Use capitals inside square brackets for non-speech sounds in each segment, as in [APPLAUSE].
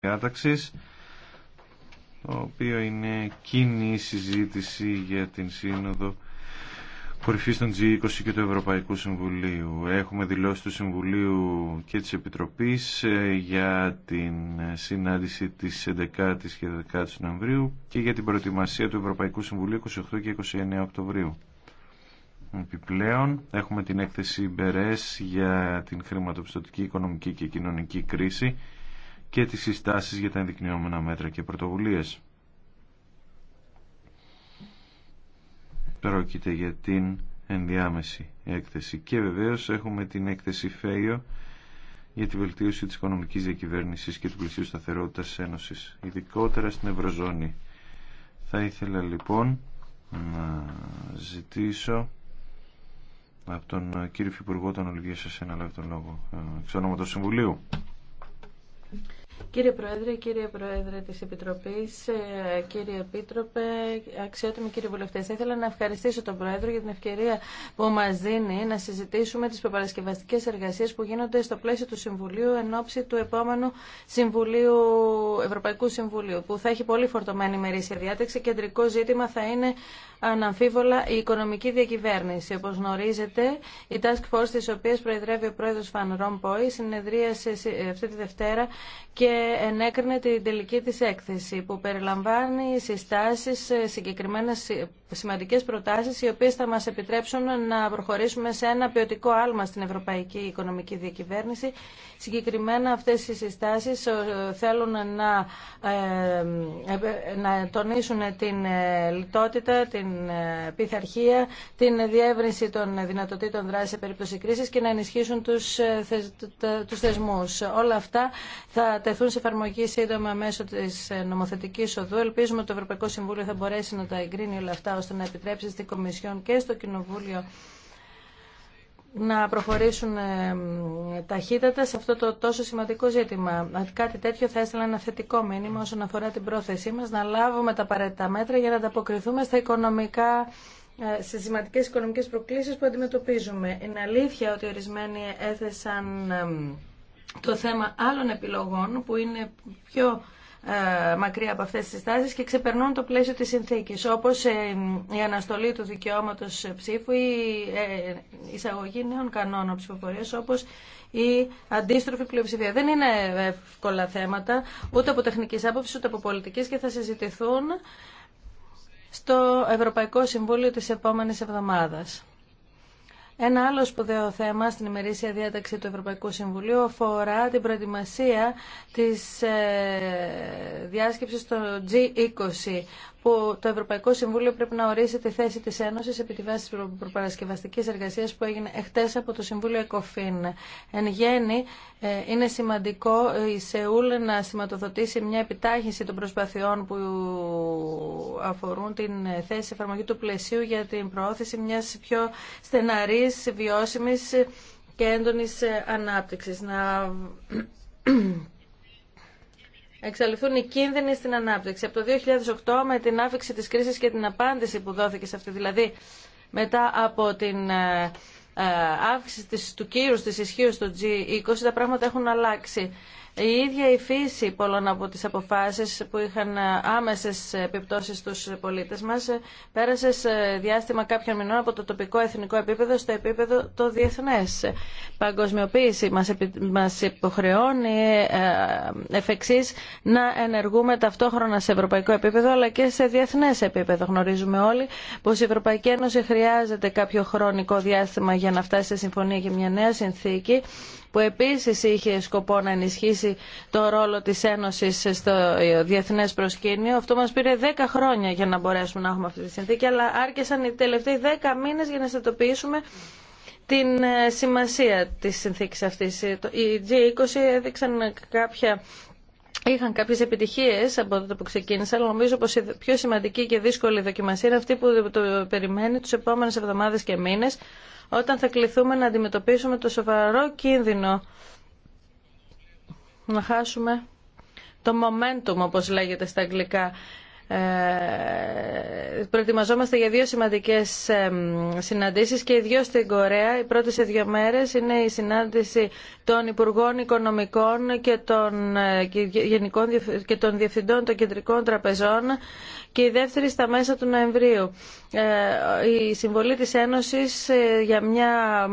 το οποίο είναι κοινή συζήτηση για την σύνοδο κορυφή των G20 και του Ευρωπαϊκού Συμβουλίου. Έχουμε δηλώσει του Συμβουλίου και της Επιτροπής ε, για την συνάντηση της 11ης και 12 ης Νοεμβρίου και για την προετοιμασία του Ευρωπαϊκού Συμβουλίου 28 και 29 Οκτωβρίου. Επιπλέον, έχουμε την έκθεση Μπερές για την χρηματοπιστωτική, οικονομική και κοινωνική κρίση και τις συστάσεις για τα ενδεικνυόμενα μέτρα και πρωτοβουλίες. Πρόκειται για την ενδιάμεση έκθεση. Και βεβαίως έχουμε την έκθεση ΦΕΙΟ για τη βελτίωση της οικονομικής διακυβέρνησης και του πλησίου σταθερότητας Ένωσης, ειδικότερα στην Ευρωζώνη. Θα ήθελα λοιπόν να ζητήσω από τον κύριο Υφυπουργό των Ολυγία σας ένα λόγο ε, εξ του Συμβουλίου. Κύριε Πρόεδρε, κύριε Πρόεδρε της Επιτροπής, ε, κύριε Επίτροπε, αξιότιμοι κύριοι βουλευτές, θα ήθελα να ευχαριστήσω τον Πρόεδρο για την ευκαιρία που μας δίνει να συζητήσουμε τις προπαρασκευαστικές εργασίες που γίνονται στο πλαίσιο του Συμβουλίου εν ώψη του επόμενου Συμβουλίου, Ευρωπαϊκού Συμβουλίου, που θα έχει πολύ φορτωμένη ημερήσια διάταξη. Κεντρικό ζήτημα θα είναι αναμφίβολα η οικονομική διακυβέρνηση. Όπω γνωρίζετε, η Task Force τη οποίας προεδρεύει ο πρόεδρος Φαν Ρομποϊ συνεδρίασε αυτή τη Δευτέρα και ενέκρινε την τελική τη έκθεση που περιλαμβάνει συστάσεις συγκεκριμένα σημαντικές προτάσεις οι οποίες θα μας επιτρέψουν να προχωρήσουμε σε ένα ποιοτικό άλμα στην Ευρωπαϊκή Οικονομική Διακυβέρνηση. Συγκεκριμένα αυτές οι συστάσεις ε, θέλουν να, ε, ε, να τονίσουν την λιτότητα, την πειθαρχία, την διεύρυνση των δυνατοτήτων δράσης σε περίπτωση κρίσης και να ενισχύσουν τους, τους θεσμούς. Όλα αυτά θα τεθούν σε εφαρμογή σύντομα μέσω της νομοθετικής οδού. Ελπίζουμε ότι το Ευρωπαϊκό Συμβούλιο θα μπορέσει να τα εγκρίνει όλα αυτά ώστε να επιτρέψει στην Κομισιόν και στο Κοινοβούλιο να προχωρήσουν ε, ταχύτατα σε αυτό το τόσο σημαντικό ζήτημα. Κάτι τέτοιο θα ήθελα ένα θετικό μήνυμα όσον αφορά την πρόθεσή μας να λάβουμε τα απαραίτητα μέτρα για να ανταποκριθούμε στα οικονομικά σε σημαντικές οικονομικές προκλήσεις που αντιμετωπίζουμε. Είναι αλήθεια ότι ορισμένοι έθεσαν ε, το θέμα άλλων επιλογών που είναι πιο ε, μακριά από αυτές τις τάσεις και ξεπερνούν το πλαίσιο της συνθήκης, όπως ε, η αναστολή του δικαιώματος ψήφου ή η ε, εισαγωγή νέων κανόνων ψηφοφορίας, όπως η αντίστροφη πλειοψηφία. Δεν είναι εύκολα θέματα, ούτε από τεχνικής άποψης, ούτε από πολιτικής και θα συζητηθούν στο Ευρωπαϊκό Συμβούλιο της επόμενης εβδομάδας. Ένα άλλο σπουδαίο θέμα στην ημερήσια διάταξη του Ευρωπαϊκού Συμβουλίου αφορά την προετοιμασία της ε, διάσκεψης στο G20 που το Ευρωπαϊκό Συμβούλιο πρέπει να ορίσει τη θέση της Ένωσης επί τη βάση της προπαρασκευαστικής εργασίας που έγινε εχθές από το Συμβούλιο ΕΚΟΦΗΝ. Εν γέννη, ε, είναι σημαντικό η Σεούλ να σηματοδοτήσει μια επιτάχυνση των προσπαθειών που αφορούν την θέση εφαρμογή του πλαισίου για την προώθηση μιας πιο στεναρής, βιώσιμης και έντονης ε, ανάπτυξης. Να εξαλειφθούν οι κίνδυνοι στην ανάπτυξη. Από το 2008 με την άφηξη της κρίσης και την απάντηση που δόθηκε σε αυτή, δηλαδή μετά από την αύξηση ε, ε, του κύρους της ισχύω στο G20, τα πράγματα έχουν αλλάξει. Η ίδια η φύση πολλών από τις αποφάσεις που είχαν άμεσες επιπτώσεις στους πολίτες μας ε, πέρασε σε διάστημα κάποιων μηνών από το τοπικό εθνικό επίπεδο στο επίπεδο το διεθνές. Παγκοσμιοποίηση μας, μας υποχρεώνει ε, ε, εφ' εξής, να ενεργούμε ταυτόχρονα σε ευρωπαϊκό επίπεδο αλλά και σε διεθνές επίπεδο. Γνωρίζουμε όλοι πως η Ευρωπαϊκή Ένωση χρειάζεται κάποιο χρονικό διάστημα για να φτάσει σε συμφωνία για μια νέα συνθήκη που επίσης είχε σκοπό να ενισχύσει το ρόλο της Ένωσης στο διεθνές προσκήνιο. Αυτό μας πήρε 10 χρόνια για να μπορέσουμε να έχουμε αυτή τη συνθήκη, αλλά άρχισαν οι τελευταίοι 10 μήνες για να στατοποιήσουμε την ε, σημασία της συνθήκης αυτής. Ε, οι G20 έδειξαν κάποια είχαν κάποιες επιτυχίες από τότε που ξεκίνησα, αλλά νομίζω πως η πιο σημαντική και δύσκολη δοκιμασία είναι αυτή που το περιμένει τους επόμενες εβδομάδες και μήνες, όταν θα κληθούμε να αντιμετωπίσουμε το σοβαρό κίνδυνο να χάσουμε το momentum, όπως λέγεται στα αγγλικά, ε, προετοιμαζόμαστε για δύο σημαντικές συναντήσεις και οι δύο στην Κορέα. Η πρώτη σε δύο μέρες είναι η συνάντηση των Υπουργών Οικονομικών και των, ε, γενικών, και των Διευθυντών των Κεντρικών Τραπεζών και η δεύτερη στα μέσα του Νοεμβρίου. Ε, η συμβολή της Ένωσης για μια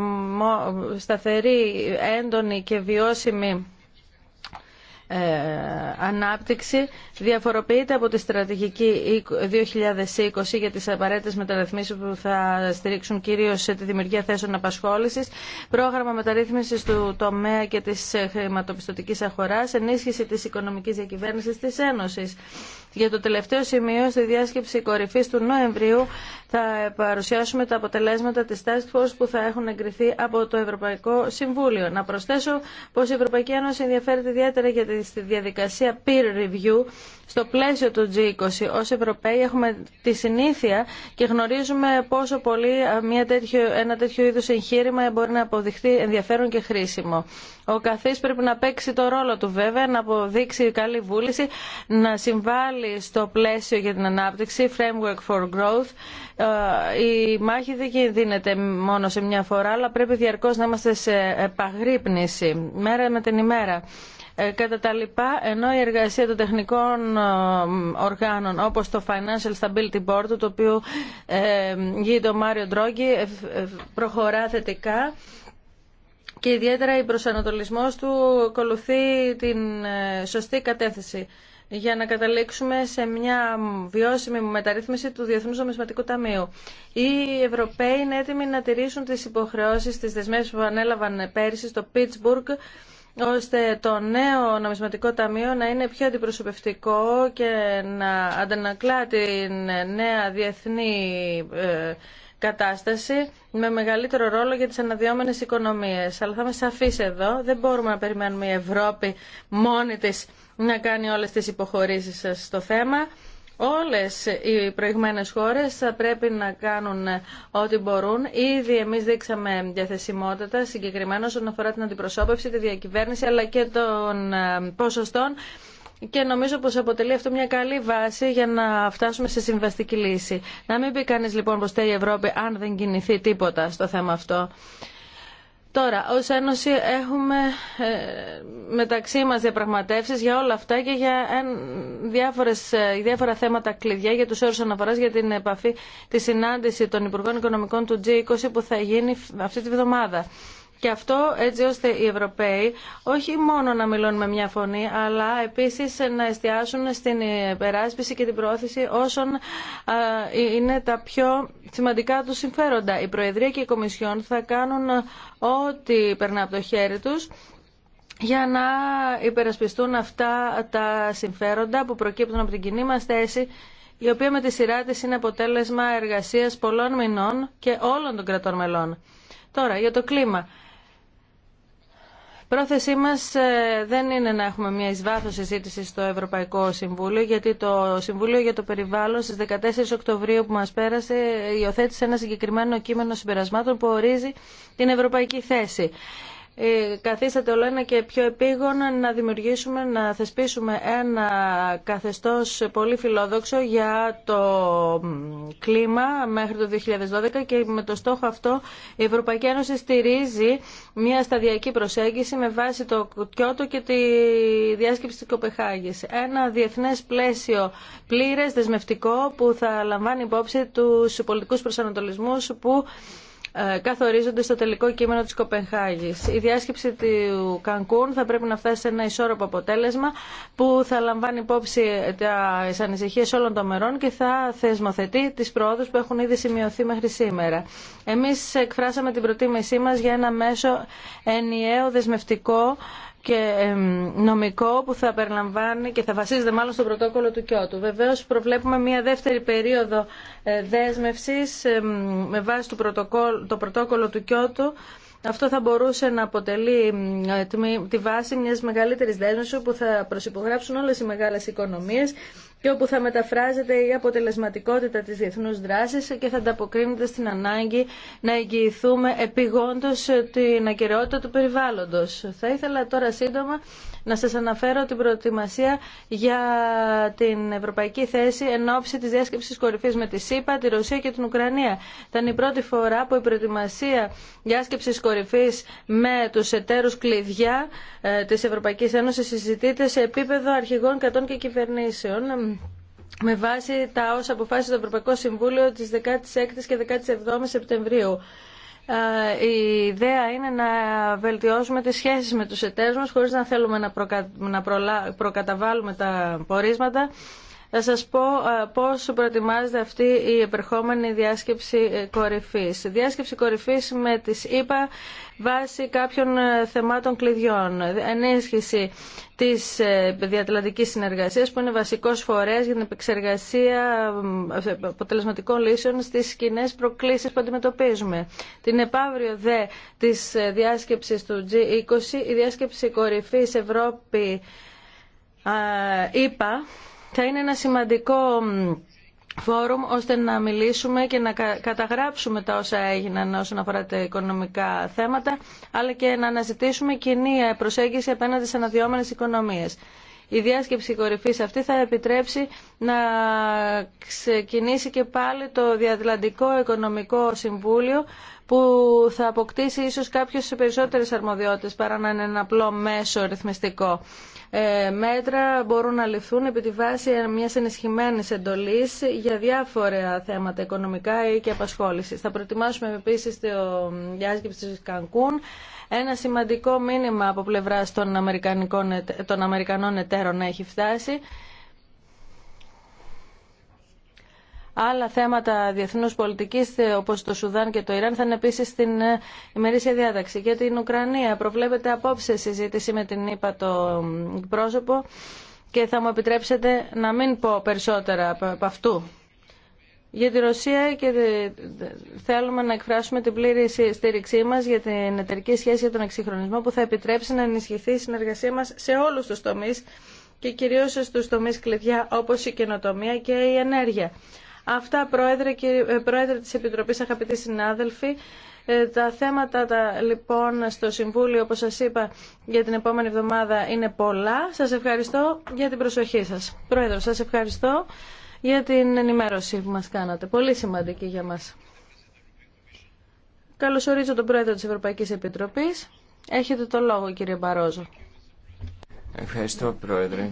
σταθερή, έντονη και βιώσιμη ε, ανάπτυξη διαφοροποιείται από τη στρατηγική 2020 για τις απαραίτητες μεταρρυθμίσεις που θα στηρίξουν κυρίως τη δημιουργία θέσεων απασχόλησης, πρόγραμμα μεταρρύθμισης του τομέα και της χρηματοπιστωτικής αγοράς, ενίσχυση της οικονομικής διακυβέρνησης της Ένωσης. Για το τελευταίο σημείο, στη διάσκεψη κορυφή του Νοεμβρίου, θα παρουσιάσουμε τα αποτελέσματα τη Task Force που θα έχουν εγκριθεί από το Ευρωπαϊκό Συμβούλιο. Να προσθέσω πω η Ευρωπαϊκή Ένωση ενδιαφέρεται ιδιαίτερα για τη στη διαδικασία peer review στο πλαίσιο του G20. Ως Ευρωπαίοι έχουμε τη συνήθεια και γνωρίζουμε πόσο πολύ μια τέτοιο, ένα τέτοιο είδους εγχείρημα μπορεί να αποδειχθεί ενδιαφέρον και χρήσιμο. Ο καθής πρέπει να παίξει το ρόλο του βέβαια, να αποδείξει καλή βούληση, να συμβάλλει στο πλαίσιο για την ανάπτυξη, framework for growth. Η μάχη δεν δίνεται μόνο σε μια φορά, αλλά πρέπει διαρκώς να είμαστε σε επαγρύπνηση, μέρα με την ημέρα. Ε, κατά τα λοιπά, ενώ η εργασία των τεχνικών ε, οργάνων όπως το Financial Stability Board, το οποίο ε, γίνεται ο Μάριο Ντρόγκη, προχωρά θετικά και ιδιαίτερα η προσανατολισμός του ακολουθεί την σωστή κατεύθυνση για να καταλήξουμε σε μια βιώσιμη μεταρρύθμιση του Διεθνούς Νομισματικού Ταμείου. Οι Ευρωπαίοι είναι έτοιμοι να τηρήσουν τις υποχρεώσεις, τις δεσμεύσεις που ανέλαβαν πέρυσι στο Πίτσμπουργκ ώστε το νέο νομισματικό ταμείο να είναι πιο αντιπροσωπευτικό και να αντανακλά την νέα διεθνή ε, κατάσταση με μεγαλύτερο ρόλο για τις αναδυόμενες οικονομίες. Αλλά θα είμαι σαφής εδώ, δεν μπορούμε να περιμένουμε η Ευρώπη μόνη της να κάνει όλες τις υποχωρήσεις στο θέμα. Όλες οι προηγμένες χώρες θα πρέπει να κάνουν ό,τι μπορούν. Ήδη εμείς δείξαμε διαθεσιμότητα συγκεκριμένα όσον αφορά την αντιπροσώπευση, τη διακυβέρνηση αλλά και των ε, ποσοστών και νομίζω πως αποτελεί αυτό μια καλή βάση για να φτάσουμε σε συμβαστική λύση. Να μην πει κανείς λοιπόν πως η Ευρώπη αν δεν κινηθεί τίποτα στο θέμα αυτό. Τώρα, ως Ένωση έχουμε ε, μεταξύ μας διαπραγματεύσεις για όλα αυτά και για διάφορες, ε, διάφορα θέματα κλειδιά για τους όρους αναφοράς για την επαφή, τη συνάντηση των Υπουργών Οικονομικών του G20 που θα γίνει αυτή τη βδομάδα. Και αυτό έτσι ώστε οι Ευρωπαίοι όχι μόνο να μιλούν με μια φωνή, αλλά επίσης να εστιάσουν στην υπεράσπιση και την προώθηση όσων είναι τα πιο σημαντικά του συμφέροντα. Η Προεδρία και η Κομισιόν θα κάνουν ό,τι περνά από το χέρι τους για να υπερασπιστούν αυτά τα συμφέροντα που προκύπτουν από την κοινή μας θέση η οποία με τη σειρά της είναι αποτέλεσμα εργασίας πολλών μηνών και όλων των κρατών μελών. Τώρα, για το κλίμα. Πρόθεσή μας ε, δεν είναι να έχουμε μια εισβάθος συζήτηση στο Ευρωπαϊκό Συμβούλιο, γιατί το Συμβούλιο για το Περιβάλλον στις 14 Οκτωβρίου που μας πέρασε υιοθέτησε ένα συγκεκριμένο κείμενο συμπερασμάτων που ορίζει την ευρωπαϊκή θέση. Ε, καθίσατε όλο ένα και πιο επίγον να δημιουργήσουμε, να θεσπίσουμε ένα καθεστώς πολύ φιλόδοξο για το κλίμα μέχρι το 2012 και με το στόχο αυτό η Ευρωπαϊκή Ένωση στηρίζει μια σταδιακή προσέγγιση με βάση το Κιώτο και τη διάσκεψη της Κοπεχάγης. Ένα διεθνές πλαίσιο πλήρες, δεσμευτικό που θα λαμβάνει υπόψη τους πολιτικούς προσανατολισμούς που ε, καθορίζονται στο τελικό κείμενο της Κοπενχάγης. Η διάσκεψη του Κανκούν θα πρέπει να φτάσει σε ένα ισόρροπο αποτέλεσμα που θα λαμβάνει υπόψη τα ανησυχίες όλων των μερών και θα θεσμοθετεί τις προόδους που έχουν ήδη σημειωθεί μέχρι σήμερα. Εμείς εκφράσαμε την προτίμησή μας για ένα μέσο ενιαίο δεσμευτικό και νομικό που θα περιλαμβάνει και θα βασίζεται μάλλον στο πρωτόκολλο του Κιώτου. Βεβαίως προβλέπουμε μια δεύτερη περίοδο ε, δέσμευσης με βάση το πρωτόκολλο του Κιώτου αυτό θα μπορούσε να αποτελεί ε, τη βάση μιας μεγαλύτερης δέσμευσης που θα προσυπογράψουν όλες οι μεγάλες οικονομίες και όπου θα μεταφράζεται η αποτελεσματικότητα της διεθνούς δράσης και θα ανταποκρίνεται στην ανάγκη να εγγυηθούμε επιγόντως την ακαιρεότητα του περιβάλλοντος. Θα ήθελα τώρα σύντομα να σας αναφέρω την προετοιμασία για την ευρωπαϊκή θέση εν ώψη της διάσκεψης κορυφής με τη ΣΥΠΑ, τη Ρωσία και την Ουκρανία. Ήταν η πρώτη φορά που η προετοιμασία διάσκεψης κορυφής με τους εταίρους κλειδιά ε, της Ευρωπαϊκής Ένωσης συζητείται σε επίπεδο αρχηγών κατών και κυβερνήσεων με βάση τα όσα αποφάσισε το Ευρωπαϊκό Συμβούλιο της 16 και 17 Σεπτεμβρίου. Ε, η ιδέα είναι να βελτιώσουμε τις σχέσεις με τους εταίρους μας χωρίς να θέλουμε να, να προκαταβάλουμε τα πορίσματα. Θα σας πω ε, πώς προετοιμάζεται αυτή η επερχόμενη διάσκεψη ε, κορυφής. Διάσκεψη κορυφής με τις ΕΠΑ βάσει κάποιων θεμάτων κλειδιών. Ενίσχυση Τη ε, διατλαντική συνεργασία, που είναι βασικός φορέας για την επεξεργασία ε, αποτελεσματικών λύσεων στις κοινέ προκλήσεις που αντιμετωπίζουμε. Την επαύριο δε της ε, διάσκεψης του G20, η διάσκεψη κορυφή Ευρώπη ήπα θα είναι ένα σημαντικό φόρουμ ώστε να μιλήσουμε και να καταγράψουμε τα όσα έγιναν όσον αφορά τα οικονομικά θέματα αλλά και να αναζητήσουμε κοινή προσέγγιση απέναντι σε αναδυόμενες οικονομίες η διάσκεψη κορυφή αυτή θα επιτρέψει να ξεκινήσει και πάλι το Διατλαντικό Οικονομικό Συμβούλιο που θα αποκτήσει ίσως κάποιες περισσότερες αρμοδιότητες παρά να είναι ένα απλό μέσο ρυθμιστικό. Ε, μέτρα μπορούν να ληφθούν επί τη βάση μιας ενισχυμένης εντολής για διάφορα θέματα οικονομικά ή και απασχόλησης. Θα προετοιμάσουμε επίσης τη διάσκεψη της Κανκούν ένα σημαντικό μήνυμα από πλευρά των, των Αμερικανών εταίρων έχει φτάσει. Άλλα θέματα διεθνούς πολιτικής, ε, όπως το Σουδάν και το Ιράν, θα είναι επίσης στην ε, ημερήσια διάταξη. Για την Ουκρανία προβλέπεται απόψε συζήτηση με την ΥΠΑ το πρόσωπο και θα μου επιτρέψετε να μην πω περισσότερα από αυτού. Για τη Ρωσία και θέλουμε να εκφράσουμε την πλήρη στήριξή μα για την εταιρική σχέση για τον εξυγχρονισμό που θα επιτρέψει να ενισχυθεί η συνεργασία μα σε όλου του τομεί και κυρίω στου τομεί κλειδιά όπω η καινοτομία και η ενέργεια. Αυτά, Πρόεδρε, κύριε, ε, Πρόεδρε της Επιτροπής, αγαπητοί συνάδελφοι, ε, τα θέματα τα, λοιπόν στο Συμβούλιο, όπως σας είπα, για την επόμενη εβδομάδα είναι πολλά. Σας ευχαριστώ για την προσοχή σας. Πρόεδρο, σας ευχαριστώ για την ενημέρωση που μας κάνατε. Πολύ σημαντική για μας. Καλωσορίζω τον Πρόεδρο της Ευρωπαϊκής Επιτροπής. Έχετε το λόγο κύριε Μπαρόζο. Ευχαριστώ Πρόεδρε.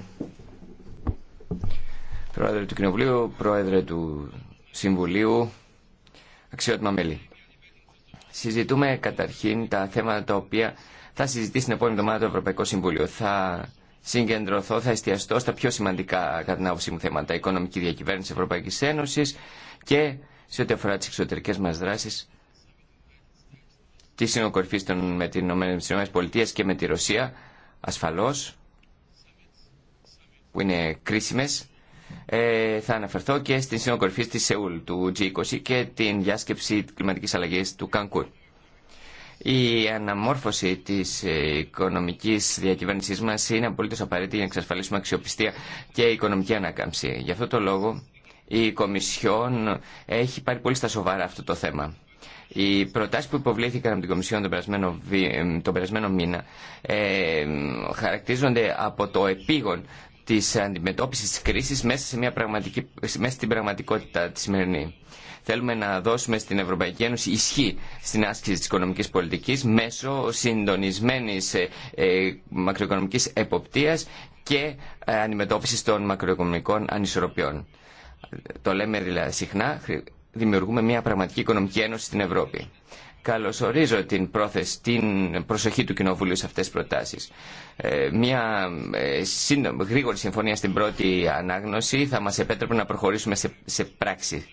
Πρόεδρε του Κοινοβουλίου, Πρόεδρε του Συμβουλίου, αξιότιμα μέλη. Συζητούμε καταρχήν τα θέματα τα οποία θα συζητήσει την επόμενη εβδομάδα το Ευρωπαϊκό Συμβούλιο. Θα συγκεντρωθώ, θα εστιαστώ στα πιο σημαντικά κατά την άποψή μου θέματα. Οικονομική διακυβέρνηση Ευρωπαϊκή Ένωση και σε ό,τι αφορά τι εξωτερικέ μα δράσει τη συνοκορφή με τι ΗΠΑ και με τη Ρωσία ασφαλώ, που είναι κρίσιμε, ε, θα αναφερθώ και στην συνοκορφή στη Σεούλ του G20 και την διάσκεψη κλιματική αλλαγή του Κανκούρ. Η αναμόρφωση της ε, οικονομικής διακυβέρνησή μα είναι απολύτως απαραίτητη για να εξασφαλίσουμε αξιοπιστία και οικονομική ανάκαμψη. Γι' αυτό το λόγο η Κομισιόν έχει πάρει πολύ στα σοβαρά αυτό το θέμα. Οι προτάσεις που υποβλήθηκαν από την Κομισιόν τον περασμένο, ε, μήνα ε, χαρακτηρίζονται από το επίγον της αντιμετώπισης της κρίσης μέσα, μέσα στην πραγματικότητα τη σημερινή. Θέλουμε να δώσουμε στην Ευρωπαϊκή Ένωση ισχύ στην άσκηση της οικονομικής πολιτικής μέσω συντονισμένης ε, ε, μακροοικονομικής εποπτείας και ε, αντιμετώπισης των μακροοικονομικών ανισορροπιών. Το λέμε δηλαδή συχνά, δημιουργούμε μια πραγματική οικονομική ένωση στην Ευρώπη. Καλωσορίζω την πρόθεση, την προσοχή του Κοινοβουλίου σε αυτές τις προτάσεις. μια γρήγορη συμφωνία στην πρώτη ανάγνωση θα μας επέτρεπε να προχωρήσουμε σε πράξη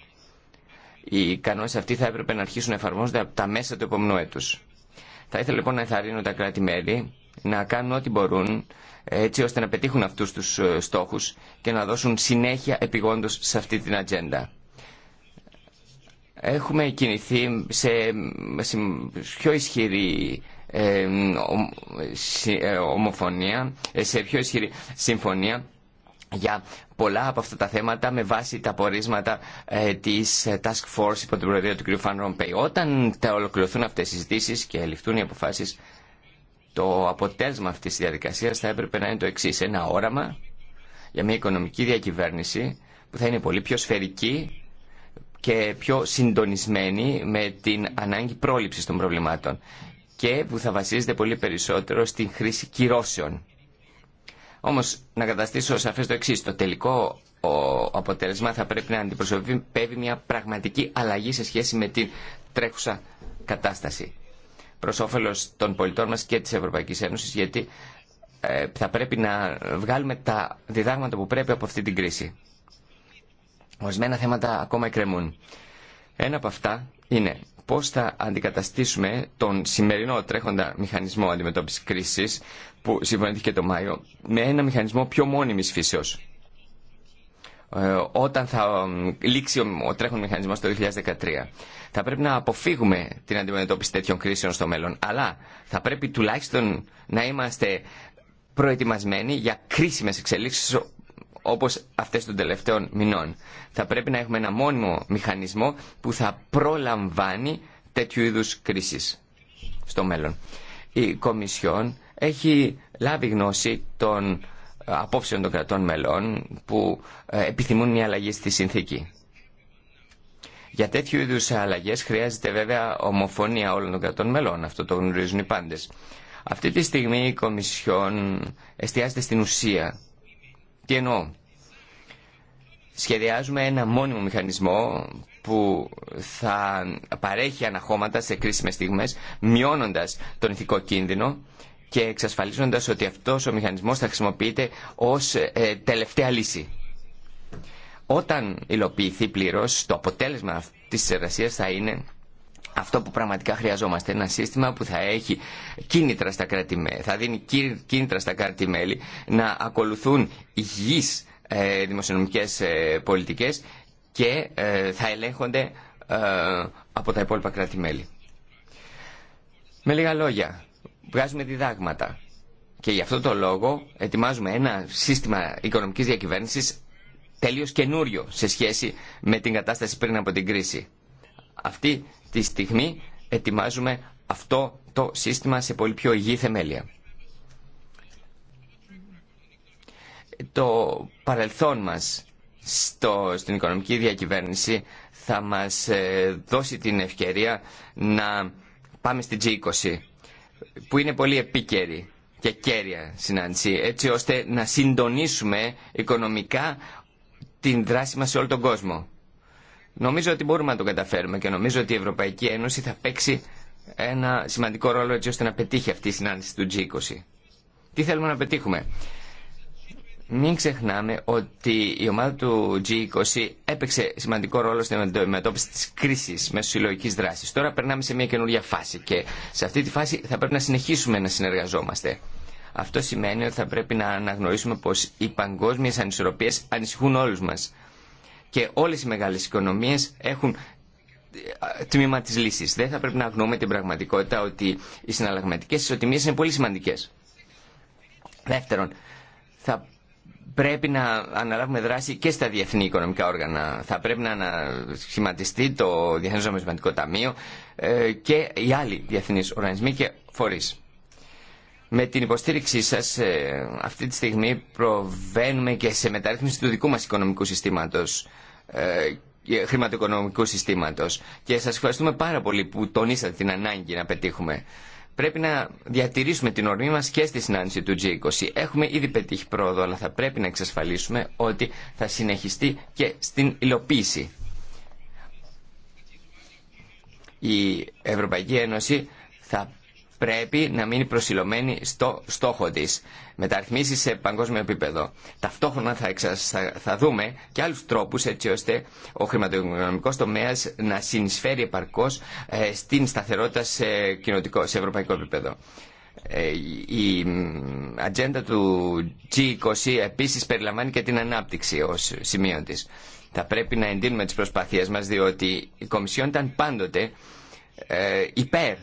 οι κανόνε αυτοί θα έπρεπε να αρχίσουν να εφαρμόζονται από τα μέσα του επόμενου έτους. Θα ήθελα λοιπόν να ενθαρρύνω τα κράτη-μέλη να κάνουν ό,τι μπορούν έτσι ώστε να πετύχουν αυτού τους ε, στόχους και να δώσουν συνέχεια επιγόντω σε αυτή την ατζέντα. Έχουμε κινηθεί σε πιο ισχυρή ε, ε, ομοφωνία, σε πιο ισχυρή συμφωνία για πολλά από αυτά τα θέματα με βάση τα πορίσματα ε, της ε, Task Force υπό την προεδρία του κ. Φαν Ρομπέι. Όταν τα ολοκληρωθούν αυτές οι συζητήσει και ληφθούν οι αποφάσεις, το αποτέλεσμα αυτής της διαδικασίας θα έπρεπε να είναι το εξής. Ένα όραμα για μια οικονομική διακυβέρνηση που θα είναι πολύ πιο σφαιρική και πιο συντονισμένη με την ανάγκη πρόληψης των προβλημάτων και που θα βασίζεται πολύ περισσότερο στην χρήση κυρώσεων όμως να καταστήσω σαφές το εξή. Το τελικό αποτέλεσμα θα πρέπει να αντιπροσωπεύει μια πραγματική αλλαγή σε σχέση με την τρέχουσα κατάσταση προς όφελος των πολιτών μας και της Ευρωπαϊκής Ένωσης γιατί ε, θα πρέπει να βγάλουμε τα διδάγματα που πρέπει από αυτή την κρίση. Ορισμένα θέματα ακόμα εκκρεμούν. Ένα από αυτά είναι πώς θα αντικαταστήσουμε τον σημερινό τρέχοντα μηχανισμό αντιμετώπισης κρίσης που συμφωνήθηκε το Μάιο με ένα μηχανισμό πιο μόνιμης φύσεως ε, όταν θα λήξει ο τρέχον μηχανισμός το 2013. Θα πρέπει να αποφύγουμε την αντιμετώπιση τέτοιων κρίσεων στο μέλλον, αλλά θα πρέπει τουλάχιστον να είμαστε προετοιμασμένοι για κρίσιμε εξελίξει όπως αυτές των τελευταίων μηνών. Θα πρέπει να έχουμε ένα μόνιμο μηχανισμό που θα προλαμβάνει τέτοιου είδους κρίσει στο μέλλον. Η Κομισιόν έχει λάβει γνώση των απόψεων των κρατών μελών που ε, επιθυμούν μια αλλαγή στη συνθήκη. Για τέτοιου είδους αλλαγές χρειάζεται βέβαια ομοφωνία όλων των κρατών μελών. Αυτό το γνωρίζουν οι πάντες. Αυτή τη στιγμή η Κομισιόν εστιάζεται στην ουσία τι εννοώ. Σχεδιάζουμε ένα μόνιμο μηχανισμό που θα παρέχει αναχώματα σε κρίσιμες στιγμές, μειώνοντας τον ηθικό κίνδυνο και εξασφαλίζοντας ότι αυτός ο μηχανισμός θα χρησιμοποιείται ως ε, τελευταία λύση. Όταν υλοποιηθεί πλήρως, το αποτέλεσμα αυτής της εργασίας θα είναι αυτό που πραγματικά χρειαζόμαστε είναι ένα σύστημα που θα έχει κίνητρα στα κράτη, θα δίνει κίνητρα στα κράτη-μέλη να ακολουθούν υγιείς ε, δημοσιονομικές ε, πολιτικές και ε, θα ελέγχονται ε, από τα υπόλοιπα κράτη-μέλη. Με λίγα λόγια, βγάζουμε διδάγματα και γι' αυτό το λόγο ετοιμάζουμε ένα σύστημα οικονομικής διακυβέρνησης τελείως καινούριο σε σχέση με την κατάσταση πριν από την κρίση. Αυτή τη στιγμή ετοιμάζουμε αυτό το σύστημα σε πολύ πιο υγιή θεμέλια. Το παρελθόν μας στο, στην οικονομική διακυβέρνηση θα μας ε, δώσει την ευκαιρία να πάμε στην G20 που είναι πολύ επίκαιρη και κέρια συνάντηση έτσι ώστε να συντονίσουμε οικονομικά την δράση μας σε όλο τον κόσμο. Νομίζω ότι μπορούμε να το καταφέρουμε και νομίζω ότι η Ευρωπαϊκή Ένωση θα παίξει ένα σημαντικό ρόλο έτσι ώστε να πετύχει αυτή η συνάντηση του G20. Τι θέλουμε να πετύχουμε. Μην ξεχνάμε ότι η ομάδα του G20 έπαιξε σημαντικό ρόλο στην αντιμετώπιση της κρίσης μέσω συλλογική δράσης. Τώρα περνάμε σε μια καινούργια φάση και σε αυτή τη φάση θα πρέπει να συνεχίσουμε να συνεργαζόμαστε. Αυτό σημαίνει ότι θα πρέπει να αναγνωρίσουμε πως οι παγκόσμιες ανισορροπίες ανησυχούν όλου μας και όλες οι μεγάλες οικονομίες έχουν ε, τμήμα της λύσης. Δεν θα πρέπει να αγνοούμε την πραγματικότητα ότι οι συναλλαγματικές ισοτιμίες είναι πολύ σημαντικές. Δεύτερον, θα πρέπει να αναλάβουμε δράση και στα διεθνή οικονομικά όργανα. Θα πρέπει να ανασχηματιστεί το Διεθνές Νομισματικό Ταμείο ε, και οι άλλοι διεθνείς οργανισμοί και φορείς. Με την υποστήριξή σας ε, αυτή τη στιγμή προβαίνουμε και σε μεταρρύθμιση του δικού μας οικονομικού συστήματος ε, χρηματοοικονομικού συστήματος και σας ευχαριστούμε πάρα πολύ που τονίσατε την ανάγκη να πετύχουμε. Πρέπει να διατηρήσουμε την ορμή μας και στη συνάντηση του G20. Έχουμε ήδη πετύχει πρόοδο, αλλά θα πρέπει να εξασφαλίσουμε ότι θα συνεχιστεί και στην υλοποίηση. Η Ευρωπαϊκή Ένωση θα πρέπει να μείνει προσιλωμένη στο στόχο τη. Μεταρρυθμίσει σε παγκόσμιο επίπεδο. Ταυτόχρονα θα, θα δούμε και άλλους τρόπους έτσι ώστε ο χρηματοοικονομικός τομέα να συνεισφέρει επαρκώς ε, στην σταθερότητα σε, κοινοτικό, σε ευρωπαϊκό επίπεδο. Ε, η ατζέντα του G20 επίσης περιλαμβάνει και την ανάπτυξη ως σημείο της. Θα πρέπει να εντείνουμε τις προσπάθειές μας διότι η Κομισιόν ήταν πάντοτε ε, υπέρ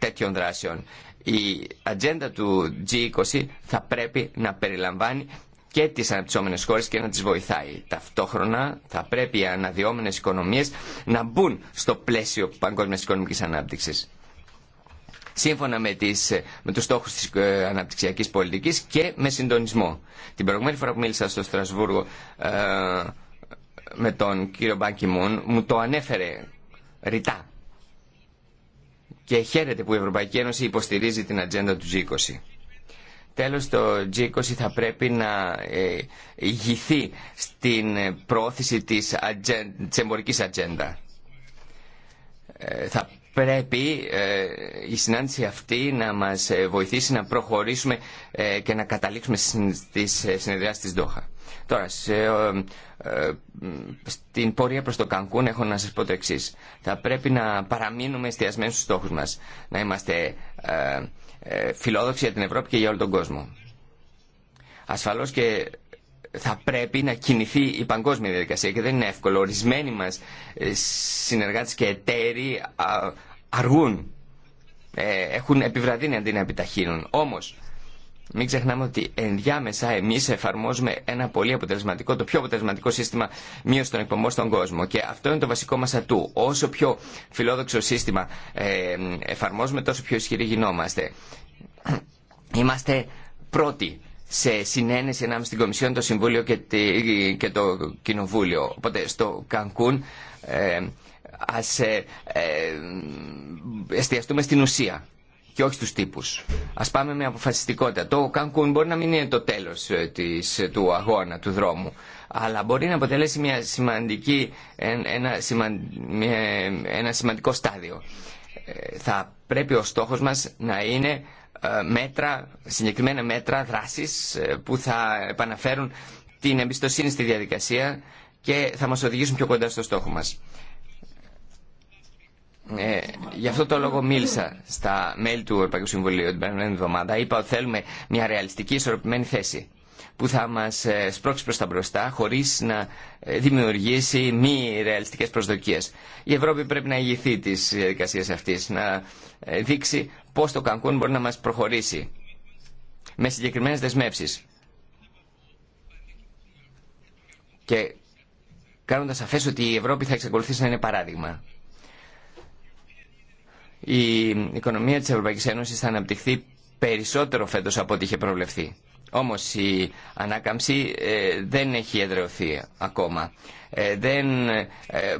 τέτοιων δράσεων. Η ατζέντα του G20 θα πρέπει να περιλαμβάνει και τις αναπτυσσόμενες χώρες και να τις βοηθάει. Ταυτόχρονα θα πρέπει οι αναδυόμενες οικονομίες να μπουν στο πλαίσιο παγκόσμιας οικονομικής ανάπτυξης. Σύμφωνα με, τις, με τους στόχους της ε, αναπτυξιακής πολιτικής και με συντονισμό. Την προηγούμενη φορά που μίλησα στο Στρασβούργο ε, με τον κύριο Μπάνκι Μουν μου το ανέφερε ρητά και χαίρεται που η Ευρωπαϊκή Ένωση υποστηρίζει την ατζέντα του G20. Τέλος, το G20 θα πρέπει να ε, ηγηθεί στην ε, πρόωθηση της, ατζεν, της εμπορικής ατζέντα. Ε, θα πρέπει η συνάντηση αυτή να μας βοηθήσει να προχωρήσουμε και να καταλήξουμε στις συνεδριάσεις της Δόχα. Τώρα, σε, ε, ε, στην πορεία προς το Κανκούν έχω να σας πω το εξής. Θα πρέπει να παραμείνουμε εστιασμένοι στους στόχους μας. Να είμαστε ε, φιλόδοξοι για την Ευρώπη και για όλο τον κόσμο. Ασφαλώς και θα πρέπει να κινηθεί η παγκόσμια διαδικασία και δεν είναι εύκολο. Ορισμένοι μας συνεργάτες και εταίροι αργούν. Έχουν επιβραδύνει αντί να επιταχύνουν. Όμως, μην ξεχνάμε ότι ενδιάμεσα εμεί εφαρμόζουμε ένα πολύ αποτελεσματικό, το πιο αποτελεσματικό σύστημα μείωση των εκπομπών στον κόσμο. Και αυτό είναι το βασικό μα ατού. Όσο πιο φιλόδοξο σύστημα ε, εφαρμόζουμε, τόσο πιο ισχυροί γινόμαστε. Είμαστε πρώτοι σε συνένεση ανάμεσα στην Κομισιόν, το Συμβούλιο και το Κοινοβούλιο. Οπότε στο Κανκούν ε, ας ε, εστιαστούμε στην ουσία και όχι στους τύπους. Ας πάμε με αποφασιστικότητα. Το Κανκούν μπορεί να μην είναι το τέλος ε, της, ε, του αγώνα, του δρόμου, αλλά μπορεί να αποτελέσει μια σημαντική, ένα, σημαντικό στάδιο. Ε, θα πρέπει ο στόχος μας να είναι μέτρα, συγκεκριμένα μέτρα δράσης που θα επαναφέρουν την εμπιστοσύνη στη διαδικασία και θα μας οδηγήσουν πιο κοντά στο στόχο μας. Γι' αυτό το λόγο μίλησα στα μέλη του Ευρωπαϊκού Συμβουλίου την περασμένη εβδομάδα. Είπα ότι θέλουμε μια ρεαλιστική, ισορροπημένη θέση που θα μα ε, σπρώξει προ τα μπροστά χωρί να ε, δημιουργήσει μη ρεαλιστικέ προσδοκίε. Η Ευρώπη πρέπει να ηγηθεί της διαδικασίας αυτή, να ε, δείξει πώ το Κανκούν μπορεί να μα προχωρήσει με συγκεκριμένε δεσμεύσει. Και κάνοντα σαφέ ότι η Ευρώπη θα εξακολουθήσει να είναι παράδειγμα η οικονομία της Ευρωπαϊκής Ένωσης θα αναπτυχθεί περισσότερο φέτος από ό,τι είχε προβλεφθεί. Όμως η ανάκαμψη ε, δεν έχει εδρεωθεί ακόμα. Ε, δεν ε,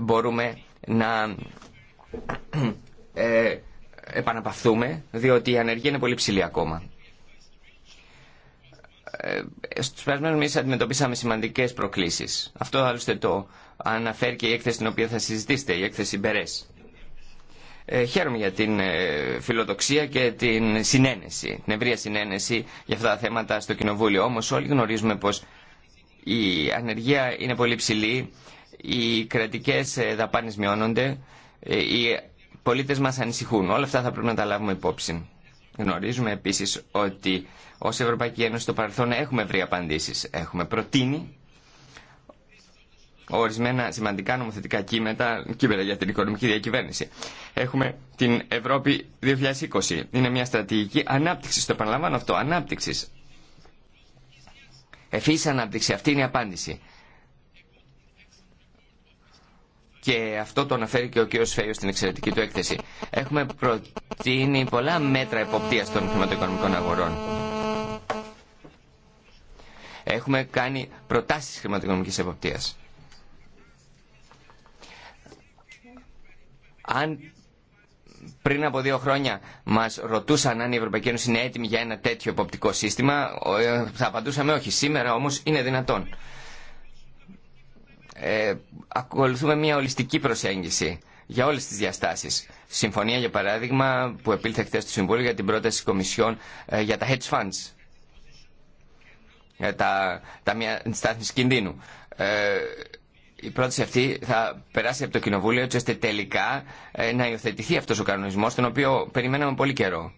μπορούμε να επαναπαυθούμε, διότι η ανεργία είναι πολύ ψηλή ακόμα. Στους περασμένους μήνες αντιμετωπίσαμε σημαντικές προκλήσεις. Αυτό άλλωστε το αναφέρει και η έκθεση την οποία θα συζητήσετε, η έκθεση Μπερές. Ε, χαίρομαι για την ε, φιλοδοξία και την συνένεση, την ευρία συνένεση για αυτά τα θέματα στο Κοινοβούλιο. Όμως όλοι γνωρίζουμε πως η ανεργία είναι πολύ ψηλή, οι κρατικές ε, δαπάνες μειώνονται, οι πολίτες μας ανησυχούν. Όλα αυτά θα πρέπει να τα λάβουμε υπόψη. Γνωρίζουμε επίσης ότι ως Ευρωπαϊκή Ένωση στο παρελθόν έχουμε βρει απαντήσεις. Έχουμε προτείνει ορισμένα σημαντικά νομοθετικά κείμενα, κείμενα για την οικονομική διακυβέρνηση. Έχουμε την Ευρώπη 2020. Είναι μια στρατηγική ανάπτυξη. Το επαναλαμβάνω αυτό. Ανάπτυξη. Εφύση ανάπτυξη. Αυτή είναι η απάντηση. Και αυτό το αναφέρει και ο κ. Φέιο στην εξαιρετική του έκθεση. Έχουμε προτείνει πολλά μέτρα εποπτείας των χρηματοοικονομικών αγορών. Έχουμε κάνει προτάσεις χρηματοοικονομικής εποπτείας. Αν πριν από δύο χρόνια μα ρωτούσαν αν η Ευρωπαϊκή Ένωση είναι έτοιμη για ένα τέτοιο υποπτικό σύστημα, ε, θα απαντούσαμε όχι. Σήμερα όμω είναι δυνατόν. Ε, ακολουθούμε μια ολιστική προσέγγιση για όλες τις διαστάσεις. Συμφωνία, για παράδειγμα, που επήλθε χθε στο Συμβούλιο για την πρόταση της ε, για τα hedge funds, ε, τα μια στάθμιση κινδύνου η πρόταση αυτή θα περάσει από το Κοινοβούλιο έτσι ώστε τελικά ε, να υιοθετηθεί αυτός ο κανονισμός τον οποίο περιμέναμε πολύ καιρό.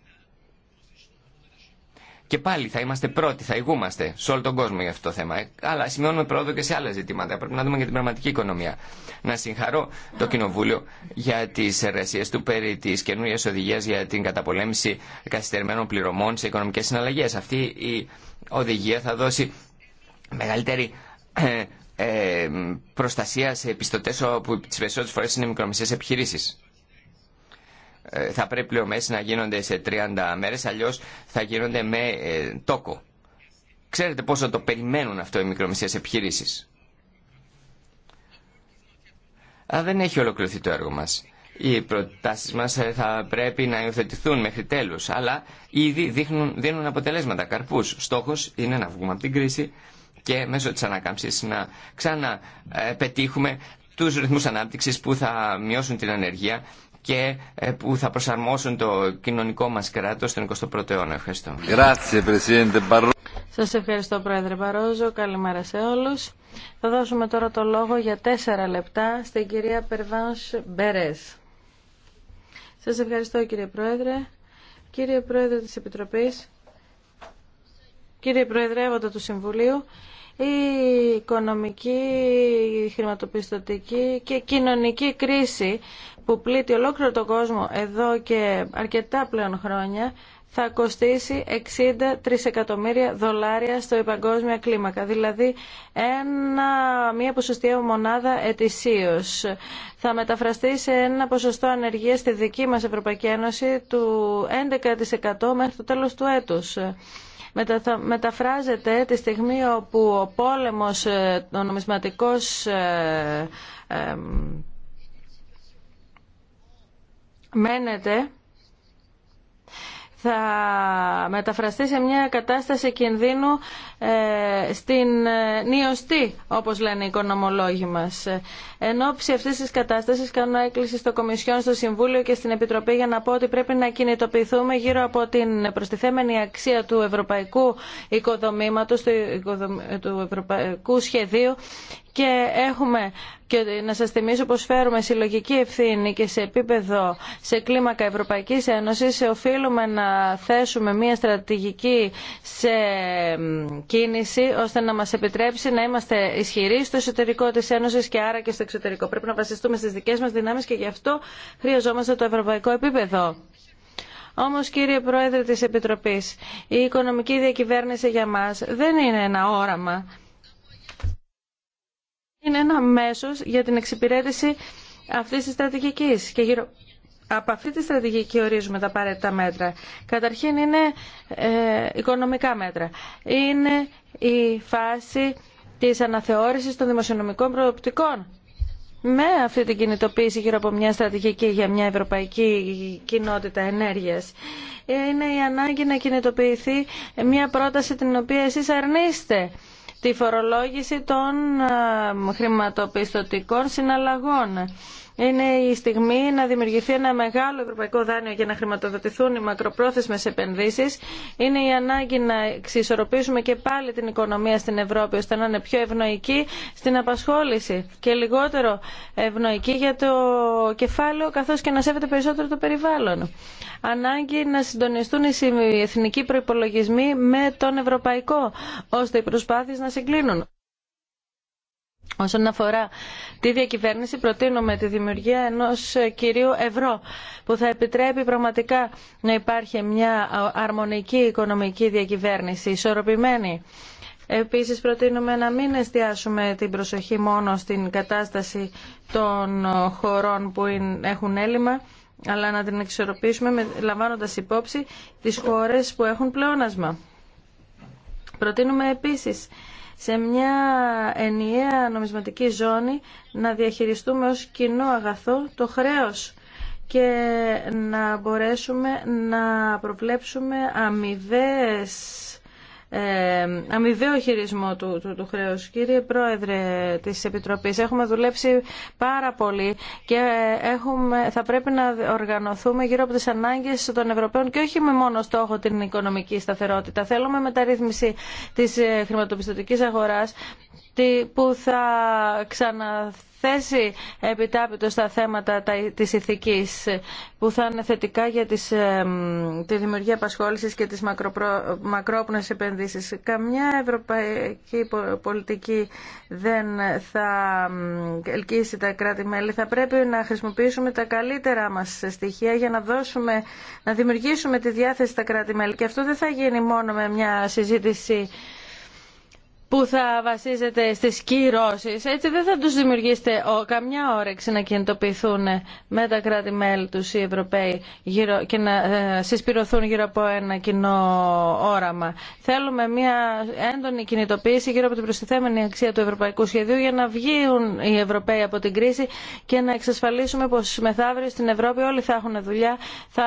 Και πάλι θα είμαστε πρώτοι, θα ηγούμαστε σε όλο τον κόσμο για αυτό το θέμα. Ε, αλλά σημειώνουμε πρόοδο και σε άλλα ζητήματα. Πρέπει να δούμε για την πραγματική οικονομία. Να συγχαρώ το Κοινοβούλιο για τι εργασίε του περί τη καινούργια οδηγία για την καταπολέμηση καθυστερημένων πληρωμών σε οικονομικέ συναλλαγέ. Αυτή η οδηγία θα δώσει μεγαλύτερη ε, ε, προστασία σε πιστωτές όπου τις περισσότερες φορές είναι μικρομεσαίες επιχειρήσεις. Ε, θα πρέπει μέσα να γίνονται σε 30 μέρες, αλλιώς θα γίνονται με ε, τόκο. Ξέρετε πόσο το περιμένουν αυτό οι μικρομεσαίες επιχειρήσεις. Αλλά δεν έχει ολοκληρωθεί το έργο μας. Οι προτάσεις μας θα πρέπει να υιοθετηθούν μέχρι τέλους, αλλά ήδη δίνουν αποτελέσματα καρπούς. Στόχος είναι να βγούμε από την κρίση και μέσω της ανακάμψης να ξαναπετύχουμε ε, τους ρυθμούς ανάπτυξης που θα μειώσουν την ανεργία και ε, που θα προσαρμόσουν το κοινωνικό μας κράτος στον 21ο αιώνα. Ευχαριστώ. Σας ευχαριστώ Πρόεδρε Παρόζο. Καλημέρα σε όλους. Θα δώσουμε τώρα το λόγο για τέσσερα λεπτά στην κυρία Περβάνς Μπερές. Σας ευχαριστώ κύριε Πρόεδρε. Κύριε Πρόεδρε της Επιτροπής, κύριε Προεδρεύοντα του Συμβουλίου, η οικονομική, η χρηματοπιστωτική και κοινωνική κρίση που πλήττει ολόκληρο τον κόσμο εδώ και αρκετά πλέον χρόνια θα κοστίσει 60 εκατομμύρια δολάρια στο παγκόσμια κλίμακα, δηλαδή ένα, μια ποσοστιαία μονάδα ετησίως. Θα μεταφραστεί σε ένα ποσοστό ανεργίας στη δική μας Ευρωπαϊκή Ένωση του 11% μέχρι το τέλος του έτους μεταφράζεται τη στιγμή όπου ο πόλεμος, ε, ο νομισματικός ε, ε, μένεται θα μεταφραστεί σε μια κατάσταση κινδύνου ε, στην ε, νιωστή, όπως λένε οι οικονομολόγοι μας. Εν ώψη αυτής της κατάστασης κάνω έκκληση στο Κομισιόν, στο Συμβούλιο και στην Επιτροπή για να πω ότι πρέπει να κινητοποιηθούμε γύρω από την προστιθέμενη αξία του ευρωπαϊκού οικοδομήματος, του ευρωπαϊκού σχεδίου και έχουμε και να σας θυμίσω πως φέρουμε συλλογική ευθύνη και σε επίπεδο σε κλίμακα Ευρωπαϊκής Ένωσης οφείλουμε να θέσουμε μια στρατηγική σε κίνηση ώστε να μας επιτρέψει να είμαστε ισχυροί στο εσωτερικό της Ένωσης και άρα και στο εξωτερικό. Πρέπει να βασιστούμε στις δικές μας δυνάμεις και γι' αυτό χρειαζόμαστε το ευρωπαϊκό επίπεδο. Όμω, κύριε Πρόεδρε τη Επιτροπή, η οικονομική διακυβέρνηση για μα δεν είναι ένα όραμα είναι ένα μέσο για την εξυπηρέτηση αυτής τη στρατηγικής και γύρω από αυτή τη στρατηγική ορίζουμε τα απαραίτητα μέτρα. Καταρχήν είναι ε, οικονομικά μέτρα. Είναι η φάση της αναθεώρησης των δημοσιονομικών προοπτικών. Με αυτή την κινητοποίηση γύρω από μια στρατηγική για μια ευρωπαϊκή κοινότητα ενέργειας ε, είναι η ανάγκη να κινητοποιηθεί μια πρόταση την οποία εσείς αρνείστε τη φορολόγηση των ε, χρηματοπιστωτικών συναλλαγών. Είναι η στιγμή να δημιουργηθεί ένα μεγάλο ευρωπαϊκό δάνειο για να χρηματοδοτηθούν οι μακροπρόθεσμες επενδύσεις. Είναι η ανάγκη να εξισορροπήσουμε και πάλι την οικονομία στην Ευρώπη ώστε να είναι πιο ευνοϊκή στην απασχόληση και λιγότερο ευνοϊκή για το κεφάλαιο καθώς και να σέβεται περισσότερο το περιβάλλον. Ανάγκη να συντονιστούν οι εθνικοί προπολογισμοί με τον ευρωπαϊκό ώστε οι προσπάθειε να συγκλίνουν. Όσον αφορά τη διακυβέρνηση, προτείνουμε τη δημιουργία ενός κυρίου ευρώ που θα επιτρέπει πραγματικά να υπάρχει μια αρμονική οικονομική διακυβέρνηση, ισορροπημένη. Επίσης προτείνουμε να μην εστιάσουμε την προσοχή μόνο στην κατάσταση των χωρών που έχουν έλλειμμα, αλλά να την εξορροπήσουμε λαμβάνοντας υπόψη τις χώρες που έχουν πλεόνασμα. Προτείνουμε επίσης σε μια ενιαία νομισματική ζώνη να διαχειριστούμε ως κοινό αγαθό το χρέος και να μπορέσουμε να προβλέψουμε αμοιβές αμοιβαίο χειρισμό του, του, του χρέους. Κύριε Πρόεδρε της Επιτροπής, έχουμε δουλέψει πάρα πολύ και ε, έχουμε, θα πρέπει να οργανωθούμε γύρω από τις ανάγκες των Ευρωπαίων και όχι με μόνο στόχο την οικονομική σταθερότητα. Θέλουμε μεταρρύθμιση της ε, χρηματοπιστωτικής αγοράς που θα ξαναθέσει θέση επιτάπητο στα θέματα της ηθικής που θα είναι θετικά για τη δημιουργία απασχόληση και τις μακροπρο, μακρόπνες επενδύσεις. Καμιά ευρωπαϊκή πολιτική δεν θα ελκύσει τα κράτη-μέλη. Θα πρέπει να χρησιμοποιήσουμε τα καλύτερά μας στοιχεία για να, δώσουμε, να δημιουργήσουμε τη διάθεση στα κράτη-μέλη. Και αυτό δεν θα γίνει μόνο με μια συζήτηση που θα βασίζεται στις κυρώσεις. Έτσι δεν θα τους δημιουργήσετε καμιά όρεξη να κινητοποιηθούν με τα κράτη-μέλη τους οι Ευρωπαίοι και να ε, συσπηρωθούν γύρω από ένα κοινό όραμα. Θέλουμε μια έντονη κινητοποίηση γύρω από την προστιθέμενη αξία του Ευρωπαϊκού Σχεδίου για να βγουν οι Ευρωπαίοι από την κρίση και να εξασφαλίσουμε πως μεθαύριο στην Ευρώπη όλοι θα έχουν δουλειά, θα,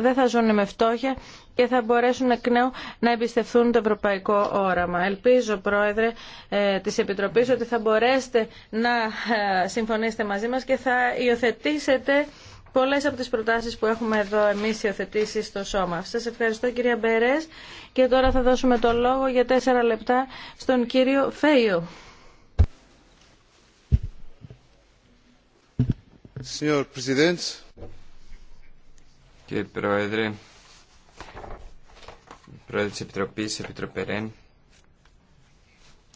δεν θα ζουν με φτώχεια και θα μπορέσουν εκ νέου να εμπιστευθούν το ευρωπαϊκό όραμα. Ελπίζω, Πρόεδρε ε, της Επιτροπής, ότι θα μπορέσετε να ε, συμφωνήσετε μαζί μας και θα υιοθετήσετε πολλές από τις προτάσεις που έχουμε εδώ εμείς υιοθετήσει στο σώμα. Σας ευχαριστώ κυρία Μπερές και τώρα θα δώσουμε το λόγο για τέσσερα λεπτά στον κύριο Φέιο. Κύριε Πρόεδρε, Πρόεδρε της Επιτροπής, Επιτροπερέν,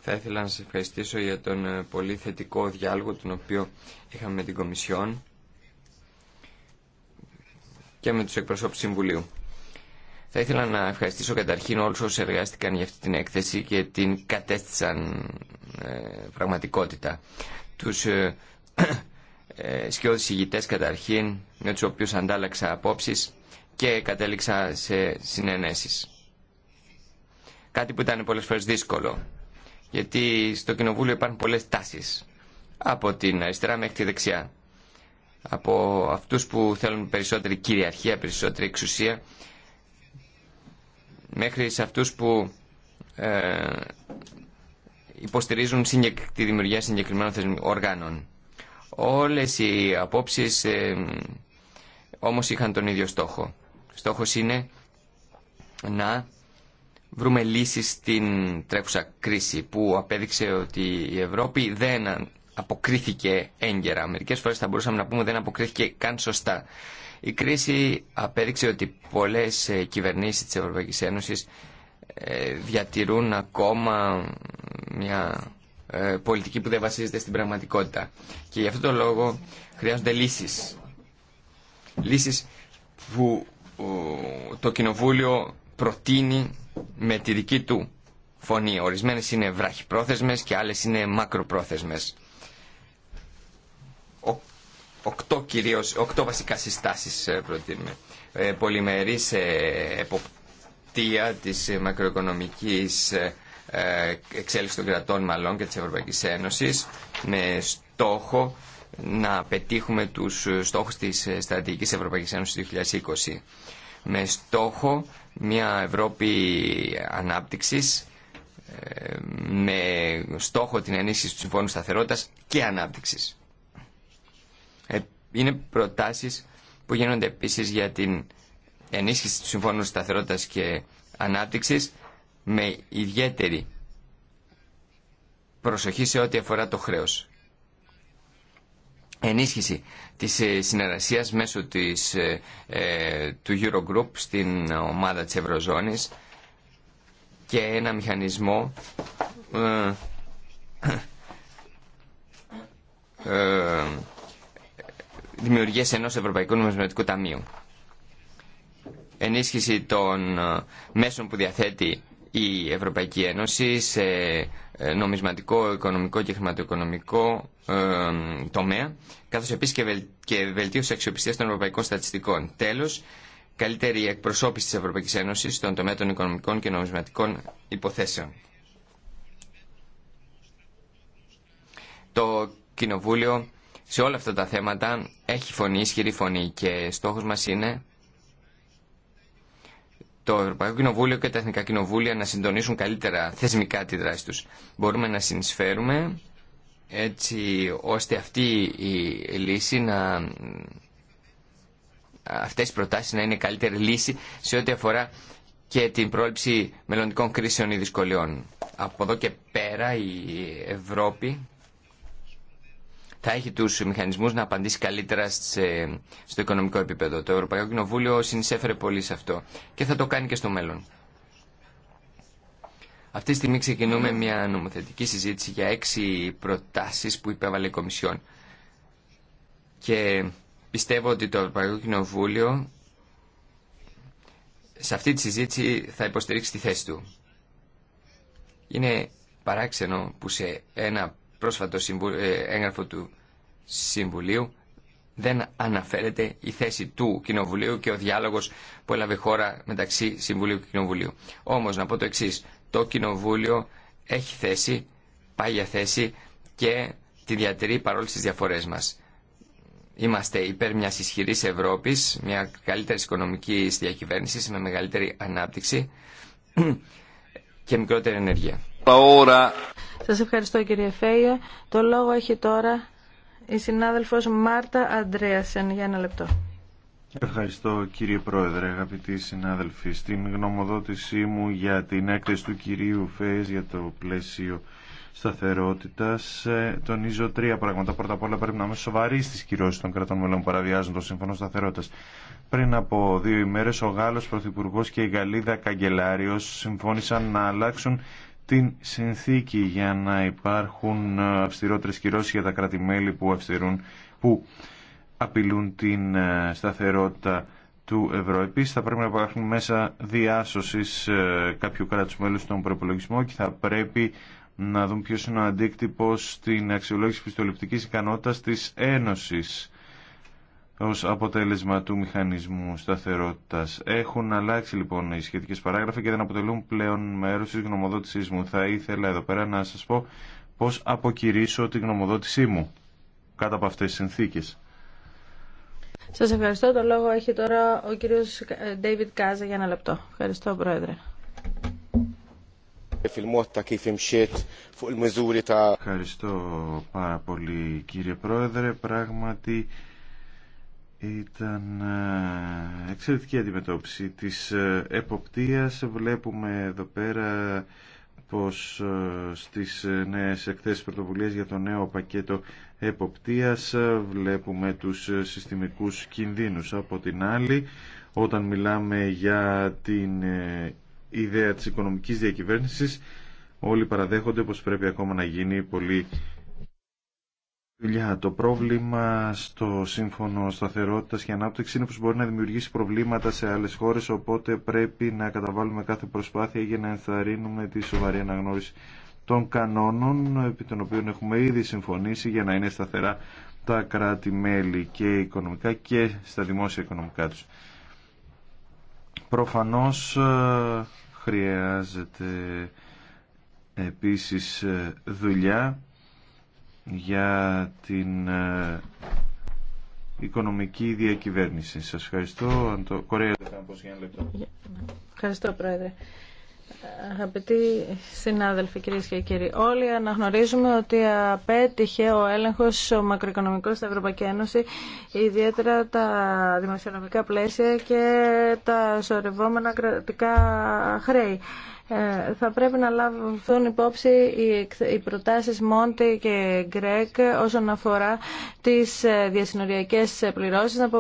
θα ήθελα να σας ευχαριστήσω για τον ε, πολύ θετικό διάλογο τον οποίο είχαμε με την Κομισιόν και με τους εκπροσώπους Συμβουλίου. Θα ήθελα να ευχαριστήσω καταρχήν όλους όσους εργάστηκαν για αυτή την έκθεση και την κατέστησαν ε, πραγματικότητα. Τους ε, [CLEARS THROAT] ε ηγητές καταρχήν με τους οποίους αντάλλαξα απόψεις και κατέληξα σε συνενέσεις. Κάτι που ήταν πολλές φορές δύσκολο. Γιατί στο Κοινοβούλιο υπάρχουν πολλές τάσεις. Από την αριστερά μέχρι τη δεξιά. Από αυτούς που θέλουν περισσότερη κυριαρχία, περισσότερη εξουσία. Μέχρι σε αυτούς που ε, υποστηρίζουν τη δημιουργία συγκεκριμένων οργάνων. Όλες οι απόψεις ε, όμως είχαν τον ίδιο στόχο. Στόχος είναι να βρούμε λύσεις στην τρέχουσα κρίση που απέδειξε ότι η Ευρώπη δεν αποκρίθηκε έγκαιρα. Μερικές φορές θα μπορούσαμε να πούμε δεν αποκρίθηκε καν σωστά. Η κρίση απέδειξε ότι πολλές ε, κυβερνήσεις της Ευρωπαϊκής Ένωσης ε, διατηρούν ακόμα μια ε, πολιτική που δεν βασίζεται στην πραγματικότητα. Και γι' αυτόν τον λόγο χρειάζονται λύσεις. Λύσεις που το Κοινοβούλιο προτείνει με τη δική του φωνή. Ορισμένες είναι βραχυπρόθεσμες και άλλες είναι μακροπρόθεσμες. Ο, οκτώ, κυρίως, οκτώ βασικά συστάσεις ε, προτείνουμε. Ε, πολυμερής ε, εποπτεία της μακροοικονομικής ε, εξέλιξη των κρατών μαλλών και της Ευρωπαϊκής Ένωσης με στόχο να πετύχουμε τους στόχους της Στρατηγικής Ευρωπαϊκής Ένωσης 2020 με στόχο μια Ευρώπη ανάπτυξης ε, με στόχο την ενίσχυση του Συμφώνου Σταθερότητας και Ανάπτυξης. Ε, είναι προτάσεις που γίνονται επίσης για την ενίσχυση του Συμφώνου Σταθερότητας και Ανάπτυξης με ιδιαίτερη προσοχή σε ό,τι αφορά το χρέος ενίσχυση της ε, συνεργασίας μέσω της, ε, ε, του Eurogroup στην ομάδα της Ευρωζώνης και ένα μηχανισμό ε, ε, δημιουργίας ενός Ευρωπαϊκού Νομισματικού Ταμείου. Ενίσχυση των μέσων που διαθέτει η Ευρωπαϊκή Ένωση σε ε, νομισματικό, οικονομικό και χρηματοοικονομικό ε, τομέα, καθώς επίσης και βελτίωση αξιοπιστίας των ευρωπαϊκών στατιστικών. Τέλος, καλύτερη εκπροσώπηση της Ευρωπαϊκής Ένωσης στον τομέα των οικονομικών και νομισματικών υποθέσεων. Το Κοινοβούλιο σε όλα αυτά τα θέματα έχει φωνή, ισχυρή φωνή και στόχος μας είναι το Ευρωπαϊκό Κοινοβούλιο και τα Εθνικά Κοινοβούλια να συντονίσουν καλύτερα θεσμικά τη δράση τους. Μπορούμε να συνεισφέρουμε έτσι ώστε αυτή η λύση να... αυτές οι προτάσεις να είναι καλύτερη λύση σε ό,τι αφορά και την πρόληψη μελλοντικών κρίσεων ή δυσκολιών. Από εδώ και πέρα η Ευρώπη θα έχει του μηχανισμούς να απαντήσει καλύτερα στο οικονομικό επίπεδο. Το Ευρωπαϊκό Κοινοβούλιο συνεισέφερε πολύ σε αυτό και θα το κάνει και στο μέλλον. Αυτή τη στιγμή ξεκινούμε μια νομοθετική συζήτηση για έξι προτάσεις που υπέβαλε η Κομισιόν. Και πιστεύω ότι το Ευρωπαϊκό Κοινοβούλιο σε αυτή τη συζήτηση θα υποστηρίξει τη θέση του. Είναι παράξενο που σε ένα πρόσφατο ε, έγγραφο του Συμβουλίου δεν αναφέρεται η θέση του Κοινοβουλίου και ο διάλογος που έλαβε χώρα μεταξύ Συμβουλίου και Κοινοβουλίου. Όμως να πω το εξής, το Κοινοβούλιο έχει θέση, πάει για θέση και τη διατηρεί παρόλες τις διαφορές μας. Είμαστε υπέρ μια ισχυρή Ευρώπης, μια καλύτερη οικονομική διακυβέρνηση με μεγαλύτερη ανάπτυξη [CLEARS THROAT] και μικρότερη ενέργεια. Σας ευχαριστώ κύριε Φέγε. Το λόγο έχει τώρα η συνάδελφος Μάρτα Αντρέασεν για ένα λεπτό. Ευχαριστώ κύριε Πρόεδρε, αγαπητοί συνάδελφοι. Στην γνωμοδότησή μου για την έκθεση του κυρίου Φέγε για το πλαίσιο σταθερότητα. Ε, τονίζω τρία πράγματα. Πρώτα απ' όλα πρέπει να είμαστε σοβαροί στι κυρώσει των κρατών μελών που παραβιάζουν το Σύμφωνο σταθερότητα. Πριν από δύο ημέρε ο Γάλλος Πρωθυπουργό και η Γαλλίδα Καγκελάριο συμφώνησαν να αλλάξουν την συνθήκη για να υπάρχουν ε, αυστηρότερες κυρώσεις για τα κρατη που, αυστηρούν, που απειλούν την ε, σταθερότητα του ευρώ. Επίση, θα πρέπει να υπάρχουν μέσα διάσωσης ε, κάποιου κράτου μέλου στον προπολογισμό και θα πρέπει να δουν ποιο είναι ο αντίκτυπος στην αξιολόγηση πιστοληπτικής ικανότητα της Ένωσης ως αποτέλεσμα του μηχανισμού σταθερότητας. Έχουν αλλάξει λοιπόν οι σχετικές παράγραφοι και δεν αποτελούν πλέον μέρος της γνωμοδότησής μου. Θα ήθελα εδώ πέρα να σας πω πώς αποκηρύσω τη γνωμοδότησή μου κάτω από αυτές τις συνθήκες. Σας ευχαριστώ. Το λόγο έχει τώρα ο κύριος David Κάζα για ένα λεπτό. Ευχαριστώ, Πρόεδρε. Ευχαριστώ πάρα πολύ κύριε Πρόεδρε. Πράγματι ήταν ε, εξαιρετική αντιμετώπιση της ε, εποπτείας. Βλέπουμε εδώ πέρα πως ε, στις νέες εκθέσεις πρωτοβουλίας για το νέο πακέτο εποπτείας βλέπουμε τους συστημικούς κινδύνους. Από την άλλη, όταν μιλάμε για την ιδέα της οικονομικής διακυβέρνησης, όλοι παραδέχονται πως πρέπει ακόμα να γίνει πολύ δουλειά. Το πρόβλημα στο Σύμφωνο Σταθερότητα και Ανάπτυξη είναι πω μπορεί να δημιουργήσει προβλήματα σε άλλε χώρε, οπότε πρέπει να καταβάλουμε κάθε προσπάθεια για να ενθαρρύνουμε τη σοβαρή αναγνώριση των κανόνων επί των οποίων έχουμε ήδη συμφωνήσει για να είναι σταθερά τα κράτη-μέλη και οικονομικά και στα δημόσια οικονομικά τους. Προφανώς ε, χρειάζεται επίσης ε, δουλειά για την ε, οικονομική διακυβέρνηση. Σας ευχαριστώ. Κορέα, Ευχαριστώ, Πρόεδρε. Αγαπητοί συνάδελφοι, κυρίε και κύριοι, όλοι αναγνωρίζουμε ότι απέτυχε ο έλεγχο ο μακροοικονομικό στην Ευρωπαϊκή Ένωση, ιδιαίτερα τα δημοσιονομικά πλαίσια και τα σορευόμενα κρατικά χρέη. Ε, θα πρέπει να λάβουν υπόψη οι προτάσεις Μόντι και Γκρέκ όσον αφορά τις ε, διασυνοριακές πληρώσεις, ε,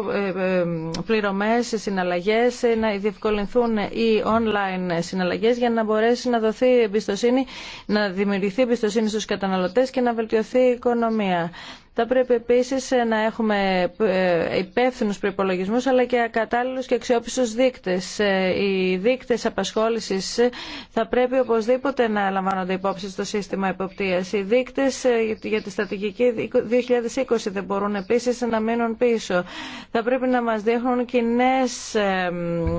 πληρωμές, συναλλαγές, να διευκολυνθούν οι online συναλλαγές για να μπορέσει να δοθεί εμπιστοσύνη, να δημιουργηθεί εμπιστοσύνη στους καταναλωτές και να βελτιωθεί η οικονομία. Θα πρέπει επίσης να έχουμε ε, υπεύθυνου προπολογισμού, αλλά και ακατάλληλους και αξιόπιστου δείκτε. Ε, οι δείκτε απασχόλησης θα πρέπει οπωσδήποτε να λαμβάνονται υπόψη στο σύστημα υποπτία. Οι δείκτε ε, για τη στρατηγική 2020 δεν μπορούν επίσης να μείνουν πίσω. Θα πρέπει να μας δείχνουν κοινέ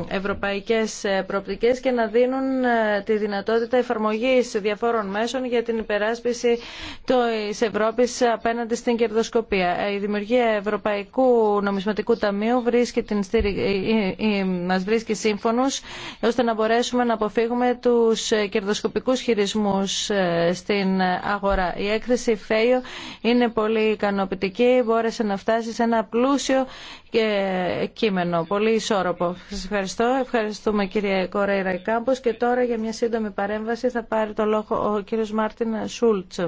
ευρωπαϊκέ προοπτικές και να δίνουν τη δυνατότητα εφαρμογή διαφόρων μέσων για την υπεράσπιση της Ευρώπης απέναντι στην κερδοσκοπία. Ε, η δημιουργία Ευρωπαϊκού Νομισματικού Ταμείου βρίσκει την στήρι... μας βρίσκει σύμφωνος ώστε να μπορέσουμε να αποφύγουμε τους ε, κερδοσκοπικούς χειρισμούς ε, στην αγορά. Η έκθεση ΦΕΙΟ είναι πολύ ικανοποιητική, μπόρεσε να φτάσει σε ένα πλούσιο κείμενο, πολύ ισόρροπο. Σας ευχαριστώ. Ευχαριστούμε κύριε Κορέιρα Κάμπος και τώρα για μια σύντομη παρέμβαση θα πάρει το λόγο ο κύριος Μάρτιν Σούλτς.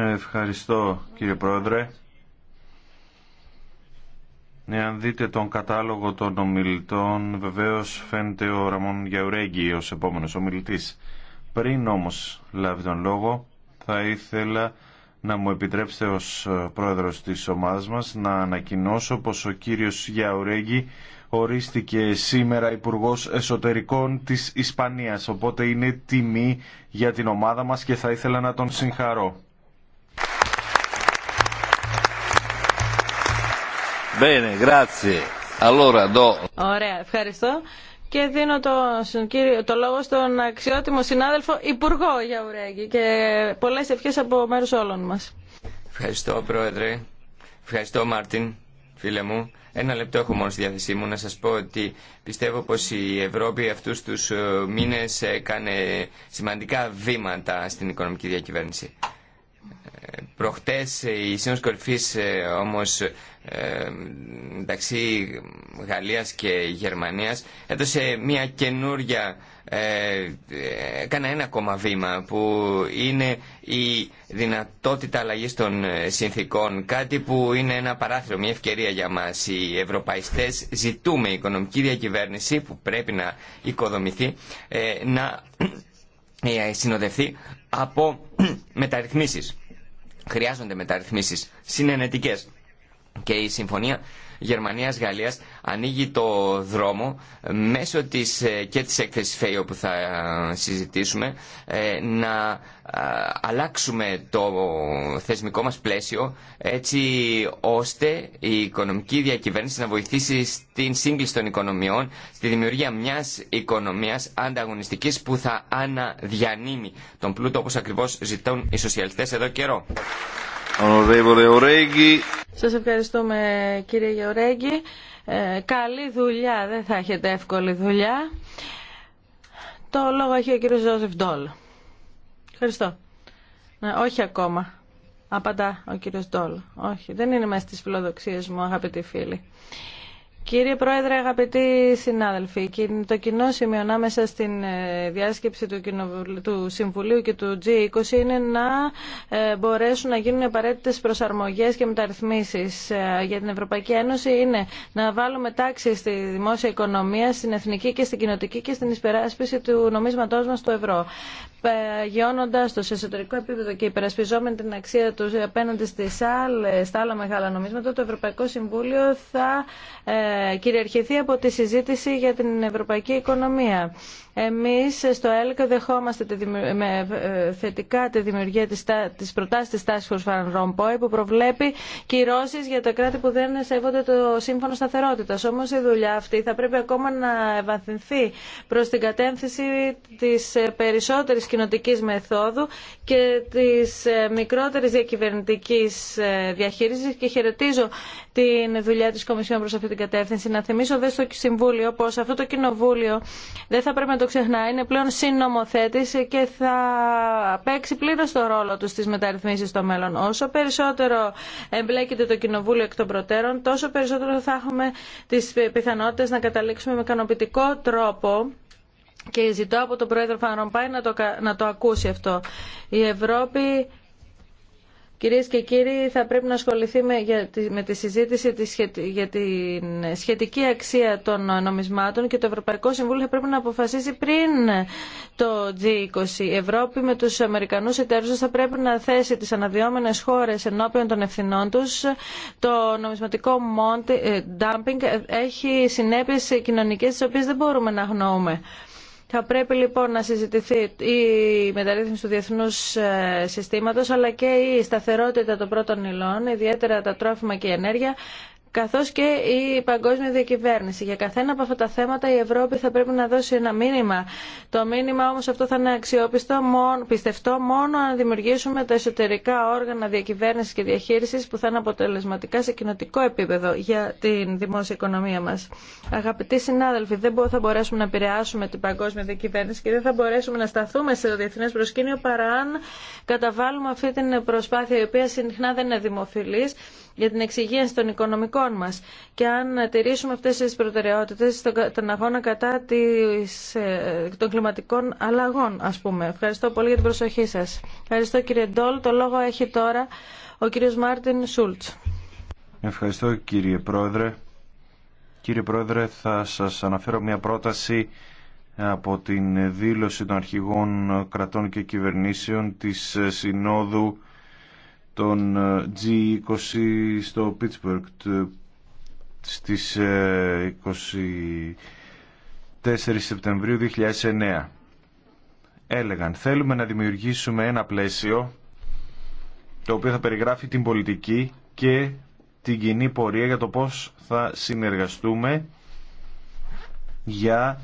Ευχαριστώ κύριε Πρόεδρε. Εάν δείτε τον κατάλογο των ομιλητών, βεβαίως φαίνεται ο Ραμόν Γιαουρέγγι ως επόμενος ομιλητής. Πριν όμως λάβει τον λόγο, θα ήθελα να μου επιτρέψετε ως πρόεδρος της ομάδας μας να ανακοινώσω πως ο κύριος Γιαουρέγγι ορίστηκε σήμερα υπουργό Εσωτερικών της Ισπανίας, οπότε είναι τιμή για την ομάδα μας και θα ήθελα να τον συγχαρώ. Ωραία, ευχαριστώ. Και δίνω το, λόγο στον αξιότιμο συνάδελφο Υπουργό Γιαουρέγγι και πολλές ευχές από μέρους όλων μας. Ευχαριστώ Πρόεδρε. Ευχαριστώ Μάρτιν. Φίλε μου, ένα λεπτό έχω μόνο στη διάθεσή μου να σας πω ότι πιστεύω πως η Ευρώπη αυτούς τους ε, μήνες έκανε σημαντικά βήματα στην οικονομική διακυβέρνηση. Ε, προχτές ε, η σύνος κορυφής όμως μεταξύ Γαλλίας και Γερμανίας έδωσε μια καινούρια έκανα ε, ε, ένα ακόμα βήμα που είναι η δυνατότητα αλλαγή των ε, συνθήκων κάτι που είναι ένα παράθυρο, μια ευκαιρία για μας οι ευρωπαϊστές ζητούμε η οικονομική διακυβέρνηση που πρέπει να οικοδομηθεί να συνοδευτεί από μεταρρυθμίσεις χρειάζονται μεταρρυθμίσεις συνενετικές και η συμφωνία Γερμανίας, Γαλλίας ανοίγει το δρόμο μέσω της, ε, και της έκθεσης ΦΕΙΟ που θα ε, συζητήσουμε ε, να αλλάξουμε το θεσμικό μας πλαίσιο έτσι ώστε η οικονομική διακυβέρνηση να βοηθήσει στην σύγκληση των οικονομιών, στη δημιουργία μιας οικονομίας ανταγωνιστικής που θα αναδιανύμει τον πλούτο όπως ακριβώς ζητούν οι σοσιαλιστές εδώ καιρό. Σας ευχαριστούμε κύριε Γεωρέγγι. Ε, καλή δουλειά, δεν θα έχετε εύκολη δουλειά. Το λόγο έχει ο κύριος Ζώσεφ Ντόλ. Ευχαριστώ. Ναι, όχι ακόμα. Απαντά ο κύριος Ντόλ. Όχι, δεν είναι μέσα στις φιλοδοξίες μου αγαπητοί φίλοι. Κύριε Πρόεδρε, αγαπητοί συνάδελφοι, το κοινό σημείο ανάμεσα στη ε, διάσκεψη του Συμβουλίου και του G20 είναι να ε, μπορέσουν να γίνουν απαραίτητε προσαρμογέ και μεταρρυθμίσει ε, για την Ευρωπαϊκή Ένωση. Είναι να βάλουμε τάξη στη δημόσια οικονομία, στην εθνική και στην κοινοτική και στην εισπεράσπιση του νομίσματό μα στο ευρώ απεγειώνοντας το σε εσωτερικό επίπεδο και υπερασπιζόμενοι την αξία του απέναντι στις άλλες, στα άλλα μεγάλα νομίσματα, το Ευρωπαϊκό Συμβούλιο θα ε, κυριαρχηθεί από τη συζήτηση για την ευρωπαϊκή οικονομία. Εμείς στο ΕΛΚ δεχόμαστε με, ε, θετικά τη δημιουργία της, της προτάσης της Τάσχος Φαν που προβλέπει κυρώσεις για τα κράτη που δεν σέβονται το σύμφωνο σταθερότητας. Όμως η δουλειά αυτή θα πρέπει ακόμα να ευαθυνθεί προς την κατεύθυνση της ε, περισσότερης κοινοτικής μεθόδου και της ε, μικρότερης διακυβερνητικής ε, διαχείρισης και χαιρετίζω την δουλειά της Κομισιόν προς αυτή την κατεύθυνση. Να θυμίσω δε στο Συμβούλιο πως αυτό το Κοινοβούλιο δεν θα πρέπει να το ξεχνά, είναι πλέον συνομοθέτης και θα παίξει πλήρως το ρόλο του στις μεταρρυθμίσεις στο μέλλον. Όσο περισσότερο εμπλέκεται το Κοινοβούλιο εκ των προτέρων, τόσο περισσότερο θα έχουμε τις πιθανότητες να καταλήξουμε με ικανοποιητικό τρόπο και ζητώ από τον Πρόεδρο Ρομπάι να το, να το ακούσει αυτό. Η Ευρώπη Κυρίες και κύριοι, θα πρέπει να ασχοληθεί με, για, με τη συζήτηση για τη σχετική αξία των νομισμάτων και το Ευρωπαϊκό Συμβούλιο θα πρέπει να αποφασίσει πριν το G20. Η Ευρώπη με τους Αμερικανούς εταίρους θα πρέπει να θέσει τις αναδυόμενες χώρες ενώπιον των ευθυνών τους. Το νομισματικό ε, dumping έχει συνέπειες κοινωνικές τις οποίες δεν μπορούμε να αγνοούμε. Θα πρέπει λοιπόν να συζητηθεί η μεταρρύθμιση του διεθνού ε, συστήματο, αλλά και η σταθερότητα των πρώτων υλών, ιδιαίτερα τα τρόφιμα και η ενέργεια καθώς και η παγκόσμια διακυβέρνηση. Για καθένα από αυτά τα θέματα η Ευρώπη θα πρέπει να δώσει ένα μήνυμα. Το μήνυμα όμως αυτό θα είναι αξιόπιστο, πιστευτό μόνο αν δημιουργήσουμε τα εσωτερικά όργανα διακυβέρνησης και διαχείρισης που θα είναι αποτελεσματικά σε κοινοτικό επίπεδο για την δημόσια οικονομία μας. Αγαπητοί συνάδελφοι, δεν θα μπορέσουμε να επηρεάσουμε την παγκόσμια διακυβέρνηση και δεν θα μπορέσουμε να σταθούμε σε διεθνέ προσκήνιο παρά αν καταβάλουμε αυτή την προσπάθεια η οποία συχνά δεν είναι δημοφιλής για την εξυγίανση των οικονομικών μας. Και αν τηρήσουμε αυτές τις προτεραιότητες στον αγώνα κατά της, ε, των κλιματικών αλλαγών, ας πούμε. Ευχαριστώ πολύ για την προσοχή σας. Ευχαριστώ κύριε Ντόλ. Το λόγο έχει τώρα ο κύριος Μάρτιν Σούλτς. Ευχαριστώ κύριε Πρόεδρε. Κύριε Πρόεδρε, θα σας αναφέρω μια πρόταση από την δήλωση των αρχηγών κρατών και κυβερνήσεων της Συνόδου των ε, G20 στο Pittsburgh στις 24 ε, Σεπτεμβρίου 2009. Έλεγαν θέλουμε να δημιουργήσουμε ένα πλαίσιο το οποίο θα περιγράφει την πολιτική και την κοινή πορεία για το πώς θα συνεργαστούμε για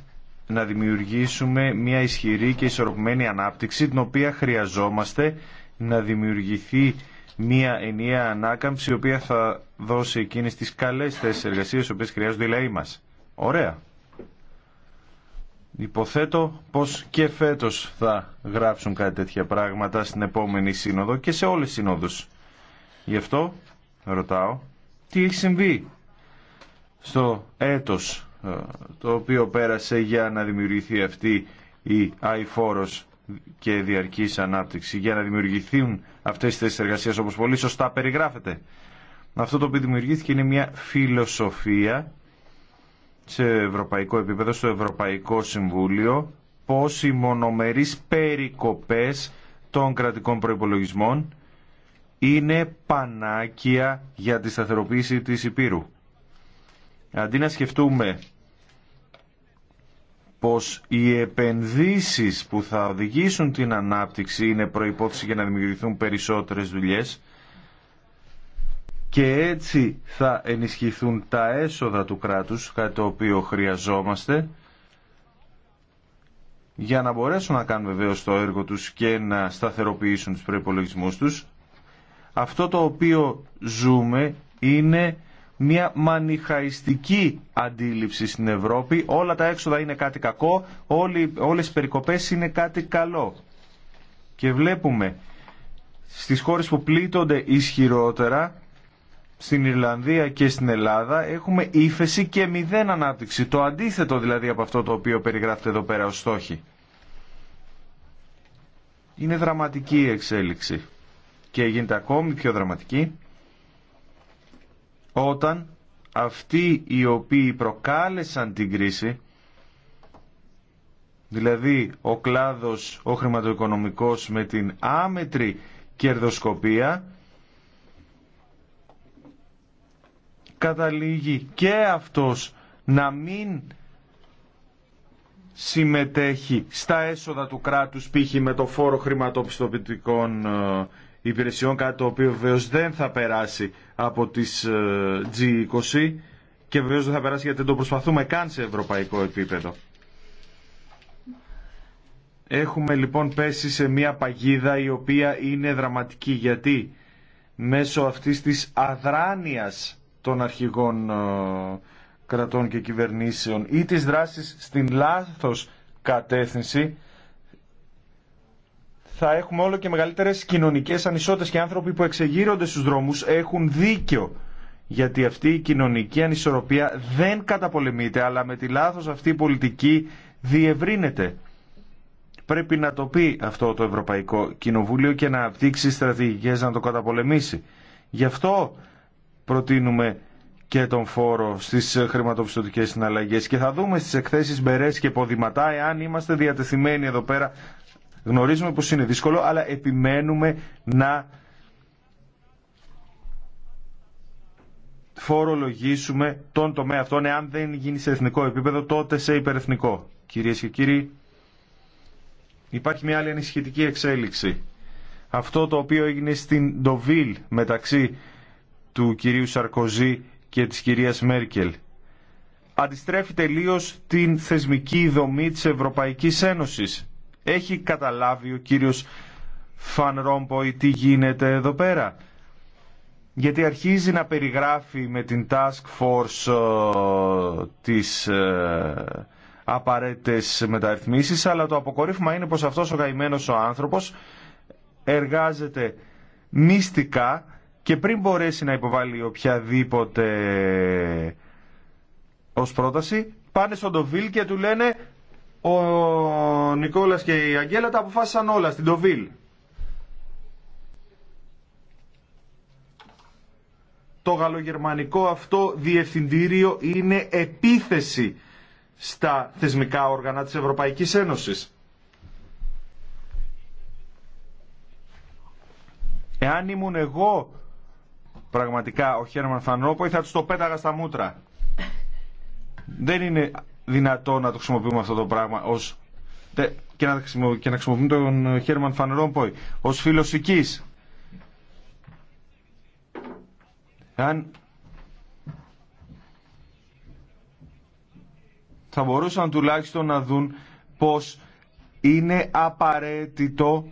να δημιουργήσουμε μια ισχυρή και ισορροπημένη ανάπτυξη την οποία χρειαζόμαστε να δημιουργηθεί μια ενιαία ανάκαμψη η οποία θα δώσει εκείνες τις καλές θέσεις εργασίας οι οποίες χρειάζονται οι λαοί μας. Ωραία. Υποθέτω πως και φέτος θα γράψουν κάτι τέτοια πράγματα στην επόμενη σύνοδο και σε όλες τις σύνοδους. Γι' αυτό ρωτάω τι έχει συμβεί στο έτος ε, το οποίο πέρασε για να δημιουργηθεί αυτή η αηφόρος και διαρκής ανάπτυξη για να δημιουργηθούν αυτές τις θέσεις εργασίας όπως πολύ σωστά περιγράφεται. Αυτό το οποίο δημιουργήθηκε είναι μια φιλοσοφία σε ευρωπαϊκό επίπεδο, στο Ευρωπαϊκό Συμβούλιο, πως οι μονομερείς περικοπές των κρατικών προϋπολογισμών είναι πανάκια για τη σταθεροποίηση της Υπήρου. Αντί να σκεφτούμε πως οι επενδύσεις που θα οδηγήσουν την ανάπτυξη είναι προϋπόθεση για να δημιουργηθούν περισσότερες δουλειές και έτσι θα ενισχυθούν τα έσοδα του κράτους, κάτι το οποίο χρειαζόμαστε, για να μπορέσουν να κάνουν βεβαίω το έργο τους και να σταθεροποιήσουν τους προϋπολογισμούς τους. Αυτό το οποίο ζούμε είναι μια μανιχαϊστική αντίληψη στην Ευρώπη. Όλα τα έξοδα είναι κάτι κακό, όλοι, όλες οι περικοπές είναι κάτι καλό. Και βλέπουμε στις χώρες που πλήττονται ισχυρότερα, στην Ιρλανδία και στην Ελλάδα, έχουμε ύφεση και μηδέν ανάπτυξη. Το αντίθετο δηλαδή από αυτό το οποίο περιγράφεται εδώ πέρα ως στόχη Είναι δραματική η εξέλιξη και γίνεται ακόμη πιο δραματική όταν αυτοί οι οποίοι προκάλεσαν την κρίση, δηλαδή ο κλάδος, ο χρηματοοικονομικός με την άμετρη κερδοσκοπία, καταλήγει και αυτός να μην συμμετέχει στα έσοδα του κράτους π.χ. με το φόρο χρηματοπιστωτικών ε, υπηρεσιών κάτι το οποίο βεβαίω δεν θα περάσει από τις ε, G20 και βεβαίως δεν θα περάσει γιατί δεν το προσπαθούμε καν σε ευρωπαϊκό επίπεδο. Έχουμε λοιπόν πέσει σε μια παγίδα η οποία είναι δραματική γιατί μέσω αυτής της αδράνειας των αρχηγών ε, κρατών και κυβερνήσεων ή της δράσης στην λάθος κατεύθυνση θα έχουμε όλο και μεγαλύτερε κοινωνικέ ανισότητες και άνθρωποι που εξεγείρονται στου δρόμου έχουν δίκιο γιατί αυτή η κοινωνική ανισορροπία δεν καταπολεμείται αλλά με τη λάθος αυτή η πολιτική διευρύνεται. Πρέπει να το πει αυτό το Ευρωπαϊκό Κοινοβούλιο και να δείξει στρατηγικές να το καταπολεμήσει. Γι' αυτό προτείνουμε και τον φόρο στις χρηματοπιστωτικές συναλλαγές και θα δούμε στις εκθέσεις Μπερές και Ποδηματά εάν είμαστε διατεθειμένοι εδώ πέρα Γνωρίζουμε πως είναι δύσκολο, αλλά επιμένουμε να φορολογήσουμε τον τομέα αυτόν, ναι, εάν δεν γίνει σε εθνικό επίπεδο, τότε σε υπερεθνικό. Κυρίε και κύριοι, υπάρχει μια άλλη ανησυχητική εξέλιξη. Αυτό το οποίο έγινε στην Ντοβίλ μεταξύ του κυρίου Σαρκοζή και της κυρίας Μέρκελ. Αντιστρέφει τελείως την θεσμική δομή της Ευρωπαϊκής Ένωσης. Έχει καταλάβει ο κύριος Φαν τι γίνεται εδώ πέρα. Γιατί αρχίζει να περιγράφει με την Task Force τι ε, τις μεταρρυθμίσει, απαραίτητες μεταρρυθμίσεις, αλλά το αποκορύφωμα είναι πως αυτός ο καημένος ο άνθρωπος εργάζεται μυστικά και πριν μπορέσει να υποβάλει οποιαδήποτε ε, ως πρόταση, πάνε στον Ντοβίλ και του λένε ο Νικόλας και η Αγγέλα τα αποφάσισαν όλα στην Τοβίλ. Το γαλλογερμανικό αυτό διευθυντήριο είναι επίθεση στα θεσμικά όργανα της Ευρωπαϊκής Ένωσης. Εάν ήμουν εγώ πραγματικά ο Χέρμαν Φανρόπο, θα του το πέταγα στα μούτρα. Δεν είναι δυνατό να το χρησιμοποιούμε αυτό το πράγμα ως, και, να, χρησιμοποιούμε τον Χέρμαν Φανερόμποϊ ως φίλος θα μπορούσαν τουλάχιστον να δουν πως είναι απαραίτητο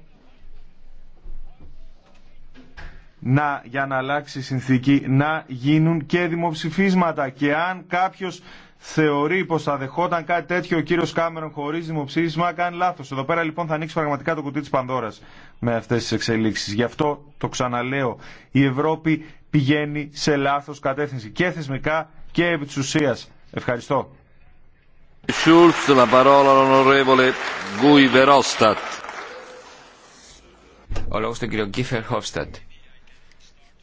να, για να αλλάξει η συνθήκη να γίνουν και δημοψηφίσματα και αν κάποιος θεωρεί πω θα δεχόταν κάτι τέτοιο ο κύριο Κάμερον χωρί δημοψήφισμα, κάνει λάθο. Εδώ πέρα λοιπόν θα ανοίξει πραγματικά το κουτί τη Πανδώρα με αυτέ τι εξελίξει. Γι' αυτό το ξαναλέω. Η Ευρώπη πηγαίνει σε λάθο κατεύθυνση και θεσμικά και επί τη ουσία. Ευχαριστώ. Ο λόγος του κύριο Γκίφερ Χόφστατ.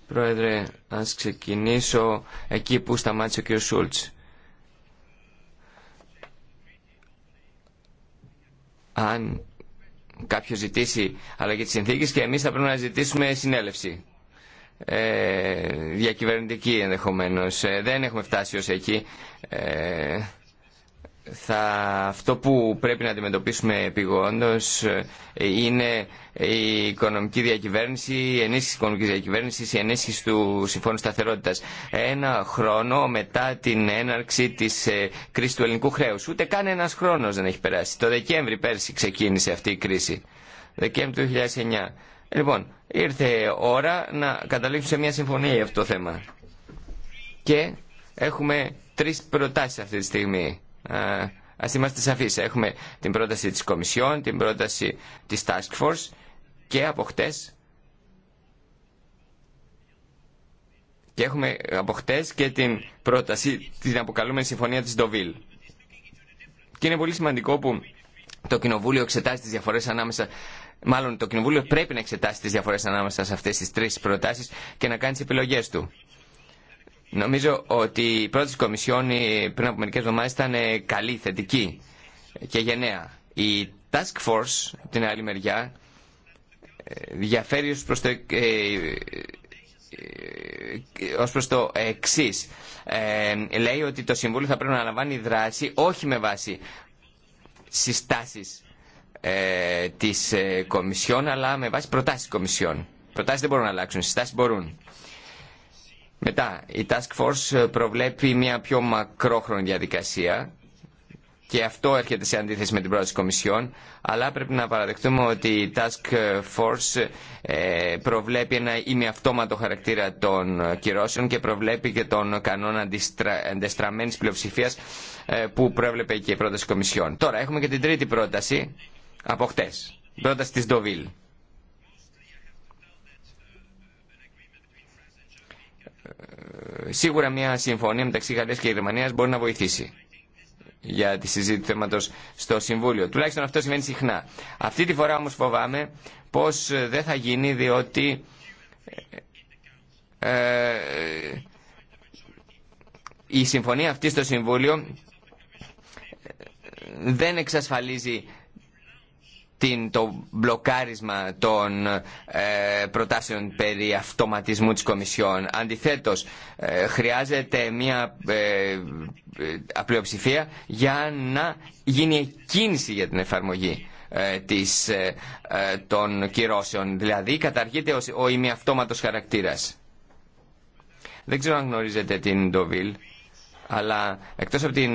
Πρόεδρε, ας ξεκινήσω εκεί που σταμάτησε ο κύριος Σούλτς αν κάποιος ζητήσει αλλαγή της συνθήκης και εμείς θα πρέπει να ζητήσουμε συνέλευση. Ε, διακυβερνητική ενδεχομένως. Ε, δεν έχουμε φτάσει ως εκεί. Ε, θα, αυτό που πρέπει να αντιμετωπίσουμε επιγόντως ε, είναι η οικονομική διακυβέρνηση, η ενίσχυση της οικονομικής διακυβέρνησης, η ενίσχυση του Συμφώνου Σταθερότητας. Ένα χρόνο μετά την έναρξη της ε, κρίσης του ελληνικού χρέους. Ούτε καν ένας χρόνος δεν έχει περάσει. Το Δεκέμβρη πέρσι ξεκίνησε αυτή η κρίση. Δεκέμβρη του 2009. Λοιπόν, ήρθε ώρα να καταλήξουμε σε μια συμφωνία για αυτό το θέμα. Και έχουμε τρεις προτάσεις αυτή τη στιγμή ε, Α είμαστε σαφείς. Έχουμε την πρόταση της Κομισιόν, την πρόταση της Task Force και από χτέ. και έχουμε από και την πρόταση, την αποκαλούμενη συμφωνία της Ντοβίλ. Και είναι πολύ σημαντικό που το Κοινοβούλιο εξετάζει τις διαφορές ανάμεσα Μάλλον το Κοινοβούλιο πρέπει να εξετάσει τις διαφορές ανάμεσα σε αυτές τις τρει προτάσει και να κάνει τι επιλογέ του. Νομίζω ότι η τη Κομισιόν ε, πριν από μερικές εβδομάδες ήταν ε, καλή, θετική και γενναία. Η Task Force, από την άλλη μεριά, ε, διαφέρει ως προς το, εξή. λέει ότι το Συμβούλιο θα πρέπει να λαμβάνει δράση όχι με βάση συστάσεις ε, της Κομισιόν, αλλά με βάση προτάσεις Κομισιόν. Προτάσεις δεν μπορούν να αλλάξουν, συστάσεις μπορούν. Μετά, η Task Force ε, προβλέπει μια πιο μακρόχρονη διαδικασία και αυτό έρχεται σε αντίθεση με την πρόταση Κομισιόν, αλλά πρέπει να παραδεχτούμε ότι η Task Force ε, προβλέπει ένα ημιαυτόματο χαρακτήρα των κυρώσεων και προβλέπει και τον κανόνα αντεστραμμένης πλειοψηφίας ε, που προέβλεπε και η πρόταση Κομισιόν. Τώρα, έχουμε και την τρίτη πρόταση από χτες, πρόταση της Ντοβίλ σίγουρα μια συμφωνία μεταξύ Γαλλίας και Γερμανίας μπορεί να βοηθήσει για τη συζήτηση του θέματος στο Συμβούλιο. Τουλάχιστον αυτό σημαίνει συχνά. Αυτή τη φορά όμως φοβάμαι πως δεν θα γίνει διότι ε, ε, η συμφωνία αυτή στο Συμβούλιο δεν εξασφαλίζει την, το μπλοκάρισμα των ε, προτάσεων περί αυτοματισμού της Κομισιόν. Αντιθέτως, ε, χρειάζεται μια ε, ε, απλειοψηφία για να γίνει κίνηση για την εφαρμογή της, των κυρώσεων. Δηλαδή, καταργείται ο, ο ημιαυτόματος χαρακτήρας. Δεν ξέρω αν γνωρίζετε την Ντοβίλ, αλλά εκτός από την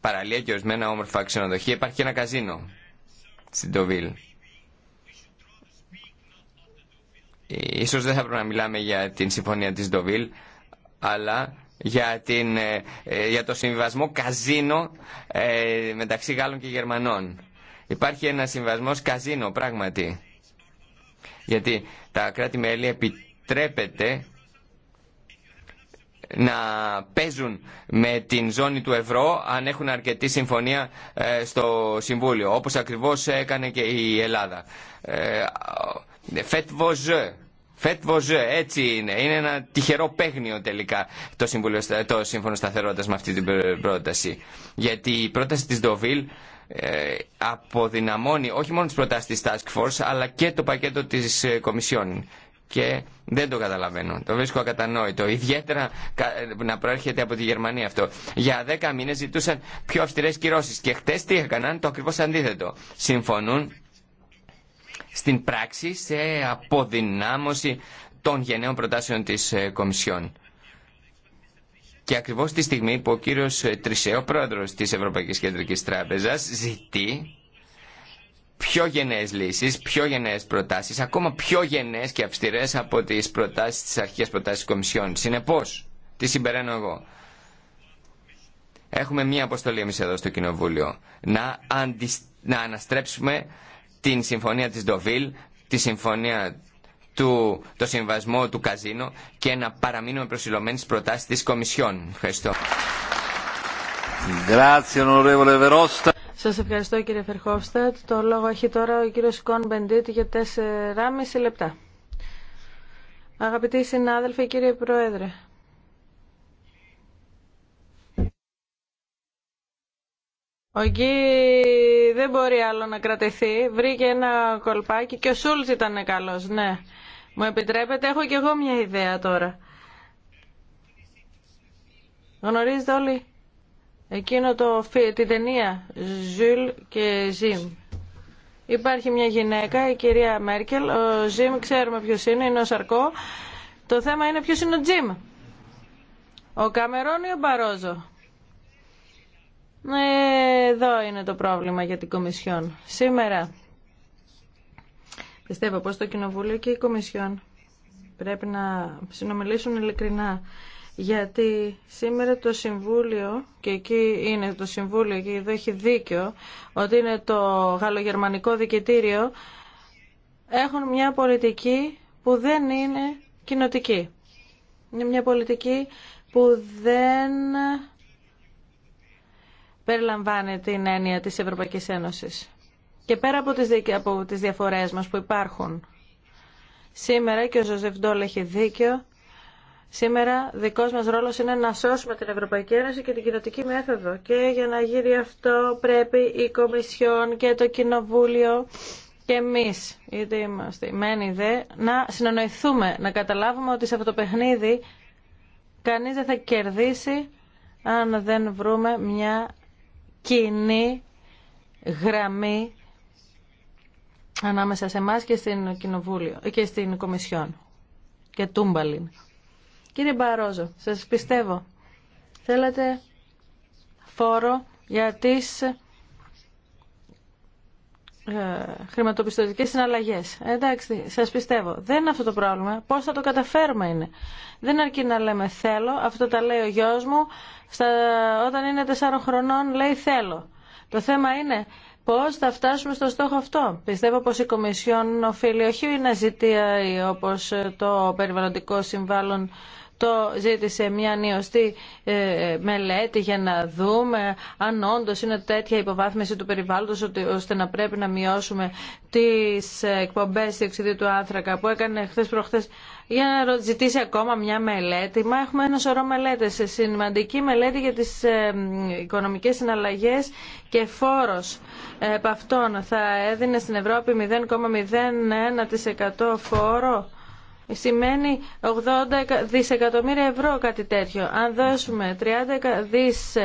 παραλία και ορισμένα όμορφα ξενοδοχεία υπάρχει και ένα καζίνο. Τοβίλ. Ε, ίσως δεν θα πρέπει να μιλάμε για την συμφωνία της Ντοβίλ, αλλά για, την, ε, ε, για το συμβιβασμό καζίνο μεταξύ Γάλλων και Γερμανών. Υπάρχει ένα συμβασμό καζίνο, πράγματι. Γιατί τα κράτη-μέλη επιτρέπεται να παίζουν με την ζώνη του ευρώ αν έχουν αρκετή συμφωνία ε, στο Συμβούλιο, όπως ακριβώς έκανε και η Ελλάδα. Faites vos jeux. έτσι είναι. Είναι ένα τυχερό παίγνιο τελικά το, Συμβουλιο, το Σύμφωνο Σταθερότητα με αυτή την πρόταση. Γιατί η πρόταση της Ντοβίλ ε, αποδυναμώνει όχι μόνο τι προτάσει της Task Force αλλά και το πακέτο της ε, Κομισιόν και δεν το καταλαβαίνω. Το βρίσκω ακατανόητο. Ιδιαίτερα να προέρχεται από τη Γερμανία αυτό. Για δέκα μήνε ζητούσαν πιο αυστηρέ κυρώσει και χτε τι έκαναν, το ακριβώ αντίθετο. Συμφωνούν στην πράξη σε αποδυνάμωση των γενναίων προτάσεων της ε, Κομισιόν. Και ακριβώς τη στιγμή που ο κύριος Τρισέο, πρόεδρος της Ευρωπαϊκής Κεντρικής Τράπεζας, ζητεί πιο γενναίες λύσεις, πιο γενναίες προτάσεις, ακόμα πιο γενναίες και αυστηρές από τις προτάσεις της αρχής προτάσεις της Κομισιόν. Συνεπώς, τι συμπεραίνω εγώ. Έχουμε μία αποστολή εμείς εδώ στο Κοινοβούλιο. Να, να αναστρέψουμε την συμφωνία της Ντοβίλ, τη συμφωνία του, το συμβασμό του Καζίνο και να παραμείνουμε προσιλωμένοι στις προτάσεις της Κομισιόν. Ευχαριστώ. Σας ευχαριστώ κύριε Φερχόφστατ. Το λόγο έχει τώρα ο κύριος Κον Μπεντήτ για 4,5 λεπτά. Αγαπητοί συνάδελφοι, κύριε Πρόεδρε. Ο Γκί δεν μπορεί άλλο να κρατηθεί. Βρήκε ένα κολπάκι και ο Σούλτ ήταν καλός, ναι. Μου επιτρέπετε, έχω κι εγώ μια ιδέα τώρα. Γνωρίζετε όλοι Εκείνο το, την ταινία Ζουλ και Ζιμ. Υπάρχει μια γυναίκα, η κυρία Μέρκελ, ο Ζιμ ξέρουμε ποιο είναι, είναι ο Σαρκό. Το θέμα είναι ποιο είναι ο Τζιμ. Ο Καμερόν ή ο Μπαρόζο. Ε, εδώ είναι το πρόβλημα για την Κομισιόν. Σήμερα πιστεύω πως το Κοινοβούλιο και η Κομισιόν πρέπει να συνομιλήσουν ειλικρινά γιατί σήμερα το Συμβούλιο και εκεί είναι το Συμβούλιο και εδώ έχει δίκιο ότι είναι το γαλλογερμανικό δικητήριο έχουν μια πολιτική που δεν είναι κοινοτική. Είναι μια πολιτική που δεν περιλαμβάνει την έννοια της Ευρωπαϊκής Ένωσης. Και πέρα από τις, από τις διαφορές μας που υπάρχουν σήμερα και ο Ζωζεφ Ντόλ έχει δίκιο Σήμερα δικός μας ρόλος είναι να σώσουμε την Ευρωπαϊκή Ένωση και την κοινοτική μέθοδο και για να γίνει αυτό πρέπει η Κομισιόν και το Κοινοβούλιο και εμείς, είτε είμαστε μένει δε, να συνονοηθούμε. να καταλάβουμε ότι σε αυτό το παιχνίδι κανείς δεν θα κερδίσει αν δεν βρούμε μια κοινή γραμμή ανάμεσα σε εμά και στην και στην Κομισιόν και τούμπαλιν. Κύριε Μπαρόζο, σας πιστεύω. Θέλετε φόρο για τις ε, χρηματοπιστωτικές συναλλαγές. Εντάξει, σας πιστεύω. Δεν είναι αυτό το πρόβλημα. Πώς θα το καταφέρουμε είναι. Δεν αρκεί να λέμε θέλω. Αυτό τα λέει ο γιος μου. Όταν είναι τεσσάρων χρονών λέει θέλω. Το θέμα είναι πώς θα φτάσουμε στο στόχο αυτό. Πιστεύω πως η Κομισιόν οφείλει όχι να ζητεί όπως το περιβαλλοντικό συμβάλλον το ζήτησε μια νιωστή ε, μελέτη για να δούμε αν όντω είναι τέτοια υποβάθμιση του περιβάλλοντος ώστε να πρέπει να μειώσουμε τις εκπομπές διοξιδίου του άνθρακα που έκανε χθες προχθές για να ζητήσει ακόμα μια μελέτη. Μα έχουμε ένα σωρό μελέτες. Σημαντική μελέτη για τις ε, οικονομικές συναλλαγές και φόρος επ' αυτών θα έδινε στην Ευρώπη 0,01% φόρο. Σημαίνει 80 δισεκατομμύρια ευρώ κάτι τέτοιο. Αν δώσουμε 30 δις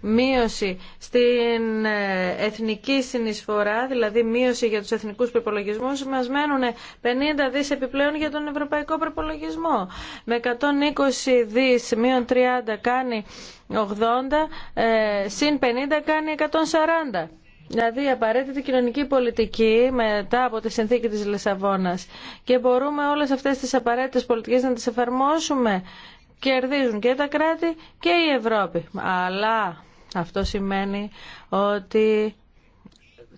μείωση στην ε, εθνική συνεισφορά, δηλαδή μείωση για τους εθνικούς προπολογισμούς, μας μένουν 50 δις επιπλέον για τον ευρωπαϊκό προπολογισμό. Με 120 δις μείον 30 κάνει 80, ε, συν 50 κάνει 140. Δηλαδή η απαραίτητη κοινωνική πολιτική μετά από τη συνθήκη της Λισαβόνα. Και μπορούμε όλες αυτές τις απαραίτητες πολιτικές να τις εφαρμόσουμε. Κερδίζουν και τα κράτη και η Ευρώπη. Αλλά αυτό σημαίνει ότι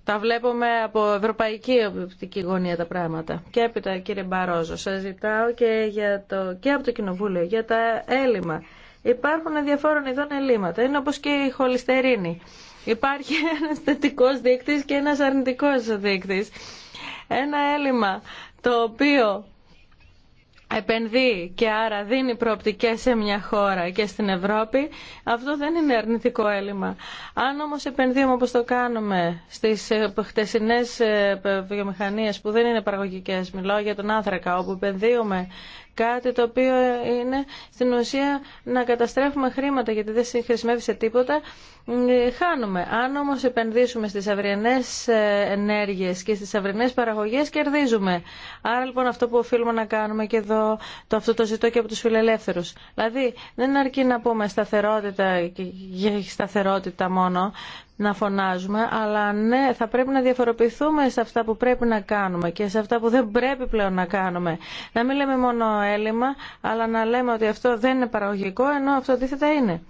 τα βλέπουμε από ευρωπαϊκή οπτική γωνία τα πράγματα. Και έπειτα κύριε Μπαρόζο, σας ζητάω και, για το, και από το Κοινοβούλιο για τα έλλειμμα. Υπάρχουν διαφόρων ειδών ελλείμματα. Είναι όπως και η χολυστερίνη. Υπάρχει [LAUGHS] ένα θετικό δείκτη και ένα αρνητικό δείκτη. Ένα έλλειμμα το οποίο επενδύει και άρα δίνει προοπτικές σε μια χώρα και στην Ευρώπη, αυτό δεν είναι αρνητικό έλλειμμα. Αν όμως επενδύουμε όπως το κάνουμε στις ε, χτεσινές ε, βιομηχανίες που δεν είναι παραγωγικές, μιλώ για τον άνθρακα, όπου επενδύουμε κάτι το οποίο είναι στην ουσία να καταστρέφουμε χρήματα γιατί δεν συγχρησιμεύει σε τίποτα, χάνουμε. Αν όμω επενδύσουμε στι αυριανέ ε, ενέργειε και στι αυριανέ παραγωγές, κερδίζουμε. Άρα λοιπόν αυτό που οφείλουμε να κάνουμε και εδώ, το αυτό το ζητώ και από του φιλελεύθερου. Δηλαδή δεν αρκεί να πούμε σταθερότητα και σταθερότητα μόνο, να φωνάζουμε, αλλά ναι, θα πρέπει να διαφοροποιηθούμε σε αυτά που πρέπει να κάνουμε και σε αυτά που δεν πρέπει πλέον να κάνουμε. Να μην λέμε μόνο έλλειμμα, αλλά να λέμε ότι αυτό δεν είναι παραγωγικό, ενώ αυτό αντίθετα είναι.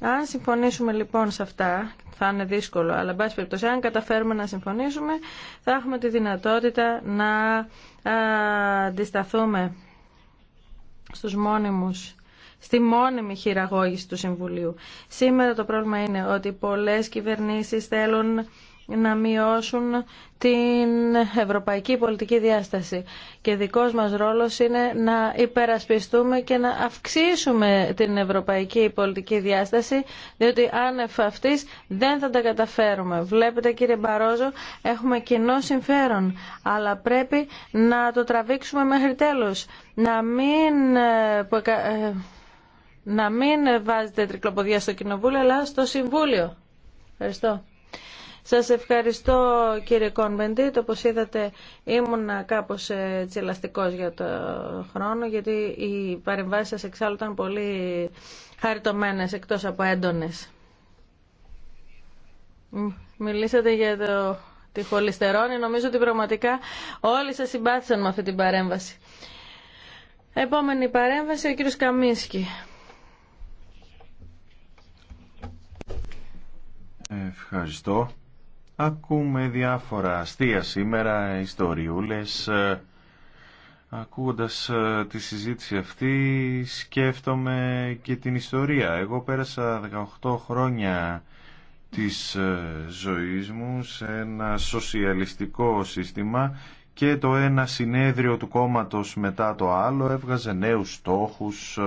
Αν συμφωνήσουμε λοιπόν σε αυτά, θα είναι δύσκολο, αλλά εν πάση περιπτώσει, αν καταφέρουμε να συμφωνήσουμε, θα έχουμε τη δυνατότητα να αντισταθούμε στους μόνιμους στη μόνιμη χειραγώγηση του Συμβουλίου. Σήμερα το πρόβλημα είναι ότι πολλές κυβερνήσεις θέλουν να μειώσουν την ευρωπαϊκή πολιτική διάσταση. Και δικός μας ρόλος είναι να υπερασπιστούμε και να αυξήσουμε την ευρωπαϊκή πολιτική διάσταση, διότι αν αυτής δεν θα τα καταφέρουμε. Βλέπετε κύριε Μπαρόζο, έχουμε κοινό συμφέρον, αλλά πρέπει να το τραβήξουμε μέχρι τέλος. Να μην ε, ε, να μην βάζετε τρικλοποδία στο Κοινοβούλιο, αλλά στο Συμβούλιο. Ευχαριστώ. Σας ευχαριστώ κύριε Το πως είδατε ήμουνα κάπως ε, τσιλαστικός για το χρόνο γιατί οι παρεμβάσεις σας εξάλλου ήταν πολύ χαριτωμένες εκτός από έντονες. Μιλήσατε για το... τη χολυστερόνη. Νομίζω ότι πραγματικά όλοι σας συμπάθησαν με αυτή την παρέμβαση. Επόμενη παρέμβαση ο κύριος Καμίσκι. Ευχαριστώ. Ακούμε διάφορα αστεία σήμερα, ιστοριούλες. Ε, ακούγοντας ε, τη συζήτηση αυτή σκέφτομαι και την ιστορία. Εγώ πέρασα 18 χρόνια της ε, ζωής μου σε ένα σοσιαλιστικό σύστημα και το ένα συνέδριο του κόμματος μετά το άλλο έβγαζε νέους στόχους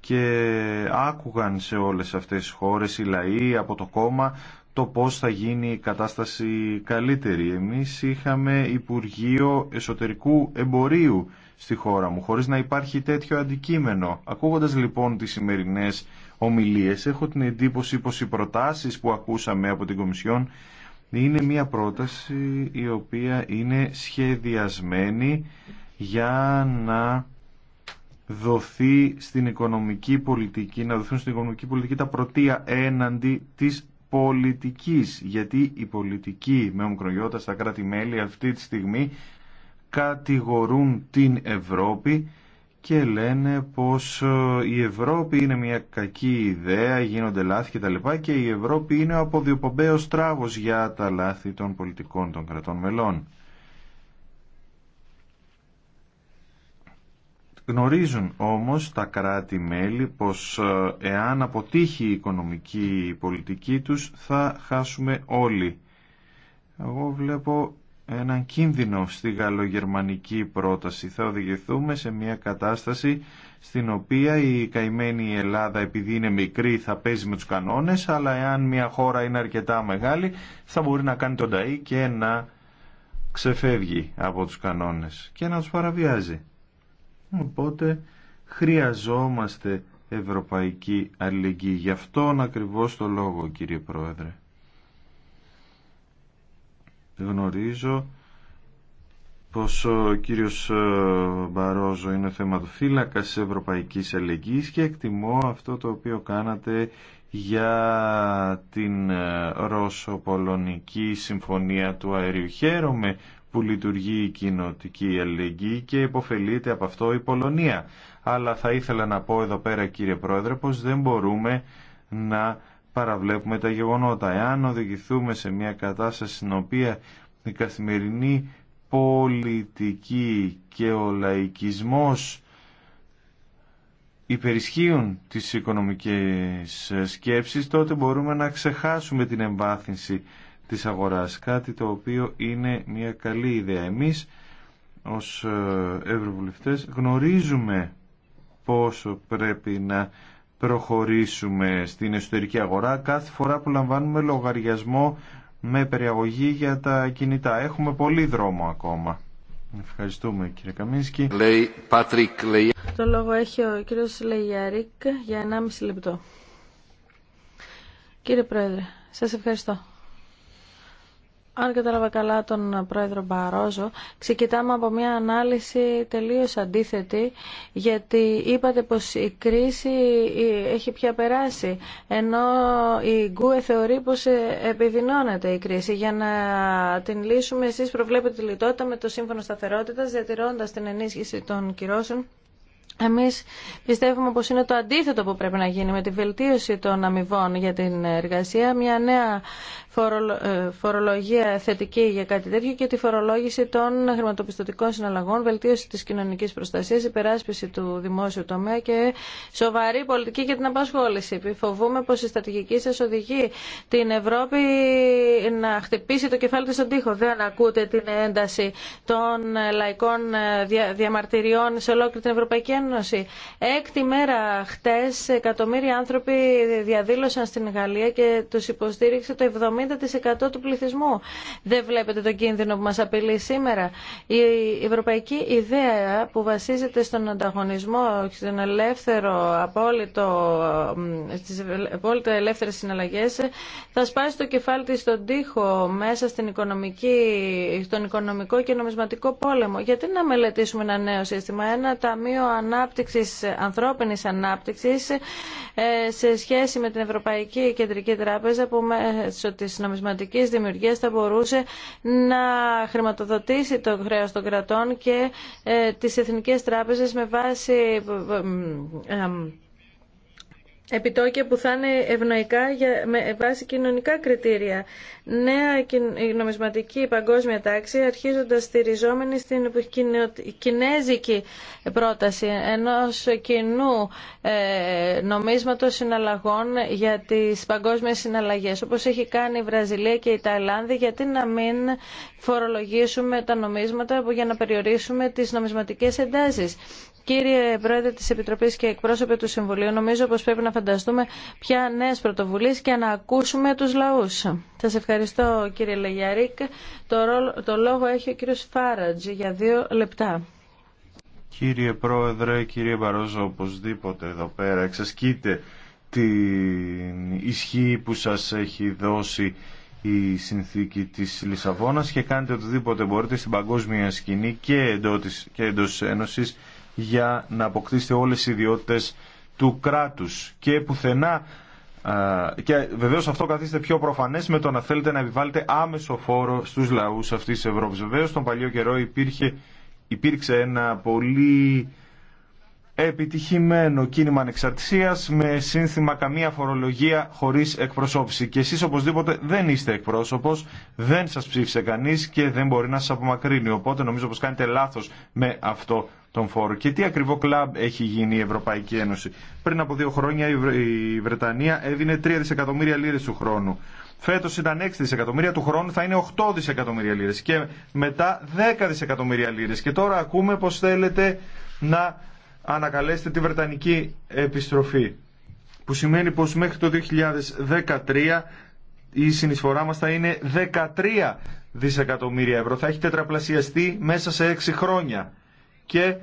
και άκουγαν σε όλες αυτές τις χώρες οι λαοί από το κόμμα το πώς θα γίνει η κατάσταση καλύτερη. Εμείς είχαμε Υπουργείο Εσωτερικού Εμπορίου στη χώρα μου, χωρίς να υπάρχει τέτοιο αντικείμενο. Ακούγοντας λοιπόν τις σημερινές ομιλίες, έχω την εντύπωση πως οι προτάσεις που ακούσαμε από την Κομισιόν είναι μια πρόταση η οποία είναι σχεδιασμένη για να δοθεί στην οικονομική πολιτική, να δοθούν στην οικονομική πολιτική τα πρωτεία έναντι της πολιτικής, γιατί η πολιτική με ομικρογιώτα στα κράτη-μέλη αυτή τη στιγμή κατηγορούν την Ευρώπη και λένε πως ε, η Ευρώπη είναι μια κακή ιδέα, γίνονται λάθη και τα λοιπά και η Ευρώπη είναι ο αποδιοπομπαίος τράβος για τα λάθη των πολιτικών των κρατών μελών. Γνωρίζουν όμως τα κράτη-μέλη πως ε, εάν αποτύχει η οικονομική πολιτική τους θα χάσουμε όλοι. Εγώ βλέπω έναν κίνδυνο στη γαλλογερμανική πρόταση. Θα οδηγηθούμε σε μια κατάσταση στην οποία η καημένη Ελλάδα επειδή είναι μικρή θα παίζει με τους κανόνες αλλά εάν μια χώρα είναι αρκετά μεγάλη θα μπορεί να κάνει τον ταΐ και να ξεφεύγει από τους κανόνες και να τους παραβιάζει. Οπότε χρειαζόμαστε ευρωπαϊκή αλληλεγγύη. Γι' αυτόν ακριβώς το λόγο κύριε Πρόεδρε. Γνωρίζω πως ο κύριος ε, Μπαρόζο είναι θέμα θεματοφύλακας της Ευρωπαϊκής Αλληλεγγύης και εκτιμώ αυτό το οποίο κάνατε για την ε, Ρώσο-Πολωνική Συμφωνία του Αερίου. Χαίρομαι που λειτουργεί η κοινοτική αλληλεγγύη και υποφελείται από αυτό η Πολωνία. Αλλά θα ήθελα να πω εδώ πέρα κύριε Πρόεδρε πως δεν μπορούμε να παραβλέπουμε τα γεγονότα. Εάν οδηγηθούμε σε μια κατάσταση στην οποία η καθημερινή πολιτική και ο λαϊκισμός υπερισχύουν τις οικονομικές σκέψεις, τότε μπορούμε να ξεχάσουμε την εμβάθυνση της αγοράς, κάτι το οποίο είναι μια καλή ιδέα. Εμείς ως ε, ευρωβουλευτές γνωρίζουμε πόσο πρέπει να προχωρήσουμε στην εσωτερική αγορά κάθε φορά που λαμβάνουμε λογαριασμό με περιαγωγή για τα κινητά. Έχουμε πολύ δρόμο ακόμα. Ευχαριστούμε κύριε Καμίνσκι. λέει... Το λόγο έχει ο κύριος Λεγιαρίκ για 1,5 λεπτό. Κύριε Πρόεδρε, σας ευχαριστώ αν κατάλαβα καλά τον πρόεδρο Μπαρόζο, ξεκινάμε από μια ανάλυση τελείως αντίθετη, γιατί είπατε πως η κρίση έχει πια περάσει, ενώ η Γκουε θεωρεί πως ε, επιδεινώνεται η κρίση. Για να την λύσουμε, εσείς προβλέπετε τη λιτότητα με το Σύμφωνο Σταθερότητας, διατηρώντας την ενίσχυση των κυρώσεων Εμεί πιστεύουμε πω είναι το αντίθετο που πρέπει να γίνει με τη βελτίωση των αμοιβών για την εργασία, μια νέα ε, φορολογία θετική για κάτι τέτοιο και τη φορολόγηση των χρηματοπιστωτικών συναλλαγών, βελτίωση της κοινωνικής προστασίας, υπεράσπιση του δημόσιου τομέα και σοβαρή πολιτική για την απασχόληση. Φοβούμε πω η στρατηγική σα οδηγεί την Ευρώπη να χτυπήσει το κεφάλι τη στον τοίχο. Δεν ακούτε την ένταση των λαϊκών ε, διαμαρτυριών σε ολόκληρη την Ευρωπαϊκή Ένωση Ένωση. Έκτη μέρα χτες εκατομμύρια άνθρωποι διαδήλωσαν στην Γαλλία και τους υποστήριξε το 70% του πληθυσμού. Δεν βλέπετε τον κίνδυνο που μας απειλεί σήμερα. Η ευρωπαϊκή ιδέα που βασίζεται στον ανταγωνισμό, στον ελεύθερο, απόλυτο, στις απόλυτα ελεύθερες συναλλαγές θα σπάσει το κεφάλι της στον τοίχο μέσα στην οικονομική, στον οικονομικό και νομισματικό πόλεμο. Γιατί να μελετήσουμε ένα νέο σύστημα, ένα ταμείο ανάπτυξη ανάπτυξης, ανθρώπινης ανάπτυξης ε, σε σχέση με την Ευρωπαϊκή Κεντρική Τράπεζα που μέσω της νομισματικής δημιουργίας θα μπορούσε να χρηματοδοτήσει το χρέος των κρατών και ε, τις εθνικές τράπεζες με βάση ε, επιτόκια που θα είναι ευνοϊκά για, με βάση κοινωνικά κριτήρια. Νέα νομισματική παγκόσμια τάξη αρχίζοντας στηριζόμενη στην κινέζικη πρόταση ενός κοινού ε, νομίσματος συναλλαγών για τις παγκόσμιες συναλλαγές. Όπως έχει κάνει η Βραζιλία και η Ταϊλάνδη, γιατί να μην φορολογήσουμε τα νομίσματα για να περιορίσουμε τις νομισματικές εντάσεις. Κύριε Πρόεδρε της Επιτροπής και εκπρόσωπε του Συμβουλίου, νομίζω πως πρέπει να φανταστούμε πια νέε πρωτοβουλίε και να ακούσουμε τους λαού. Σα ευχαριστώ κύριε Λεγιαρίκ. Το, το λόγο έχει ο κύριος Φάρατζ για δύο λεπτά. Κύριε Πρόεδρε, κύριε Μπαρόζο, οπωσδήποτε εδώ πέρα εξασκείτε την ισχύ που σας έχει δώσει η συνθήκη της Λισαβόνας και κάνετε οτιδήποτε μπορείτε στην παγκόσμια σκηνή και εντός, και εντός Ένωσης για να αποκτήσετε όλες οι ιδιότητες του κράτους και πουθενά και βεβαίω αυτό καθίστε πιο προφανέ με το να θέλετε να επιβάλλετε άμεσο φόρο στου λαού αυτή τη Ευρώπη. Βεβαίω, τον παλιό καιρό υπήρχε, υπήρξε ένα πολύ επιτυχημένο κίνημα ανεξαρτησίας με σύνθημα καμία φορολογία χωρί εκπροσώπηση. Και εσεί οπωσδήποτε δεν είστε εκπρόσωπο, δεν σα ψήφισε κανεί και δεν μπορεί να σα απομακρύνει. Οπότε νομίζω πω κάνετε λάθο με αυτό τον φόρο. Και τι ακριβό κλαμπ έχει γίνει η Ευρωπαϊκή Ένωση. Πριν από δύο χρόνια η Βρετανία έδινε 3 δισεκατομμύρια λίρε του χρόνου. Φέτος ήταν 6 δισεκατομμύρια, του χρόνου θα είναι 8 δισεκατομμύρια λίρε. και μετά 10 δισεκατομμύρια λίρε. Και τώρα ακούμε πω θέλετε να ανακαλέσετε τη Βρετανική επιστροφή που σημαίνει πως μέχρι το 2013 η συνεισφορά μας θα είναι 13 δισεκατομμύρια ευρώ. Θα έχει τετραπλασιαστεί μέσα σε 6 χρόνια. Και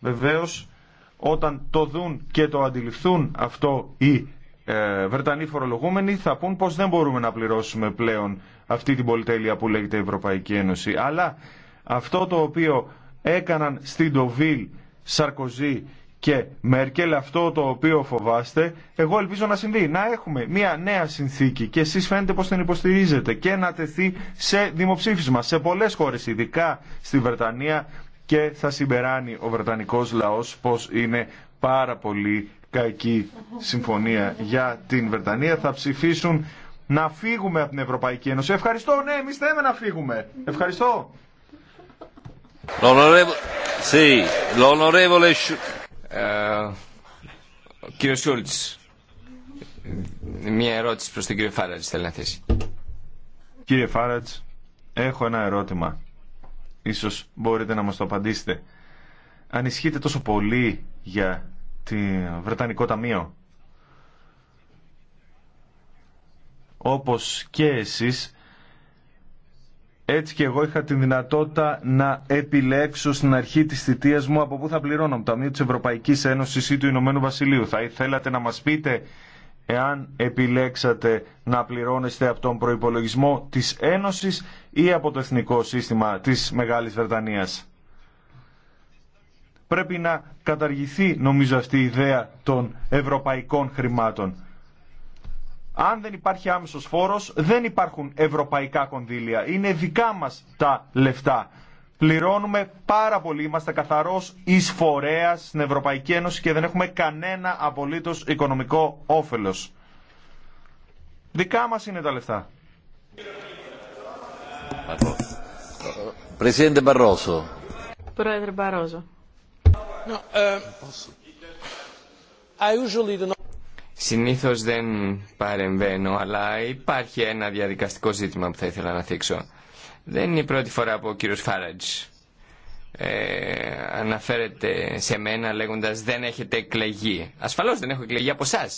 βεβαίως όταν το δουν και το αντιληφθούν αυτό οι ε, Βρετανοί φορολογούμενοι θα πούν πως δεν μπορούμε να πληρώσουμε πλέον αυτή την πολυτέλεια που λέγεται Ευρωπαϊκή Ένωση. Αλλά αυτό το οποίο έκαναν στην Ντοβίλ Σαρκοζή και Μέρκελ, αυτό το οποίο φοβάστε, εγώ ελπίζω να συμβεί. Να έχουμε μια νέα συνθήκη και εσείς φαίνεται πως την υποστηρίζετε και να τεθεί σε δημοψήφισμα σε πολλές χώρες, ειδικά στη Βρετανία και θα συμπεράνει ο Βρετανικός λαός πως είναι πάρα πολύ κακή συμφωνία για την Βρετανία. Θα ψηφίσουν να φύγουμε από την Ευρωπαϊκή Ένωση. Ευχαριστώ, ναι, εμείς θέλουμε να φύγουμε. Ευχαριστώ. Κύριε κύριο Σούλτ, μια ερώτηση προ τον κύριο Φάρατ θέλει να θέσει. Κύριε Φάρατ, έχω ένα ερώτημα. Ίσως μπορείτε να μας το απαντήσετε. Ανισχύετε τόσο πολύ για τη Βρετανικό Ταμείο. Όπως και εσείς έτσι και εγώ είχα την δυνατότητα να επιλέξω στην αρχή της θητείας μου από πού θα πληρώνω, από το Ταμείο της Ευρωπαϊκής Ένωσης ή του Ηνωμένου Βασιλείου. Θα ήθελατε να μας πείτε εάν επιλέξατε να πληρώνεστε από τον προϋπολογισμό της Ένωσης ή από το Εθνικό Σύστημα της Μεγάλης Βρετανίας. Πρέπει να καταργηθεί νομίζω αυτή η ιδέα των ευρωπαϊκών χρημάτων αν δεν υπάρχει άμεσος φόρος, δεν υπάρχουν ευρωπαϊκά κονδύλια. Είναι δικά μας τα λεφτά. Πληρώνουμε πάρα πολύ, είμαστε καθαρός εισφορέας στην Ευρωπαϊκή Ένωση και δεν έχουμε κανένα απολύτως οικονομικό όφελος. Δικά μας είναι τα λεφτά. Πρόεδρε Μπαρόζο. No, ε, Συνήθω δεν παρεμβαίνω, αλλά υπάρχει ένα διαδικαστικό ζήτημα που θα ήθελα να θίξω. Δεν είναι η πρώτη φορά που ο κύριο Φάρατζ. Ε, αναφέρεται σε μένα λέγοντα δεν έχετε εκλεγεί. Ασφαλώς δεν έχω εκλεγεί από εσά.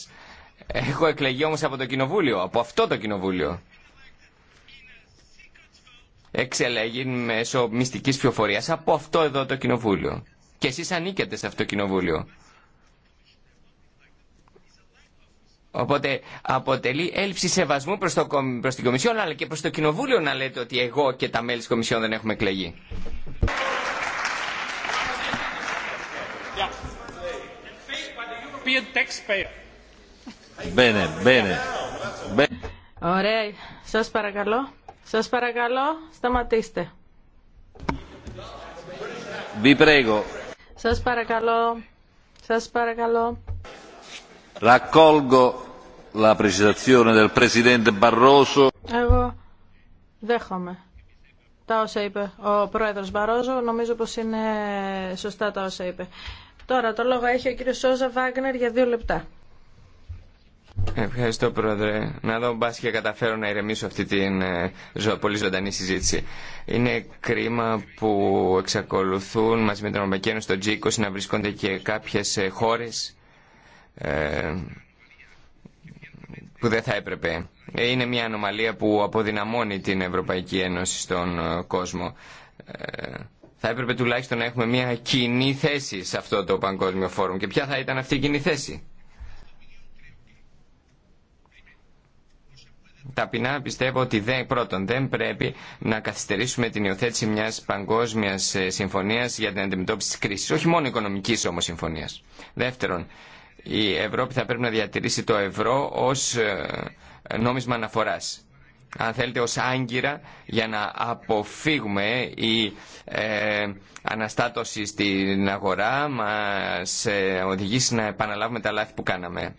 Έχω εκλεγεί όμω από το κοινοβούλιο, από αυτό το κοινοβούλιο. Εξελέγει μέσω μυστική πληροφορία από αυτό εδώ το κοινοβούλιο. Και εσεί ανήκετε σε αυτό το κοινοβούλιο. Οπότε αποτελεί έλλειψη σεβασμού προς, το, προς την Κομισιόν αλλά και προς το Κοινοβούλιο να λέτε ότι εγώ και τα μέλη της Κομισιόν δεν έχουμε εκλεγεί. Ωραία. Σας παρακαλώ. Σας παρακαλώ, σταματήστε. Σας παρακαλώ. Σας παρακαλώ. Εγώ δέχομαι τα όσα είπε ο Πρόεδρος Μπαρόζο. Νομίζω πως είναι σωστά τα όσα είπε. Τώρα το λόγο έχει ο κύριος Σόζα Βάγκνερ για δύο λεπτά. Ευχαριστώ Πρόεδρε. Να δω μπας και καταφέρω να ηρεμήσω αυτή την ε, πολύ ζωντανή συζήτηση. Είναι κρίμα που εξακολουθούν μαζί με την Ευρωπαϊκή στο G20, να βρίσκονται και κάποιες ε, χώρες ε, που δεν θα έπρεπε. Ε, είναι μια ανομαλία που αποδυναμώνει την Ευρωπαϊκή Ένωση στον ε, κόσμο. Θα έπρεπε τουλάχιστον να έχουμε μια κοινή θέση σε αυτό το Παγκόσμιο Φόρουμ. Και ποια θα ήταν αυτή η κοινή θέση. Ταπεινά πιστεύω ότι δεν, πρώτον δεν πρέπει να καθυστερήσουμε την υιοθέτηση μιας παγκόσμιας συμφωνίας για την αντιμετώπιση της κρίσης. Όχι μόνο οικονομικής όμως συμφωνίας. Δεύτερον, η Ευρώπη θα πρέπει να διατηρήσει το ευρώ ως ε, νόμισμα αναφοράς. Αν θέλετε ως άγκυρα για να αποφύγουμε η ε, αναστάτωση στην αγορά μας ε, οδηγήσει να επαναλάβουμε τα λάθη που κάναμε.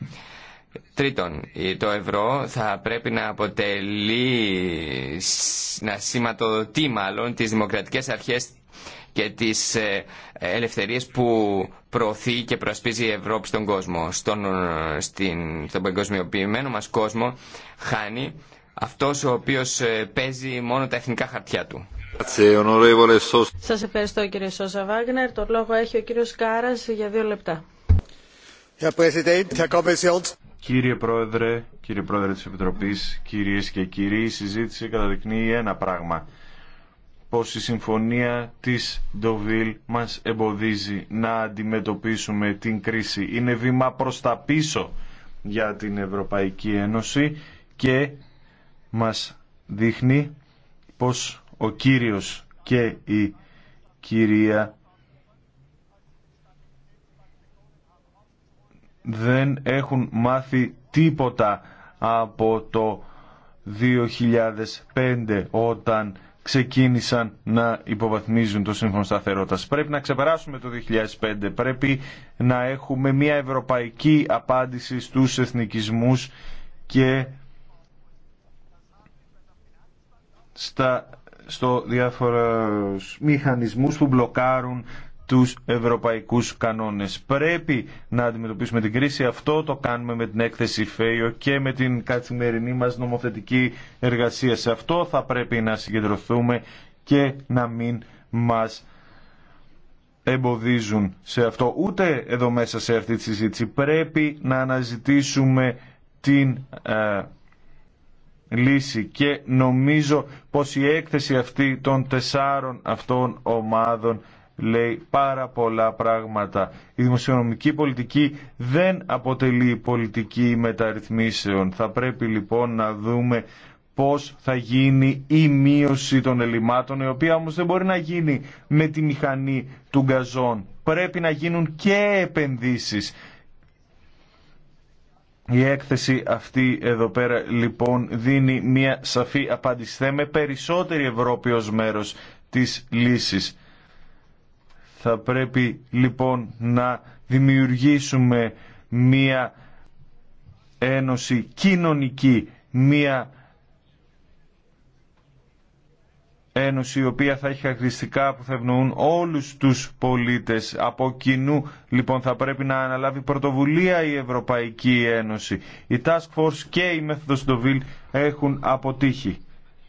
Τρίτον, το ευρώ θα πρέπει να αποτελεί, να σηματοδοτεί μάλλον τις δημοκρατικές αρχές και τι ε, ελευθερίε που προωθεί και προασπίζει η Ευρώπη στον κόσμο. Στον, ε, στην, στον παγκοσμιοποιημένο μα κόσμο χάνει αυτό ο οποίο ε, παίζει μόνο τα εθνικά χαρτιά του. Σα ευχαριστώ κύριε Σόσα Βάγνερ. Το λόγο έχει ο κύριο Κάρα για δύο λεπτά. Κύριε Πρόεδρε, κύριε Πρόεδρε της Επιτροπής, κυρίες και κύριοι, η συζήτηση καταδεικνύει ένα πράγμα πως η συμφωνία της Ντοβίλ μας εμποδίζει να αντιμετωπίσουμε την κρίση. Είναι βήμα προς τα πίσω για την Ευρωπαϊκή Ένωση και μας δείχνει πως ο κύριος και η κυρία δεν έχουν μάθει τίποτα από το 2005 όταν ξεκίνησαν να υποβαθμίζουν το σύμφωνο σταθερότητα. Πρέπει να ξεπεράσουμε το 2005. Πρέπει να έχουμε μια ευρωπαϊκή απάντηση στους εθνικισμούς και στα, στο διάφορα μηχανισμούς που μπλοκάρουν τους ευρωπαϊκούς κανόνες. Πρέπει να αντιμετωπίσουμε την κρίση. Αυτό το κάνουμε με την έκθεση ΦΕΙΟ και με την καθημερινή μας νομοθετική εργασία. Σε αυτό θα πρέπει να συγκεντρωθούμε και να μην μας εμποδίζουν σε αυτό. Ούτε εδώ μέσα σε αυτή τη συζήτηση πρέπει να αναζητήσουμε την ε, λύση και νομίζω πως η έκθεση αυτή των τεσσάρων αυτών ομάδων λέει πάρα πολλά πράγματα. Η δημοσιονομική πολιτική δεν αποτελεί πολιτική μεταρρυθμίσεων. Θα πρέπει λοιπόν να δούμε πώς θα γίνει η μείωση των ελλημάτων, η οποία όμως δεν μπορεί να γίνει με τη μηχανή του γκαζόν. Πρέπει να γίνουν και επενδύσεις. Η έκθεση αυτή εδώ πέρα λοιπόν δίνει μια σαφή απάντηση. Θέμε περισσότερη Ευρώπη ως μέρος της λύσης. Θα πρέπει λοιπόν να δημιουργήσουμε μία ένωση κοινωνική, μία ένωση η οποία θα έχει χαρακτηριστικά που θα ευνοούν όλους τους πολίτες από κοινού. Λοιπόν θα πρέπει να αναλάβει πρωτοβουλία η Ευρωπαϊκή Ένωση. Η Task Force και η μέθοδος Ντοβίλ έχουν αποτύχει.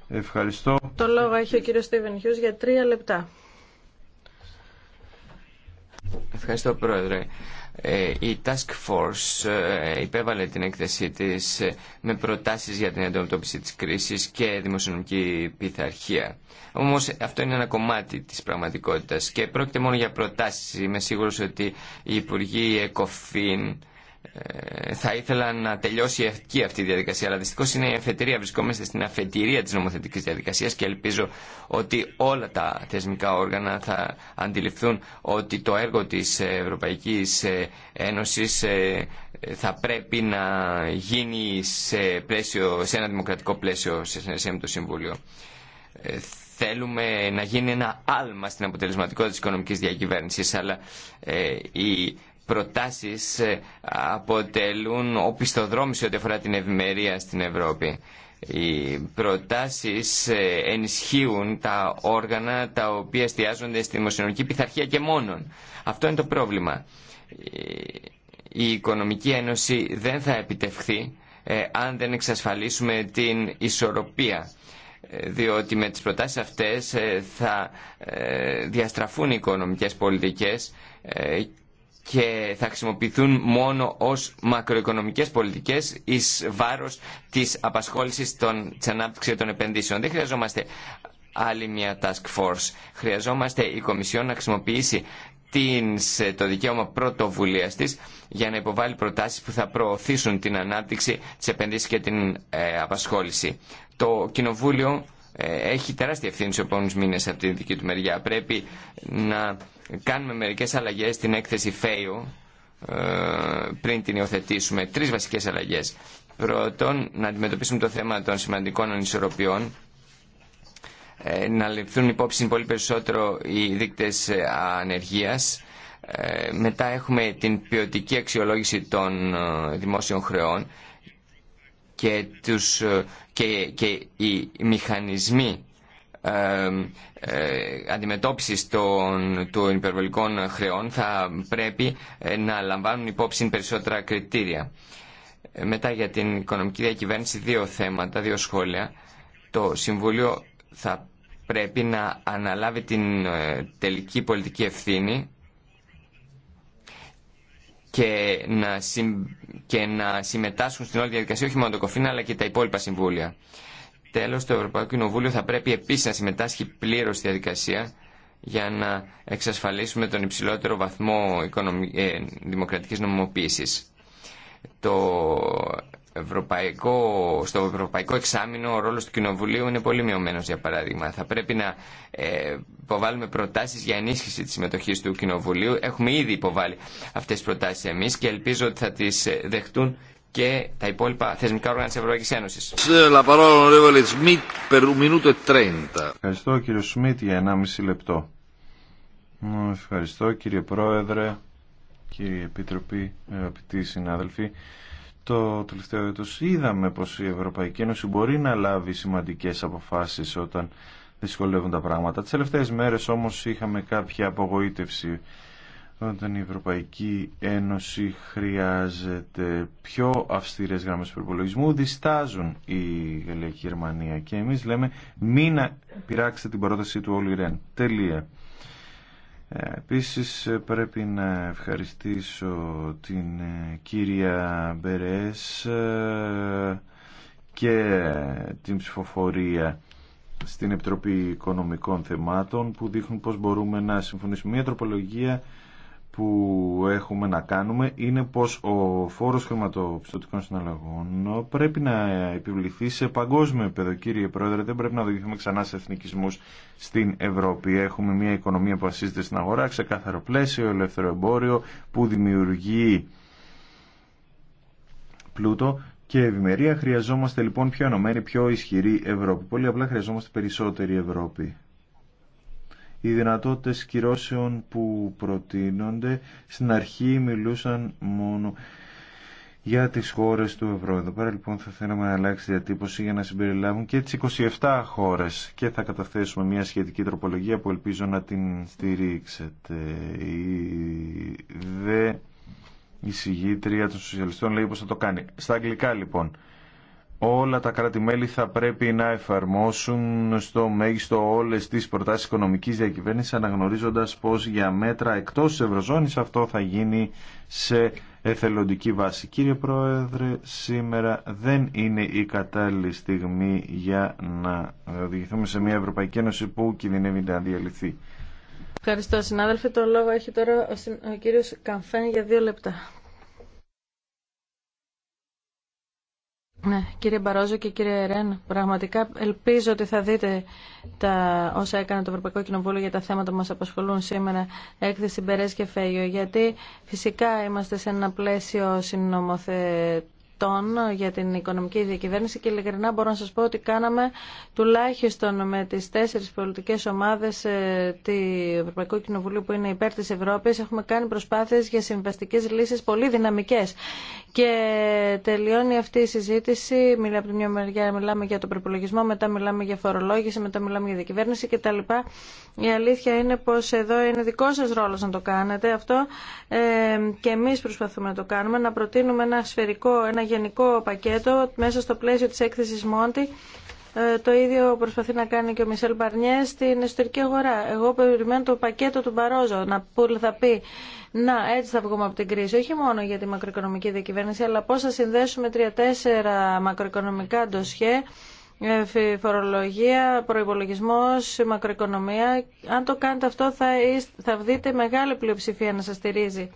Ευχαριστώ. Το λόγο έχει ο κύριος Στίβεν Χιούς για τρία λεπτά. Ευχαριστώ Πρόεδρε. Ε, η Task Force ε, υπέβαλε την έκθεσή της ε, με προτάσεις για την αντιμετώπιση της κρίσης και δημοσιονομική πειθαρχία. Όμως αυτό είναι ένα κομμάτι της πραγματικότητας και πρόκειται μόνο για προτάσεις. Είμαι σίγουρο ότι οι Υπουργοί ΕΚΟΦΗΝ ε, θα ήθελα να τελειώσει και αυτή η διαδικασία, αλλά δυστυχώ είναι η αφετηρία. Βρισκόμαστε στην αφετηρία της νομοθετικής διαδικασίας και ελπίζω ότι όλα τα θεσμικά όργανα θα αντιληφθούν ότι το έργο της Ευρωπαϊκής Ένωσης ε, θα πρέπει να γίνει σε, πλαίσιο, σε ένα δημοκρατικό πλαίσιο σε συνεργασία με το Συμβούλιο. Ε, θέλουμε να γίνει ένα άλμα στην αποτελεσματικότητα της οικονομικής διακυβέρνησης, αλλά η προτάσεις ε, αποτελούν οπισθοδρόμηση ό,τι αφορά την ευημερία στην Ευρώπη. Οι προτάσεις ε, ενισχύουν τα όργανα τα οποία εστιάζονται στη δημοσιονομική πειθαρχία και μόνον. Αυτό είναι το πρόβλημα. Ε, η Οικονομική Ένωση δεν θα επιτευχθεί αν δεν εξασφαλίσουμε την ισορροπία διότι με τις προτάσεις αυτές θα διαστραφούν οι οικονομικές πολιτικές και θα χρησιμοποιηθούν μόνο ως μακροοικονομικές πολιτικές εις βάρος της απασχόλησης των, της ανάπτυξης των επενδύσεων. Δεν χρειαζόμαστε άλλη μια task force. Χρειαζόμαστε η Κομισιόν να χρησιμοποιήσει τις, το δικαίωμα πρωτοβουλία της για να υποβάλει προτάσεις που θα προωθήσουν την ανάπτυξη της επενδύσεις και την ε, απασχόληση. Το Κοινοβούλιο ε, έχει τεράστια ευθύνη στους επόμενους μήνες από τη δική του μεριά. Πρέπει να κάνουμε μερικές αλλαγές στην έκθεση ΦΕΙΟ ε, πριν την υιοθετήσουμε. Τρεις βασικές αλλαγές. Πρώτον, να αντιμετωπίσουμε το θέμα των σημαντικών ανισορροπιών ε, να ληφθούν υπόψη πολύ περισσότερο οι δείκτες ε, ανεργίας. Μετά έχουμε την ποιοτική αξιολόγηση των δημόσιων χρεών και, τους, και, και οι μηχανισμοί ε, αντιμετώπισης των, των υπερβολικών χρεών θα πρέπει ε, να λαμβάνουν υπόψη περισσότερα κριτήρια. Ε, μετά για την οικονομική διακυβέρνηση δύο θέματα, δύο σχόλια. Το Συμβούλιο θα πρέπει να αναλάβει την τελική πολιτική ευθύνη και να, και να συμμετάσχουν στην όλη διαδικασία όχι μόνο το κοφίνα αλλά και τα υπόλοιπα συμβούλια. Τέλο, το Ευρωπαϊκό Κοινοβούλιο θα πρέπει επίση να συμμετάσχει πλήρω στη διαδικασία για να εξασφαλίσουμε τον υψηλότερο βαθμό ε, δημοκρατική νομιμοποίηση. Το ευρωπαϊκό, στο ευρωπαϊκό εξάμεινο ο ρόλος του Κοινοβουλίου είναι πολύ μειωμένος για παράδειγμα. Θα πρέπει να ε, υποβάλουμε προτάσεις για ενίσχυση της συμμετοχής του Κοινοβουλίου. Έχουμε ήδη υποβάλει αυτές τις προτάσεις εμείς και ελπίζω ότι θα τις ε, δεχτούν και τα υπόλοιπα θεσμικά όργανα της Ευρωπαϊκής Ένωσης. E ευχαριστώ κύριο Σμιτ για 1,5 λεπτό. Ευχαριστώ κύριε Πρόεδρε, κύριε Επίτροπη, αγαπητοί συνάδελφοι. Το τελευταίο έτος είδαμε πως η Ευρωπαϊκή Ένωση μπορεί να λάβει σημαντικές αποφάσεις όταν δυσκολεύουν τα πράγματα. Τις τελευταίες μέρες όμως είχαμε κάποια απογοήτευση όταν η Ευρωπαϊκή Ένωση χρειάζεται πιο αυστηρές γραμμές προπολογισμού, διστάζουν η Γαλλία και η Γερμανία. Και εμείς λέμε μην πειράξετε την πρόταση του Όλη Ρεν. Τελεία. Ε, επίσης πρέπει να ευχαριστήσω την ε, κύρια Μπερές ε, και την ψηφοφορία στην Επιτροπή Οικονομικών Θεμάτων που δείχνουν πώς μπορούμε να συμφωνήσουμε. Μια τροπολογία που έχουμε να κάνουμε είναι πως ο φόρος χρηματοπιστωτικών συναλλαγών πρέπει να επιβληθεί σε παγκόσμιο επίπεδο. Κύριε Πρόεδρε, δεν πρέπει να οδηγηθούμε ξανά σε εθνικισμούς στην Ευρώπη. Έχουμε μια οικονομία που ασύζεται στην αγορά, ξεκάθαρο πλαίσιο, ελεύθερο εμπόριο που δημιουργεί πλούτο και ευημερία. Χρειαζόμαστε λοιπόν πιο ενωμένη, πιο ισχυρή Ευρώπη. Πολύ απλά χρειαζόμαστε περισσότερη Ευρώπη. Οι δυνατότητες κυρώσεων που προτείνονται στην αρχή μιλούσαν μόνο για τις χώρες του ευρώ. Εδώ πέρα λοιπόν θα θέλαμε να αλλάξει διατύπωση για να συμπεριλάβουν και τις 27 χώρες και θα καταθέσουμε μια σχετική τροπολογία που ελπίζω να την στηρίξετε. Η δε η συγγήτρια των σοσιαλιστών λέει πως θα το κάνει. Στα αγγλικά λοιπόν όλα τα κράτη-μέλη θα πρέπει να εφαρμόσουν στο μέγιστο όλες τις προτάσεις οικονομικής διακυβέρνησης αναγνωρίζοντας πως για μέτρα εκτός Ευρωζώνης αυτό θα γίνει σε εθελοντική βάση. Κύριε Πρόεδρε, σήμερα δεν είναι η κατάλληλη στιγμή για να οδηγηθούμε σε μια Ευρωπαϊκή Ένωση που κινδυνεύει να διαλυθεί. Ευχαριστώ συνάδελφε. Το λόγο έχει τώρα ο κύριος Καμφέν για δύο λεπτά. Ναι, κύριε Μπαρόζο και κύριε Ρεν, πραγματικά ελπίζω ότι θα δείτε τα όσα έκανε το Ευρωπαϊκό Κοινοβούλιο για τα θέματα που μας απασχολούν σήμερα, έκθεση Μπερές και Φέγιο, γιατί φυσικά είμαστε σε ένα πλαίσιο συνομοθε... Ε, για την οικονομική διακυβέρνηση και ειλικρινά μπορώ να σας πω ότι κάναμε τουλάχιστον με τις τέσσερις πολιτικές ομάδες ε, του Ευρωπαϊκού Κοινοβουλίου που είναι υπέρ της Ευρώπης έχουμε κάνει προσπάθειες για συμβαστικές λύσεις πολύ δυναμικές και τελειώνει αυτή η συζήτηση μιλάμε από τη μια μεριά μιλάμε για το προπολογισμό μετά μιλάμε για φορολόγηση, μετά μιλάμε για διακυβέρνηση κτλ. Η αλήθεια είναι πως εδώ είναι δικό σας ρόλος να το κάνετε αυτό ε, και εμείς προσπαθούμε να το κάνουμε να προτείνουμε ένα σφαιρικό, ένα γενικό πακέτο μέσα στο πλαίσιο της έκθεσης Μόντι. Ε, το ίδιο προσπαθεί να κάνει και ο Μισελ Μπαρνιέ στην εσωτερική αγορά. Εγώ περιμένω το πακέτο του Μπαρόζο να που θα πει να, έτσι θα βγούμε από την κρίση. Όχι μόνο για τη μακροοικονομική διακυβέρνηση, αλλά πώ θα συνδέσουμε τρία-τέσσερα μακροοικονομικά ντοσιέ ε, φορολογία, προϋπολογισμός, μακροοικονομία. Αν το κάνετε αυτό θα, θα δείτε μεγάλη πλειοψηφία να σας στηρίζει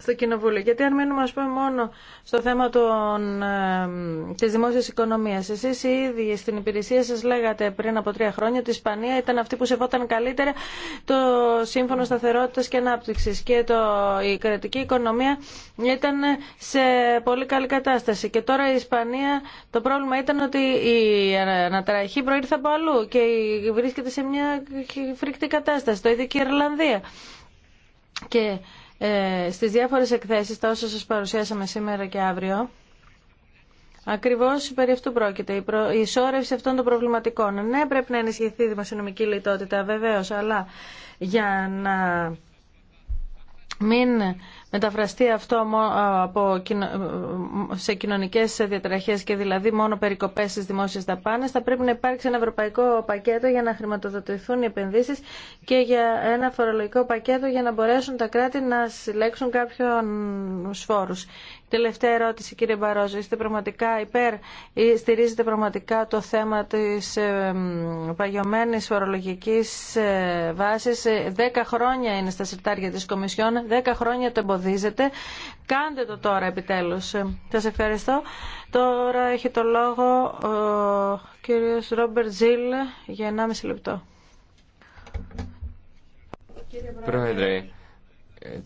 στο Κοινοβούλιο. Γιατί αν μείνουμε ας πούμε μόνο στο θέμα των, ε, της δημόσιας οικονομίας. Εσείς οι ίδιοι στην υπηρεσία σας λέγατε πριν από τρία χρόνια ότι η Ισπανία ήταν αυτή που σεβόταν καλύτερα το Σύμφωνο Σταθερότητας και Ανάπτυξης και το, η κρατική οικονομία ήταν σε πολύ καλή κατάσταση. Και τώρα η Ισπανία το πρόβλημα ήταν ότι η ανατραχή προήρθε από αλλού και βρίσκεται σε μια φρικτή κατάσταση. Το ίδιο και η Ιρλανδία. Και ε, στις διάφορες εκθέσεις, τα όσα σας παρουσιάσαμε σήμερα και αύριο, Ακριβώς περί αυτού πρόκειται, η, προ... η ισόρευση αυτών των προβληματικών. Ναι, πρέπει να ενισχυθεί η δημοσιονομική λιτότητα, βεβαίως, αλλά για να μην μεταφραστεί αυτό από, σε κοινωνικέ διατραχέ και δηλαδή μόνο περικοπέ στι δημόσιε δαπάνε, θα πρέπει να υπάρξει ένα ευρωπαϊκό πακέτο για να χρηματοδοτηθούν οι επενδύσει και για ένα φορολογικό πακέτο για να μπορέσουν τα κράτη να συλλέξουν κάποιου φόρου. Τελευταία ερώτηση κύριε Μπαρόζο. Είστε πραγματικά υπέρ ή στηρίζετε πραγματικά το θέμα της ε, παγιωμένης φορολογικής ε, βάση. Ε, δέκα χρόνια είναι στα συρτάρια τη Κομισιόν, δέκα χρόνια το εμποδίζετε. Κάντε το τώρα επιτέλους. Σα ευχαριστώ. Τώρα έχει το λόγο ο κύριο Ρόμπερτ Ζιλ για 1,5 λεπτό. Πρόεδρε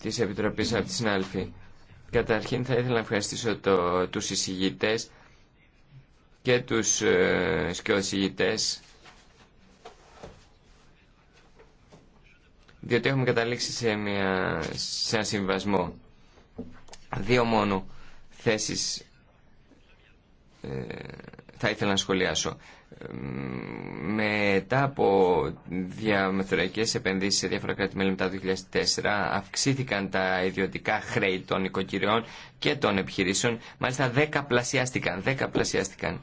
της Επιτροπής από τη συνάλφη. Καταρχήν θα ήθελα να ευχαριστήσω το, τους εισηγητές και τους ε, διότι έχουμε καταλήξει σε, μια, σε ένα συμβασμό. Δύο μόνο θέσεις ε, θα ήθελα να σχολιάσω μετά από διαμεθοριακές επενδύσεις σε διάφορα κράτη-μέλη μετά το 2004 αυξήθηκαν τα ιδιωτικά χρέη των οικοκυριών και των επιχειρήσεων μάλιστα δέκα πλασιάστηκαν, δέκα πλασιάστηκαν.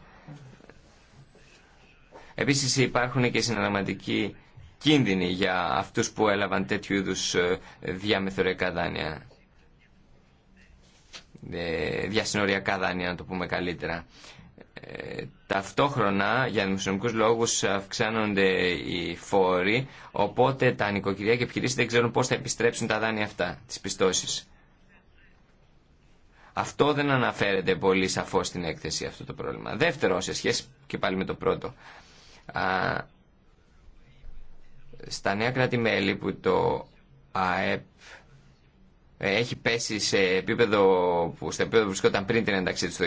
Επίσης υπάρχουν και συναλλαγματικοί κίνδυνοι για αυτούς που έλαβαν τέτοιου είδους ε, διαμεθοριακά δάνεια ε, διασυνοριακά δάνεια να το πούμε καλύτερα ταυτόχρονα για δημοσιονομικούς λόγους αυξάνονται οι φόροι, οπότε τα νοικοκυριά και επιχειρήσεις δεν ξέρουν πώς θα επιστρέψουν τα δάνεια αυτά, τις πιστώσεις. Αυτό δεν αναφέρεται πολύ σαφώς στην έκθεση αυτό το πρόβλημα. Δεύτερο, σε σχέση και πάλι με το πρώτο, στα νέα κράτη-μέλη που το ΑΕΠ ε, έχει πέσει σε επίπεδο που, στο επίπεδο που βρισκόταν πριν την ένταξή του το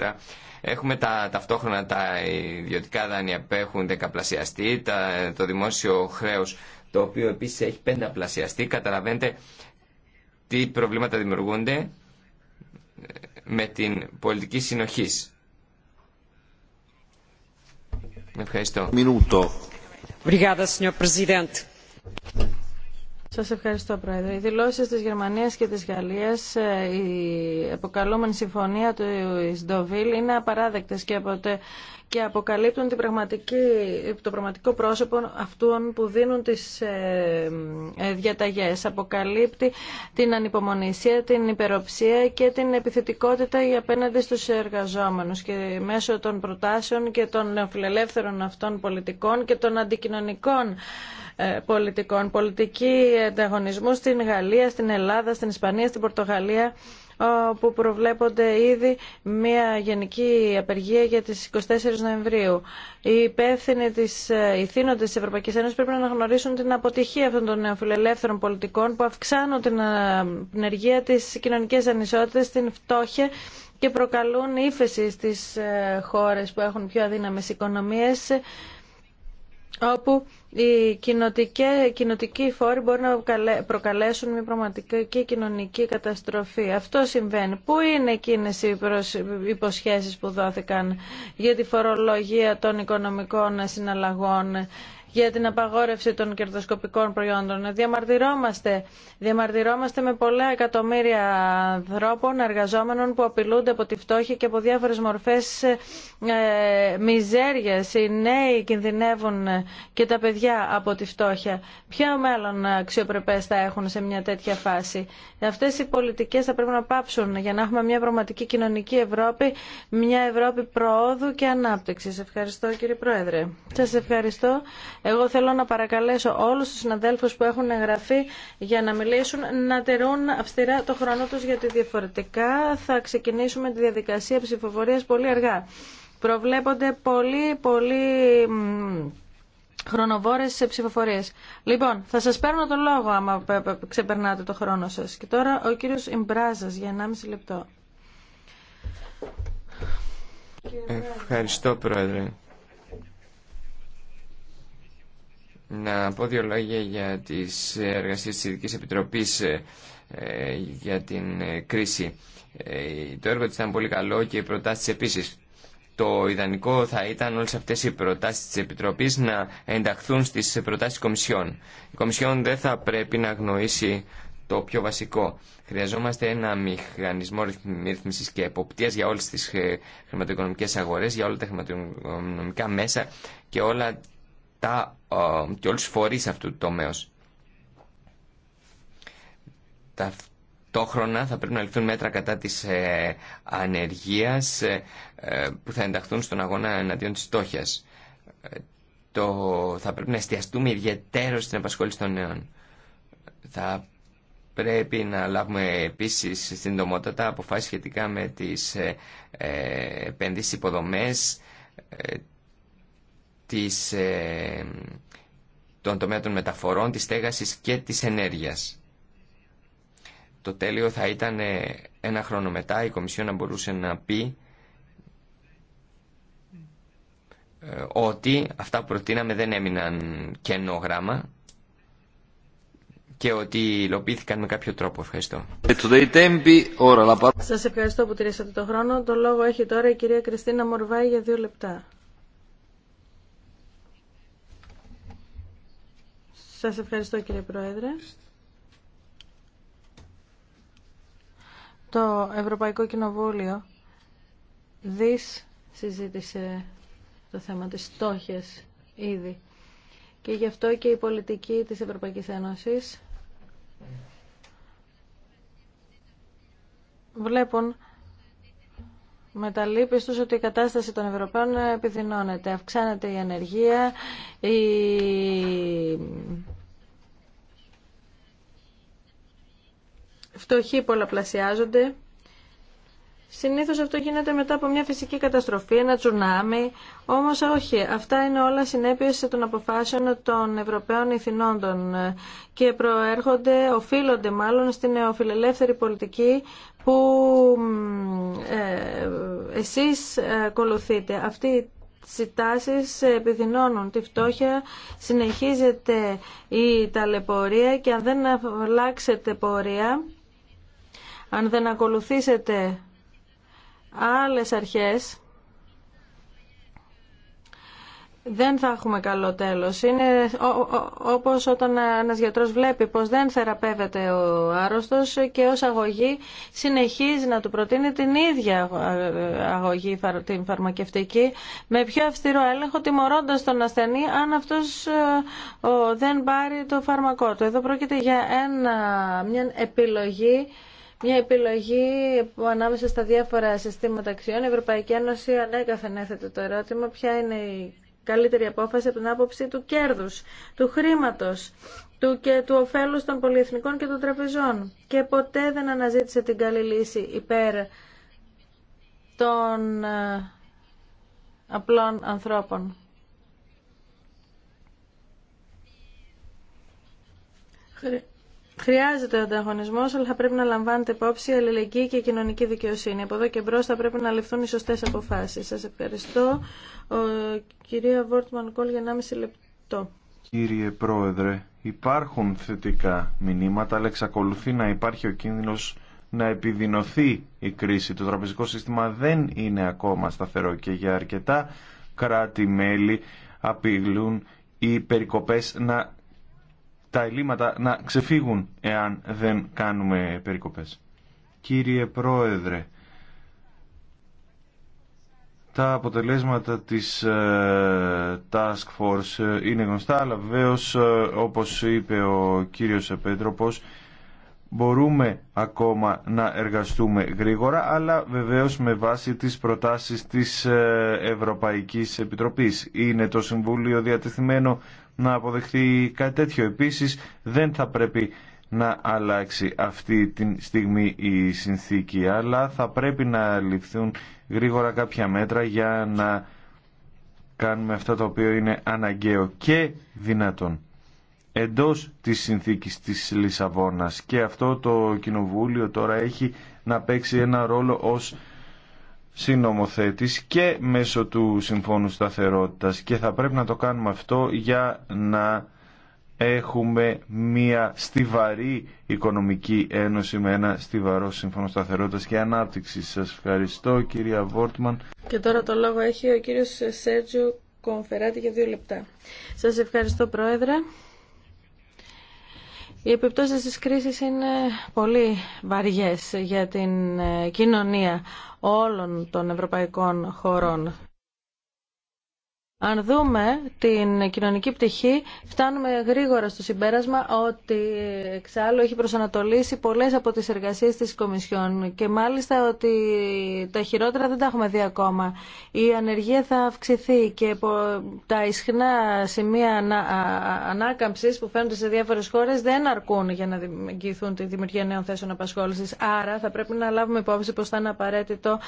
2004. Έχουμε τα, ταυτόχρονα τα ιδιωτικά δάνεια που έχουν δεκαπλασιαστεί, το δημόσιο χρέο, το οποίο επίση έχει πενταπλασιαστεί. Καταλαβαίνετε τι προβλήματα δημιουργούνται ε, με την πολιτική συνοχή. Ευχαριστώ. Σας ευχαριστώ, Πρόεδρε. Οι δηλώσεις της Γερμανίας και της Γαλλίας, ε, η αποκαλούμενη συμφωνία του Ισντοβίλ είναι απαράδεκτες και, και αποκαλύπτουν το πραγματικό πρόσωπο αυτών που δίνουν τις ε, ε, διαταγές. Αποκαλύπτει την ανυπομονησία, την υπεροψία και την επιθετικότητα απέναντι στους εργαζόμενους και μέσω των προτάσεων και των φιλελεύθερων αυτών πολιτικών και των αντικοινωνικών ε, πολιτικών. Πολιτική ανταγωνισμού στην Γαλλία, στην Ελλάδα, στην Ισπανία, στην Πορτογαλία που προβλέπονται ήδη μια γενική απεργία για τις 24 Νοεμβρίου. Οι υπεύθυνοι της ε, ηθήνοντας της Ευρωπαϊκής Ένωσης πρέπει να αναγνωρίσουν την αποτυχία αυτών των νεοφιλελεύθερων πολιτικών που αυξάνουν την ε, ενεργεία της κοινωνικές ανισότητας, την φτώχεια και προκαλούν ύφεση στις χώρες που έχουν πιο αδύναμες οικονομίες όπου οι κοινοτικοί φόροι μπορεί να προκαλέσουν μια πραγματική κοινωνική καταστροφή. Αυτό συμβαίνει. Πού είναι εκείνες οι υποσχέσεις που δόθηκαν για τη φορολογία των οικονομικών συναλλαγών για την απαγόρευση των κερδοσκοπικών προϊόντων. Διαμαρτυρόμαστε. Διαμαρτυρόμαστε με πολλά εκατομμύρια ανθρώπων, εργαζόμενων που απειλούνται από τη φτώχεια και από διάφορες μορφές ε, μιζέρια. Οι νέοι κινδυνεύουν και τα παιδιά από τη φτώχεια. Ποια μέλλον αξιοπρεπές θα έχουν σε μια τέτοια φάση. Αυτές οι πολιτικές θα πρέπει να πάψουν για να έχουμε μια πραγματική κοινωνική Ευρώπη, μια Ευρώπη προόδου και ανάπτυξης. Ευχαριστώ κύριε Πρόεδρε. Σας ευχαριστώ. Εγώ θέλω να παρακαλέσω όλους τους συναδέλφους που έχουν εγγραφεί για να μιλήσουν να τερούν αυστηρά το χρόνο τους γιατί διαφορετικά θα ξεκινήσουμε τη διαδικασία ψηφοφορίας πολύ αργά. Προβλέπονται πολύ πολύ χρονοβόρες ψηφοφορίες. Λοιπόν, θα σας παίρνω το λόγο άμα ξεπερνάτε το χρόνο σας. Και τώρα ο κύριος Ιμπράζας για 1,5 λεπτό. Ευχαριστώ, Πρόεδρε. Να πω δύο λόγια για τις εργασίες της Ειδικής Επιτροπής ε, για την ε, κρίση. Ε, το έργο της ήταν πολύ καλό και οι προτάσεις επίσης. Το ιδανικό θα ήταν όλες αυτές οι προτάσεις της Επιτροπής να ενταχθούν στις προτάσεις Κομισιόν. Η Κομισιόν δεν θα πρέπει να γνωρίσει το πιο βασικό. Χρειαζόμαστε ένα μηχανισμό ρυθμίσης και εποπτείας για όλες τις χρηματοοικονομικές αγορές, για όλα τα χρηματοοικονομικά μέσα και όλα τα, και όλους τους φορείς αυτού του τομέως. Ταυτόχρονα θα πρέπει να ληφθούν μέτρα κατά της ε, ανεργίας ε, ε, που θα ενταχθούν στον αγώνα εναντίον της στόχιας. Ε, το, θα πρέπει να εστιαστούμε ιδιαίτερο στην απασχόληση των νέων. Θα πρέπει να λάβουμε επίσης στην αποφάσεις σχετικά με τις ε, επενδύσεις υποδομές, της, ε, τον τομέα των μεταφορών, της στέγασης και της ενέργειας. Το τέλειο θα ήταν ε, ένα χρόνο μετά η Κομισιόν να μπορούσε να πει ε, ότι αυτά που προτείναμε δεν έμειναν κενό γράμμα και ότι υλοποιήθηκαν με κάποιο τρόπο. Ευχαριστώ. Σας ευχαριστώ που τηρήσατε το χρόνο. Το λόγο έχει τώρα η κυρία Κριστίνα Μορβάη για δύο λεπτά. Σας ευχαριστώ κύριε Πρόεδρε. Το Ευρωπαϊκό Κοινοβούλιο δις συζήτησε το θέμα της στόχες ήδη. Και γι' αυτό και η πολιτική της Ευρωπαϊκής Ένωσης βλέπουν λύπη στους ότι η κατάσταση των Ευρωπαίων επιδεινώνεται. Αυξάνεται η ανεργία, η... φτωχοί πολλαπλασιάζονται. Συνήθως αυτό γίνεται μετά από μια φυσική καταστροφή, ένα τσουνάμι, όμως όχι. Αυτά είναι όλα συνέπειες των αποφάσεων των Ευρωπαίων Ιθινόντων ε, και προέρχονται, οφείλονται μάλλον στην νεοφιλελεύθερη πολιτική που ε, εσείς ακολουθείτε. Αυτή τάσει επιδεινώνουν τη φτώχεια, συνεχίζεται η ταλαιπωρία και αν δεν αλλάξετε πορεία, αν δεν ακολουθήσετε άλλες αρχές δεν θα έχουμε καλό τέλος. Είναι όπως όταν ένας γιατρός βλέπει πως δεν θεραπεύεται ο άρρωστος και ως αγωγή συνεχίζει να του προτείνει την ίδια αγωγή, την φαρμακευτική, με πιο αυστηρό έλεγχο, τιμωρώντας τον ασθενή αν αυτός ε, δεν πάρει το φάρμακό του. Εδώ πρόκειται για ένα, μια επιλογή μια επιλογή που ανάμεσα στα διάφορα συστήματα αξιών. Η Ευρωπαϊκή Ένωση ανέκαθεν έθετε το ερώτημα ποια είναι η καλύτερη απόφαση από την άποψη του κέρδους, του χρήματος του και του ωφέλους των πολυεθνικών και των τραπεζών. Και ποτέ δεν αναζήτησε την καλή λύση υπέρ των ε, απλών ανθρώπων. Χρειάζεται ο ανταγωνισμό, αλλά θα πρέπει να λαμβάνετε υπόψη η αλληλεγγύη και η κοινωνική δικαιοσύνη. Από εδώ και μπρο θα πρέπει να λεφθούν οι σωστέ αποφάσει. Σα ευχαριστώ. κυρία Βόρτμαν Κόλ για 1,5 λεπτό. Κύριε Πρόεδρε, υπάρχουν θετικά μηνύματα, αλλά εξακολουθεί να υπάρχει ο κίνδυνο να επιδεινωθεί η κρίση. Το τραπεζικό σύστημα δεν είναι ακόμα σταθερό και για αρκετά κράτη-μέλη απειλούν οι περικοπές να τα ελλείμματα να ξεφύγουν εάν δεν κάνουμε περικοπές. Κύριε Πρόεδρε, τα αποτελέσματα της ε, Task Force ε, είναι γνωστά, αλλά βεβαίως, ε, όπως είπε ο κύριος Επέτροπος, μπορούμε ακόμα να εργαστούμε γρήγορα, αλλά βεβαίως με βάση τις προτάσεις της ε, Ευρωπαϊκής Επιτροπής. Είναι το Συμβούλιο διατεθειμένο να αποδεχθεί κάτι τέτοιο. Επίσης δεν θα πρέπει να αλλάξει αυτή τη στιγμή η συνθήκη, αλλά θα πρέπει να ληφθούν γρήγορα κάποια μέτρα για να κάνουμε αυτά το οποίο είναι αναγκαίο και δυνατόν εντός της συνθήκης της Λισαβόνας και αυτό το κοινοβούλιο τώρα έχει να παίξει ένα ρόλο ως συνομοθέτης και μέσω του Συμφώνου Σταθερότητας και θα πρέπει να το κάνουμε αυτό για να έχουμε μια στιβαρή οικονομική ένωση με ένα στιβαρό Σύμφωνο Σταθερότητας και ανάπτυξη. Σας ευχαριστώ κυρία Βόρτμαν. Και τώρα το λόγο έχει ο κύριος Σέρτζιο Κομφεράτη για δύο λεπτά. Σας ευχαριστώ πρόεδρε. Οι επιπτώσεις της κρίσης είναι πολύ βαριές για την ε, κοινωνία όλων των ευρωπαϊκών χωρών. Αν δούμε την κοινωνική πτυχή, φτάνουμε γρήγορα στο συμπέρασμα ότι εξάλλου έχει προσανατολίσει πολλές από τις εργασίες της Κομισιόν και μάλιστα ότι τα χειρότερα δεν τα έχουμε δει ακόμα. Η ανεργία θα αυξηθεί και τα ισχνά σημεία ανάκαμψης που φαίνονται σε διάφορες χώρες δεν αρκούν για να εγγυηθούν τη δημιουργία νέων θέσεων απασχόλησης. Άρα θα πρέπει να λάβουμε υπόψη πως θα είναι απαραίτητο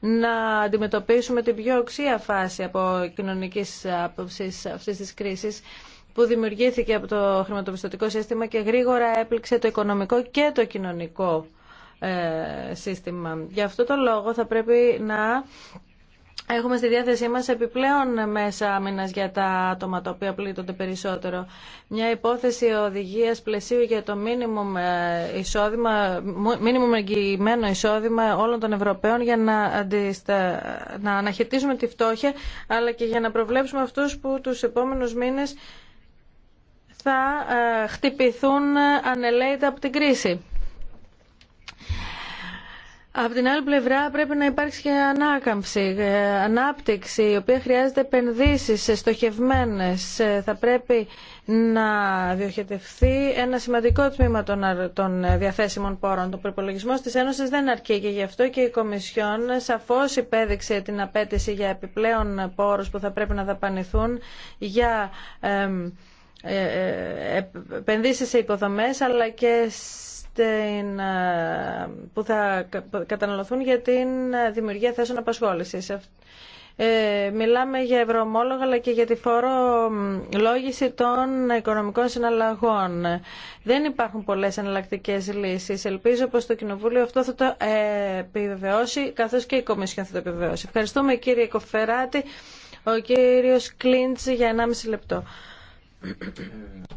να αντιμετωπίσουμε την πιο οξία φάση από κοινωνική αυτή άποψης αυτής της κρίσης που δημιουργήθηκε από το χρηματοπιστωτικό σύστημα και γρήγορα έπληξε το οικονομικό και το κοινωνικό ε, σύστημα. Γι' αυτό τον λόγο θα πρέπει να Έχουμε στη διάθεσή μας επιπλέον μέσα άμυνας για τα άτομα τα οποία πλήττονται περισσότερο. Μια υπόθεση οδηγίας πλαισίου για το μίνιμουμ ε, εισόδημα, εγγυημένο εισόδημα όλων των Ευρωπαίων για να, αντιστα... τη φτώχεια αλλά και για να προβλέψουμε αυτούς που τους επόμενους μήνες θα ε, χτυπηθούν ανελέητα από την κρίση. Από την άλλη πλευρά πρέπει να υπάρξει και ανάκαμψη, ε, ανάπτυξη, η οποία χρειάζεται επενδύσεις ε, στοχευμένες. Ε, θα πρέπει να διοχετευθεί ένα σημαντικό τμήμα των, διαθέσιμων πόρων. Το προπολογισμό της Ένωσης δεν αρκεί και γι' αυτό και η Κομισιόν σαφώς υπέδειξε την απέτηση για επιπλέον πόρους που θα πρέπει να δαπανηθούν για επενδύσεις σε υποδομές αλλά και ε, που θα καταναλωθούν για την ε, δημιουργία θέσεων απασχόλησης. Ε, μιλάμε για ευρωομόλογα αλλά και για τη φορολόγηση των οικονομικών συναλλαγών. Δεν υπάρχουν πολλές εναλλακτικέ λύσεις. Ελπίζω πως το Κοινοβούλιο αυτό θα το ε, επιβεβαιώσει καθώς και η Κομισιόν θα το επιβεβαιώσει. Ευχαριστούμε κύριε Κοφεράτη, ο κύριος Κλίντς για 1,5 λεπτό.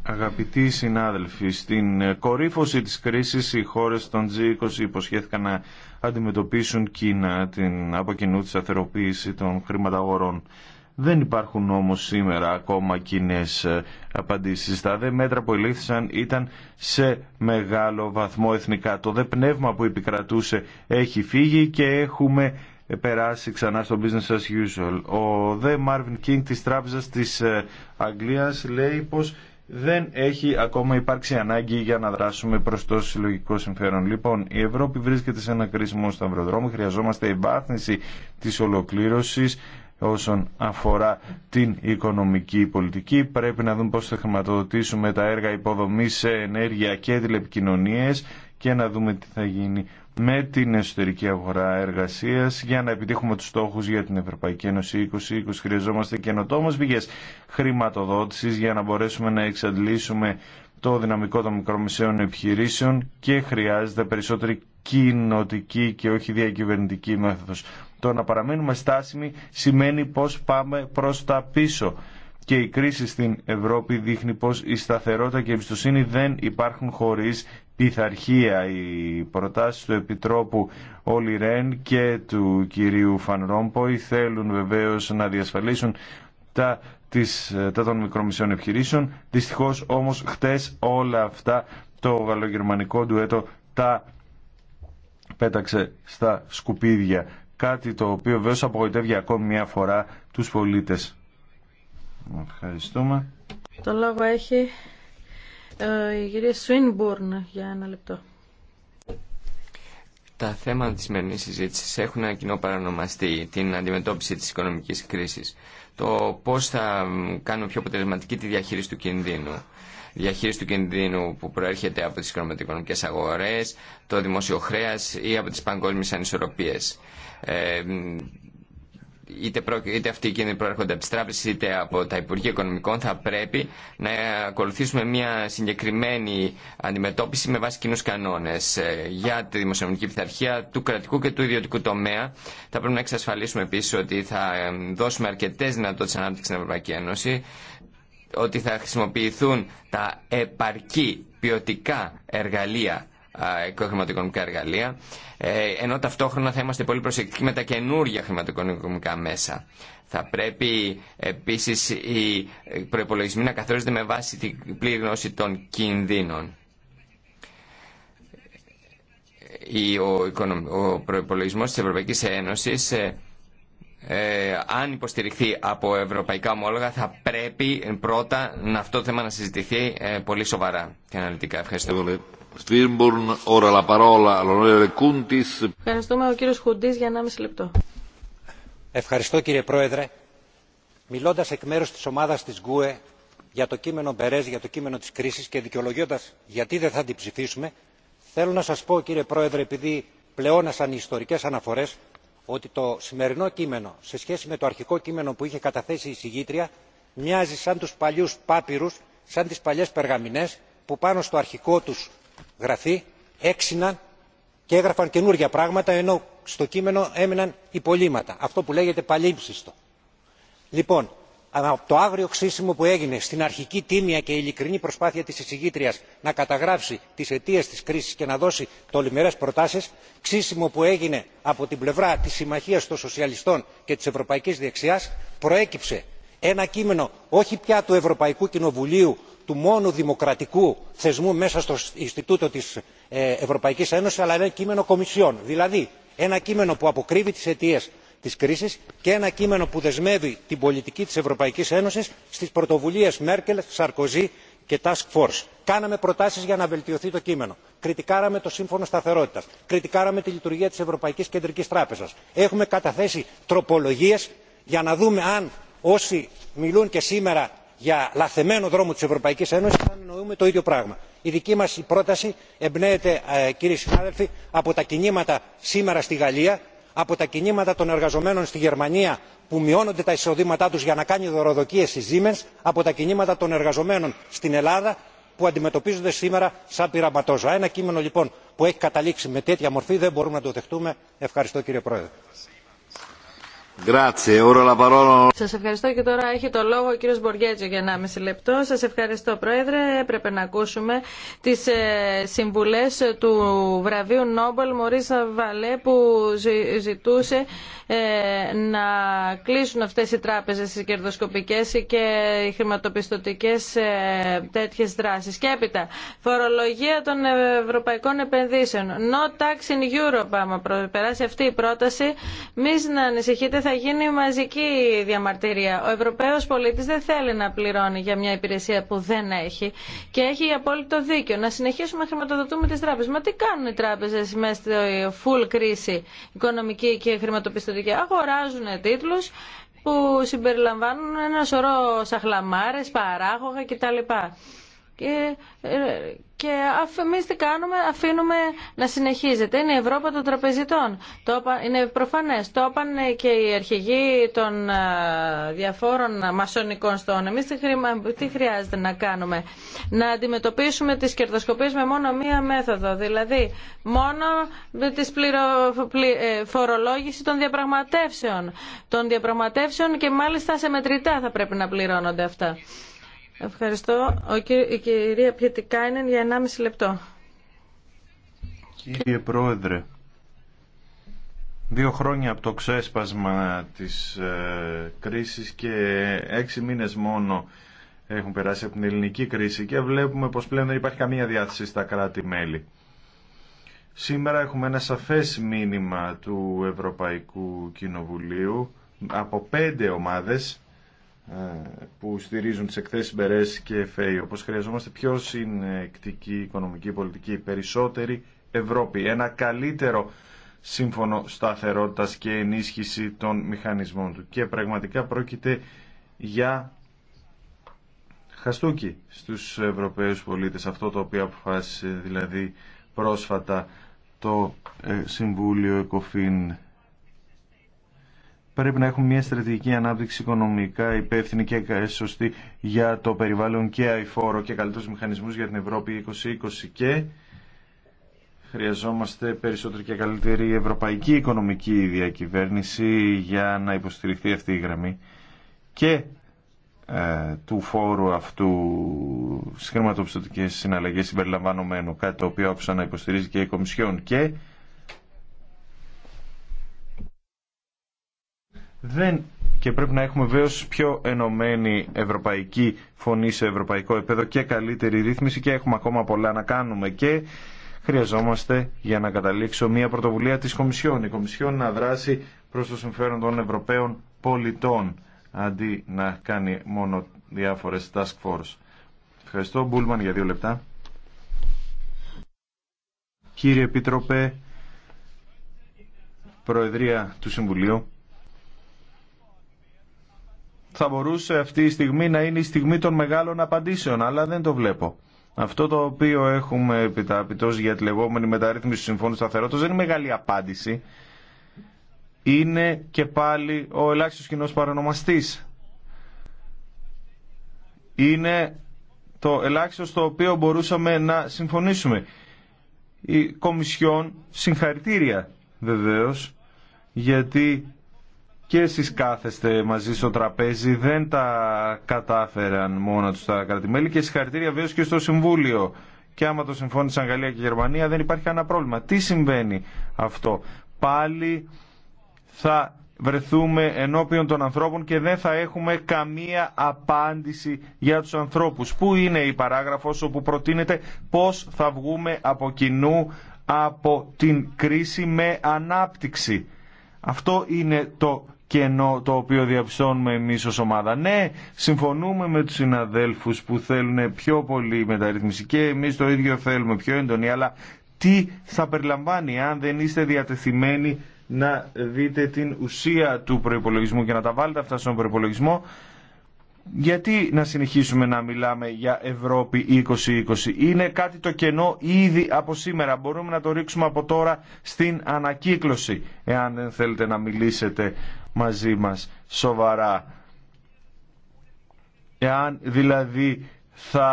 Αγαπητοί συνάδελφοι, στην ε, κορύφωση της κρίσης οι χώρες των G20 υποσχέθηκαν να αντιμετωπίσουν Κίνα την από κοινού τη αθεροποίηση των χρηματαγορών. Δεν υπάρχουν όμως σήμερα ακόμα κοινέ ε, απαντήσεις. Τα δε μέτρα που ελήφθησαν ήταν σε μεγάλο βαθμό εθνικά. Το δε πνεύμα που επικρατούσε έχει φύγει και έχουμε ε, περάσει ξανά στο business as usual. Ο Δε Marvin King της Τράπεζας της ε, Αγγλίας λέει πως δεν έχει ακόμα υπάρξει ανάγκη για να δράσουμε προς το συλλογικό συμφέρον. Λοιπόν, η Ευρώπη βρίσκεται σε ένα κρίσιμο σταυροδρόμο. Χρειαζόμαστε η εμβάθυνση της ολοκλήρωσης όσον αφορά την οικονομική πολιτική. Πρέπει να δούμε πώς θα χρηματοδοτήσουμε τα έργα υποδομής σε ενέργεια και τηλεπικοινωνίες και να δούμε τι θα γίνει με την εσωτερική αγορά εργασία για να επιτύχουμε του στόχου για την Ευρωπαϊκή Ένωση 2020. Χρειαζόμαστε καινοτόμε πηγές χρηματοδότησης για να μπορέσουμε να εξαντλήσουμε το δυναμικό των μικρομεσαίων επιχειρήσεων και χρειάζεται περισσότερη κοινοτική και όχι διακυβερνητική μέθοδο. Το να παραμείνουμε στάσιμοι σημαίνει πω πάμε προ τα πίσω και η κρίση στην Ευρώπη δείχνει πως η σταθερότητα και η εμπιστοσύνη δεν υπάρχουν χωρίς πειθαρχία οι προτάσεις του Επιτρόπου Όλη και του κυρίου Φαν θέλουν βεβαίως να διασφαλίσουν τα, της, τα των μικρομεσαίων επιχειρήσεων. Δυστυχώς όμως χτες όλα αυτά το γαλλογερμανικό ντουέτο τα πέταξε στα σκουπίδια. Κάτι το οποίο βέβαια απογοητεύει ακόμη μια φορά τους πολίτες. Ευχαριστούμε. Το λόγο έχει ε, η κυρία Σουίνμπουρν για ένα λεπτό. Τα θέματα της σημερινής συζήτησης έχουν ένα κοινό παρανομαστή, την αντιμετώπιση της οικονομικής κρίσης. Το πώς θα κάνουμε πιο αποτελεσματική τη διαχείριση του κινδύνου. Διαχείριση του κινδύνου που προέρχεται από τις οικονομικές αγορές, το δημόσιο χρέας ή από τις παγκόσμιες ανισορροπίες. Ε, είτε, προ, είτε αυτοί οι κίνδυνοι προέρχονται από τι τράπεζε είτε από τα Υπουργεία Οικονομικών, θα πρέπει να ακολουθήσουμε μια συγκεκριμένη αντιμετώπιση με βάση κοινού κανόνε ε, για τη δημοσιονομική πειθαρχία του κρατικού και του ιδιωτικού τομέα. Θα πρέπει να εξασφαλίσουμε επίση ότι θα ε, δώσουμε αρκετέ δυνατότητε ανάπτυξη στην Ευρωπαϊκή Ένωση, ότι θα χρησιμοποιηθούν τα επαρκή ποιοτικά εργαλεία χρηματοοικονομικά εργαλεία, ε, ενώ ταυτόχρονα θα είμαστε πολύ προσεκτικοί με τα καινούργια χρηματοοικονομικά μέσα. Θα πρέπει επίσης οι προπολογισμοί να καθορίζονται με βάση την πλήρη γνώση των κινδύνων. Ο προϋπολογισμός της Ευρωπαϊκής Ένωσης ε, ε, αν υποστηριχθεί από ευρωπαϊκά ομόλογα θα πρέπει πρώτα αυτό το θέμα να συζητηθεί ε, πολύ σοβαρά και αναλυτικά. Ευχαριστώ. Ευχαριστούμε ο κύριος Χουντής για 1,5 λεπτό. Ευχαριστώ κύριε Πρόεδρε. Μιλώντας εκ μέρους της ομάδας της Γκουε για το κείμενο Μπερές, για το κείμενο της κρίσης και δικαιολογώντας γιατί δεν θα την ψηφίσουμε, θέλω να σας πω κύριε Πρόεδρε, επειδή πλεόνασαν οι ιστορικές αναφορές, ότι το σημερινό κείμενο σε σχέση με το αρχικό κείμενο που είχε καταθέσει η συγγήτρια μοιάζει σαν τους παλιούς πάπυρους, σαν τις παλιές περγαμηνές που πάνω στο αρχικό τους γραφεί έξυναν και έγραφαν καινούργια πράγματα ενώ στο κείμενο έμειναν υπολείμματα αυτό που λέγεται παλίμψιστο. λοιπόν από το άγριο ξύσιμο που έγινε στην αρχική τίμια και ειλικρινή προσπάθεια της εισηγήτριας να καταγράψει τις αιτίες της κρίσης και να δώσει τολμηρές προτάσεις ξύσιμο που έγινε από την πλευρά της συμμαχίας των σοσιαλιστών και της ευρωπαϊκής δεξιάς προέκυψε ένα κείμενο όχι πια του ευρωπαϊκού κοινοβουλίου του μόνου δημοκρατικού θεσμού μέσα στο ινστιτούτο της ε, ευρωπαϊκής ένωσης αλλά είναι κείμενο κομισιόν δηλαδή ένα κείμενο που αποκρύβει τις αιτίες της κρίσης και ένα κείμενο που δεσμεύει την πολιτική της ευρωπαϊκής ένωσης στις πρωτοβουλίες μέρκελ σαρκοζή και task force. κάναμε προτάσεις για να βελτιωθεί το κείμενο κριτικάραμε το σύμφωνο σταθερότητας κριτικάραμε τη λειτουργία της ευρωπαϊκής κεντρικής τράπεζας έχουμε καταθέσει τροπολογίες για να δούμε αν όσοι μιλούν και σήμερα για λαθεμένο δρόμο τη Ευρωπαϊκή Ένωση, αν εννοούμε το ίδιο πράγμα. η δική μα πρόταση εμπνέεται ε, κύριοι συνάδελφοι από τα κινήματα σήμερα στη γαλλία από τα κινήματα των εργαζομένων στη γερμανία που μειώνονται τα εισοδήματά του για να κάνει δωροδοκίε η siemens από τα κινήματα των εργαζομένων στην ελλάδα που αντιμετωπίζονται σήμερα σαν πειραματόζωα. ένα κείμενο λοιπόν που έχει καταλήξει με τέτοια μορφή δεν μπορούμε να το δεχτούμε. ευχαριστώ κύριε πρόεδρε. Σας ευχαριστώ και τώρα έχει το λόγο ο κύριος Μποργέτζο για 1,5 λεπτό. Σας ευχαριστώ Πρόεδρε. Πρέπει να ακούσουμε τις ε, συμβουλές του βραβείου Νόμπελ Μωρίσα Βαλέ που ζητούσε ε, να κλείσουν αυτές οι τράπεζες οι κερδοσκοπικές και οι χρηματοπιστωτικές ε, τέτοιες δράσεις. Και έπειτα, φορολογία των ευρωπαϊκών επενδύσεων. No tax in Europe, άμα περάσει αυτή η πρόταση, μη να ανησυχείτε θα γίνει μαζική διαμαρτυρία. Ο Ευρωπαίος πολίτης δεν θέλει να πληρώνει για μια υπηρεσία που δεν έχει και έχει απόλυτο δίκιο να συνεχίσουμε να χρηματοδοτούμε τις τράπεζες. Μα τι κάνουν οι τράπεζες μέσα στη full κρίση οικονομική και χρηματοπιστωτική. Αγοράζουν τίτλους που συμπεριλαμβάνουν ένα σωρό σαχλαμάρες, παράγωγα κτλ και, ε, και εμεί τι κάνουμε, αφήνουμε να συνεχίζεται. Είναι η Ευρώπη των τραπεζιτών. είναι προφανέ. Το είπαν και οι αρχηγοί των ε, διαφόρων μασονικών στον Εμεί τι, τι χρειάζεται να κάνουμε, Να αντιμετωπίσουμε τι κερδοσκοπίε με μόνο μία μέθοδο. Δηλαδή, μόνο με τη ε, φορολόγηση των διαπραγματεύσεων. Των διαπραγματεύσεων και μάλιστα σε μετρητά θα πρέπει να πληρώνονται αυτά. Ευχαριστώ. η κυρία Πιετικάινεν για 1,5 λεπτό. Κύριε Πρόεδρε, δύο χρόνια από το ξέσπασμα της ε, κρίσης και έξι μήνες μόνο έχουν περάσει από την ελληνική κρίση και βλέπουμε πως πλέον δεν υπάρχει καμία διάθεση στα κράτη-μέλη. Σήμερα έχουμε ένα σαφές μήνυμα του Ευρωπαϊκού Κοινοβουλίου από πέντε ομάδες που στηρίζουν τις εκθέσεις Μπερές και ΦΕΗ. Όπως χρειαζόμαστε πιο συνεκτική οικονομική πολιτική, περισσότερη Ευρώπη, ένα καλύτερο σύμφωνο σταθερότητας και ενίσχυση των μηχανισμών του. Και πραγματικά πρόκειται για χαστούκι στους Ευρωπαίους πολίτες, αυτό το οποίο αποφάσισε δηλαδή πρόσφατα το ε, Συμβούλιο ΕΚΟΦΗΝ πρέπει να έχουμε μια στρατηγική ανάπτυξη οικονομικά υπεύθυνη και σωστή για το περιβάλλον και αηφόρο και καλύτερους μηχανισμούς για την Ευρώπη 2020 και χρειαζόμαστε περισσότερη και καλύτερη ευρωπαϊκή οικονομική διακυβέρνηση για να υποστηριχθεί αυτή η γραμμή και ε, του φόρου αυτού στις χρηματοπιστωτικές συναλλαγές συμπεριλαμβανομένου κάτι το οποίο άκουσα να υποστηρίζει και η Κομισιόν και δεν και πρέπει να έχουμε βέβαιω πιο ενωμένη ευρωπαϊκή φωνή σε ευρωπαϊκό επίπεδο και καλύτερη ρύθμιση και έχουμε ακόμα πολλά να κάνουμε και χρειαζόμαστε για να καταλήξω μια πρωτοβουλία της Κομισιόν. Η Κομισιόν να δράσει προς το συμφέρον των Ευρωπαίων πολιτών αντί να κάνει μόνο διάφορες task force. Ευχαριστώ. Μπούλμαν για δύο λεπτά. Κύριε Επίτροπε, Προεδρία του Συμβουλίου θα μπορούσε αυτή η στιγμή να είναι η στιγμή των μεγάλων απαντήσεων, αλλά δεν το βλέπω. Αυτό το οποίο έχουμε επιτάπητος για τη λεγόμενη μεταρρύθμιση του Συμφώνου Σταθερότητας δεν είναι μεγάλη απάντηση. Είναι και πάλι ο ελάχιστος κοινό παρονομαστή. Είναι το ελάχιστο στο οποίο μπορούσαμε να συμφωνήσουμε. Η Κομισιόν συγχαρητήρια βεβαίως γιατί και εσείς κάθεστε μαζί στο τραπέζι, δεν τα κατάφεραν μόνο τους τα κρατημέλη και συγχαρητήρια βέβαια και στο Συμβούλιο. Και άμα το συμφώνησαν Γαλλία και Γερμανία δεν υπάρχει κανένα πρόβλημα. Τι συμβαίνει αυτό. Πάλι θα βρεθούμε ενώπιον των ανθρώπων και δεν θα έχουμε καμία απάντηση για τους ανθρώπους. Πού είναι η παράγραφος όπου προτείνεται πώς θα βγούμε από κοινού από την κρίση με ανάπτυξη. Αυτό είναι το κενό το οποίο διαψώνουμε εμείς ως ομάδα. Ναι, συμφωνούμε με τους συναδέλφους που θέλουν πιο πολύ μεταρρύθμιση και εμείς το ίδιο θέλουμε πιο έντονη, αλλά τι θα περιλαμβάνει αν δεν είστε διατεθειμένοι να δείτε την ουσία του προϋπολογισμού και να τα βάλετε αυτά στον προϋπολογισμό γιατί να συνεχίσουμε να μιλάμε για Ευρώπη 2020. Είναι κάτι το κενό ήδη από σήμερα. Μπορούμε να το ρίξουμε από τώρα στην ανακύκλωση, εάν δεν θέλετε να μιλήσετε μαζί μας σοβαρά. Εάν δηλαδή θα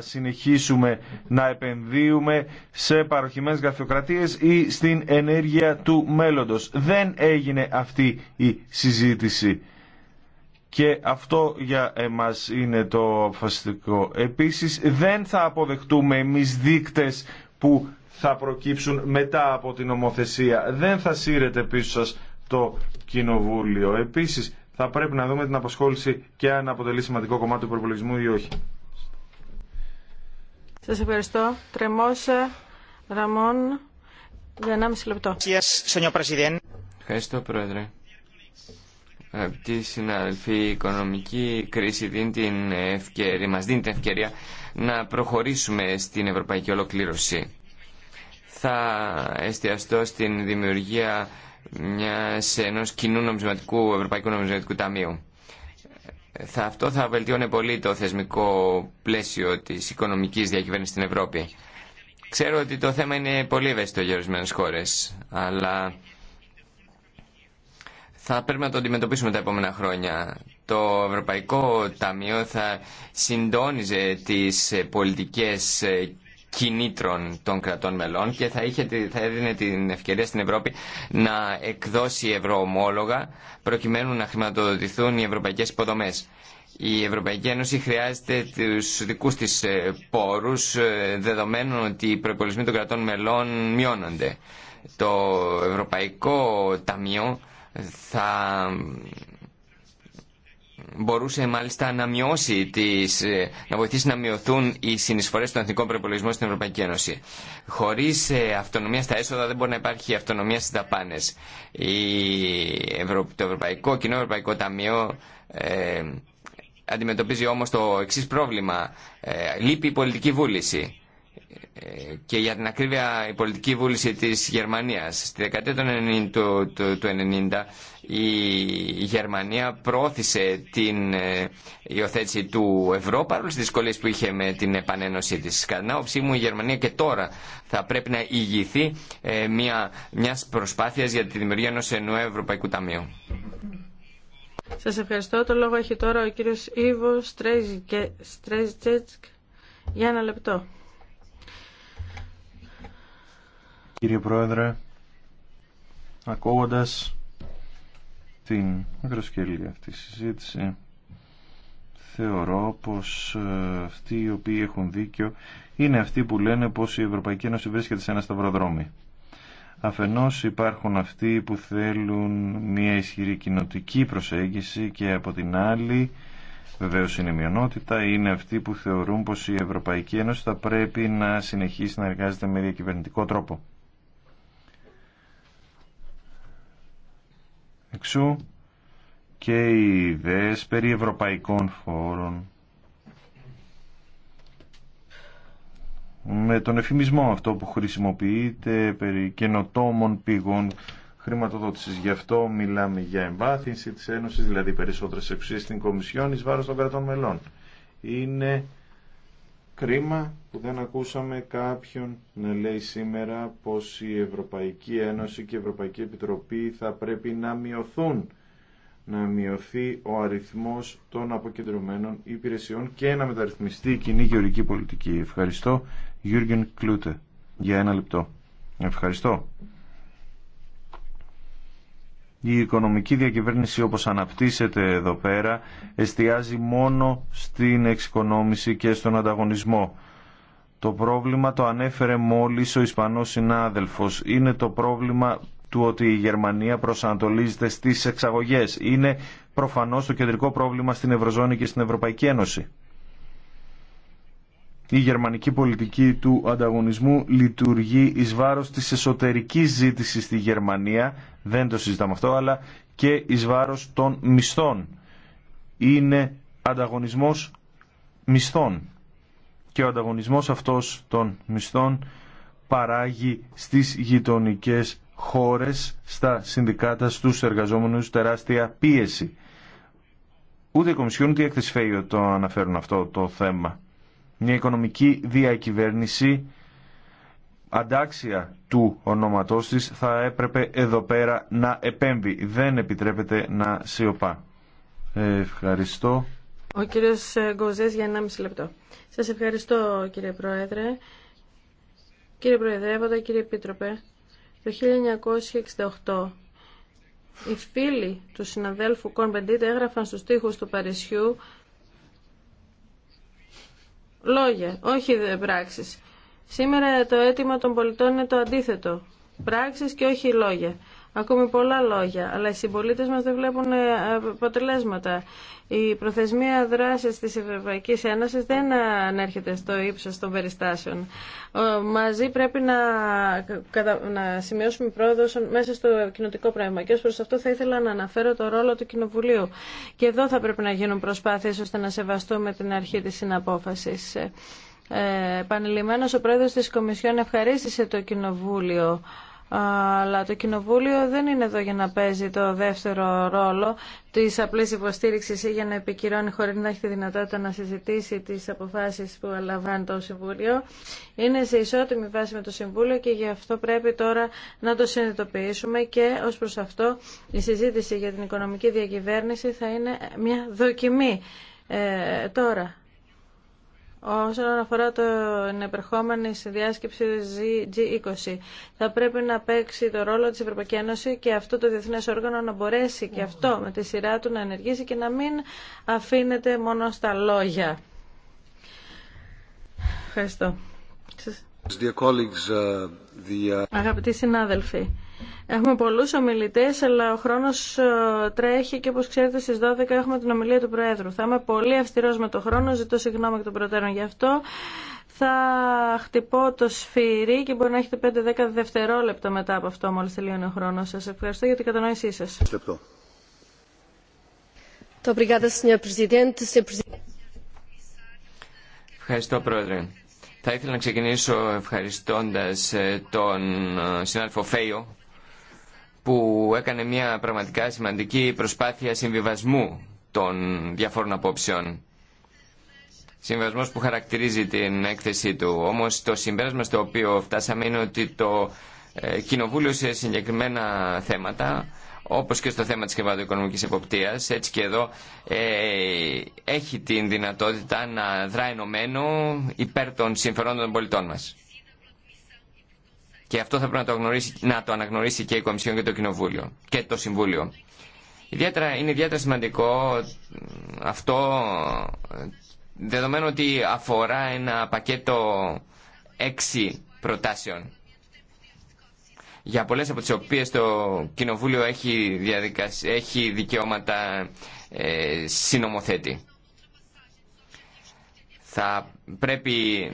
συνεχίσουμε να επενδύουμε σε παροχημένες γραφειοκρατίες ή στην ενέργεια του μέλλοντος. Δεν έγινε αυτή η συζήτηση. Και αυτό για εμάς είναι το αποφασιστικό. Επίσης δεν θα αποδεχτούμε εμείς δείκτες που θα προκύψουν μετά από την ομοθεσία. Δεν θα σύρετε πίσω σας το Κοινοβούλιο. Επίσης, θα πρέπει να δούμε την απασχόληση και αν αποτελεί σημαντικό κομμάτι του προπολογισμού ή όχι. Σα ευχαριστώ. Τρεμός, ε, Ραμόν, για 1,5 λεπτό. Ευχαριστώ, Πρόεδρε. Αγαπητοί συναδελφοί, η οικονομική κρίση δίνει την ευκαιρία, μας δίνει την ευκαιρία να προχωρήσουμε στην ευρωπαϊκή ολοκλήρωση. Θα εστιαστώ στην δημιουργία μια ενός κοινού νομισματικού, Ευρωπαϊκού Νομισματικού Ταμείου. Θα, αυτό θα βελτιώνει πολύ το θεσμικό πλαίσιο της οικονομικής διακυβέρνησης στην Ευρώπη. Ξέρω ότι το θέμα είναι πολύ ευαίσθητο για ορισμένε χώρε, αλλά θα πρέπει να το αντιμετωπίσουμε τα επόμενα χρόνια. Το Ευρωπαϊκό Ταμείο θα συντόνιζε τις πολιτικές κινήτρων των κρατών μελών και θα, είχε, θα έδινε την ευκαιρία στην Ευρώπη να εκδώσει ευρωομόλογα προκειμένου να χρηματοδοτηθούν οι ευρωπαϊκές υποδομές. Η Ευρωπαϊκή Ένωση χρειάζεται τους δικούς της ε, πόρους ε, δεδομένου ότι οι προπολισμοί των κρατών μελών μειώνονται. Το Ευρωπαϊκό Ταμείο θα μπορούσε μάλιστα να, μειώσει τις, ε, να βοηθήσει να μειωθούν οι συνεισφορές των εθνικών προπολογισμών στην Ευρωπαϊκή Ένωση. Χωρίς ε, αυτονομία στα έσοδα δεν μπορεί να υπάρχει αυτονομία στις δαπάνες. το Ευρωπαϊκό Κοινό Ευρωπαϊκό Ταμείο ε, αντιμετωπίζει όμως το εξής πρόβλημα. Ε, λείπει η πολιτική βούληση και για την ακρίβεια η πολιτική βούληση της Γερμανίας. Στη δεκαετία του 1990 η Γερμανία προώθησε την ε, υιοθέτηση του ευρώ παρόλο τις δυσκολίες που είχε με την επανένωσή της. Κατά την μου η Γερμανία και τώρα θα πρέπει να ηγηθεί ε, μια, μιας προσπάθειας για τη δημιουργία ενός ενού Ευρωπαϊκού Ταμείου. Σας ευχαριστώ. Το λόγο έχει τώρα ο κύριος Ήβο Στρέζιτσέτσκ για ένα λεπτό. Κύριε Πρόεδρε, ακούγοντας την αγροσκελή αυτή συζήτηση, θεωρώ πως ε, αυτοί οι οποίοι έχουν δίκιο είναι αυτοί που λένε πως η Ευρωπαϊκή Ένωση βρίσκεται σε ένα σταυροδρόμι. Αφενός υπάρχουν αυτοί που θέλουν μια ισχυρή κοινοτική προσέγγιση και από την άλλη Βεβαίω είναι μειονότητα, είναι αυτοί που θεωρούν πως η Ευρωπαϊκή Ένωση θα πρέπει να συνεχίσει να εργάζεται με διακυβερνητικό τρόπο. Εξού και οι ιδέες περί ευρωπαϊκών φόρων με τον εφημισμό αυτό που χρησιμοποιείται περί καινοτόμων πηγών χρηματοδότησης. Γι' αυτό μιλάμε για εμπάθυνση της Ένωσης, δηλαδή περισσότερες εξουσίες στην Κομισιόν εις βάρος των κρατών μελών. Είναι Κρίμα που δεν ακούσαμε κάποιον να λέει σήμερα πως η Ευρωπαϊκή Ένωση και η Ευρωπαϊκή Επιτροπή θα πρέπει να μειωθούν να μειωθεί ο αριθμός των αποκεντρωμένων υπηρεσιών και να μεταρρυθμιστεί η κοινή γεωρική πολιτική. Ευχαριστώ, Γιούργεν Κλούτε, για ένα λεπτό. Ευχαριστώ η οικονομική διακυβέρνηση όπως αναπτύσσεται εδώ πέρα εστιάζει μόνο στην εξοικονόμηση και στον ανταγωνισμό. Το πρόβλημα το ανέφερε μόλις ο Ισπανός συνάδελφος. Είναι το πρόβλημα του ότι η Γερμανία προσανατολίζεται στις εξαγωγές. Είναι προφανώς το κεντρικό πρόβλημα στην Ευρωζώνη και στην Ευρωπαϊκή Ένωση. Η γερμανική πολιτική του ανταγωνισμού λειτουργεί εις βάρος της εσωτερικής ζήτησης στη Γερμανία δεν το συζητάμε αυτό, αλλά και εις βάρος των μισθών. Είναι ανταγωνισμός μισθών. Και ο ανταγωνισμός αυτός των μισθών παράγει στις γειτονικές χώρες, στα συνδικάτα, στους εργαζόμενους τεράστια πίεση. Ούτε η Κομισιόν ούτε η Εκθεσφαίη το αναφέρουν αυτό το θέμα. Μια οικονομική διακυβέρνηση αντάξια του ονόματός της θα έπρεπε εδώ πέρα να επέμβει. Δεν επιτρέπεται να σιωπά. Ευχαριστώ. Ο κύριος ε, Γκοζές για 1,5 λεπτό. Σας ευχαριστώ κύριε Πρόεδρε. Κύριε Προεδρεύοντα, κύριε Επίτροπε, το 1968 οι φίλοι του συναδέλφου Πεντήτ έγραφαν στους τοίχους του Παρισιού λόγια, όχι πράξεις. Σήμερα το αίτημα των πολιτών είναι το αντίθετο. Πράξεις και όχι λόγια. Ακούμε πολλά λόγια, αλλά οι συμπολίτε μα δεν βλέπουν ε, αποτελέσματα. Η προθεσμία δράση τη Ευρωπαϊκή Ένωση δεν ανέρχεται στο ύψο των περιστάσεων. Μαζί πρέπει να, να σημειώσουμε πρόοδο μέσα στο κοινοτικό πράγμα. Και ω προ αυτό θα ήθελα να αναφέρω το ρόλο του Κοινοβουλίου. Και εδώ θα πρέπει να γίνουν προσπάθειε ώστε να σεβαστούμε την αρχή τη συναπόφαση. Ε, επανειλημμένος ο πρόεδρος της Κομισιόν ευχαρίστησε το Κοινοβούλιο αλλά το Κοινοβούλιο δεν είναι εδώ για να παίζει το δεύτερο ρόλο της απλής υποστήριξης ή για να επικυρώνει χωρίς να έχει τη δυνατότητα να συζητήσει τις αποφάσεις που λαμβάνει το Συμβούλιο. Είναι σε ισότιμη βάση με το Συμβούλιο και γι' αυτό πρέπει τώρα να το συνειδητοποιήσουμε και ως προ αυτό η συζήτηση για την οικονομική διακυβέρνηση θα είναι μια δοκιμή. Ε, τώρα, Όσον αφορά την επερχομενη διασκεψη συνδιάσκεψη G20, θα πρέπει να παίξει το ρόλο της Ευρωπαϊκή Ένωση και αυτό το διεθνές όργανο να μπορέσει και αυτό με τη σειρά του να ενεργήσει και να μην αφήνεται μόνο στα λόγια. Ευχαριστώ. Uh, uh, Αγαπητοί συνάδελφοι, Έχουμε πολλούς ομιλητές, αλλά ο χρόνος ε, τρέχει και όπως ξέρετε στις 12 έχουμε την ομιλία του Προέδρου. Θα είμαι πολύ αυστηρός με το χρόνο, ζητώ συγγνώμη και τον προτέρων γι' αυτό. Θα χτυπώ το σφυρί και μπορεί να έχετε 5-10 δευτερόλεπτα μετά από αυτό μόλις τελειώνει ο χρόνος σας. Ευχαριστώ για την κατανόησή σας. Ευχαριστώ, Πρόεδρε. Θα ήθελα να ξεκινήσω ευχαριστώντας ε, τον ε, συνάδελφο Φέιο που έκανε μια πραγματικά σημαντική προσπάθεια συμβιβασμού των διαφόρων απόψεων. Συμβιβασμός που χαρακτηρίζει την έκθεσή του. Όμως το συμπέρασμα στο οποίο φτάσαμε είναι ότι το ε, Κοινοβούλιο σε συγκεκριμένα θέματα, όπως και στο θέμα της χρηματοοικονομικής εποπτείας, έτσι και εδώ ε, έχει την δυνατότητα να δράει ενωμένο υπέρ των συμφερόντων των πολιτών μας. Και αυτό θα πρέπει να το, γνωρίσει, να το αναγνωρίσει και η Κομισιόν και το Κοινοβούλιο και το Συμβούλιο. Ιδιαίτερα, είναι ιδιαίτερα σημαντικό αυτό δεδομένου ότι αφορά ένα πακέτο έξι προτάσεων για πολλές από τις οποίες το Κοινοβούλιο έχει, διαδικασ... έχει δικαιώματα ε, συνομοθέτη. Θα πρέπει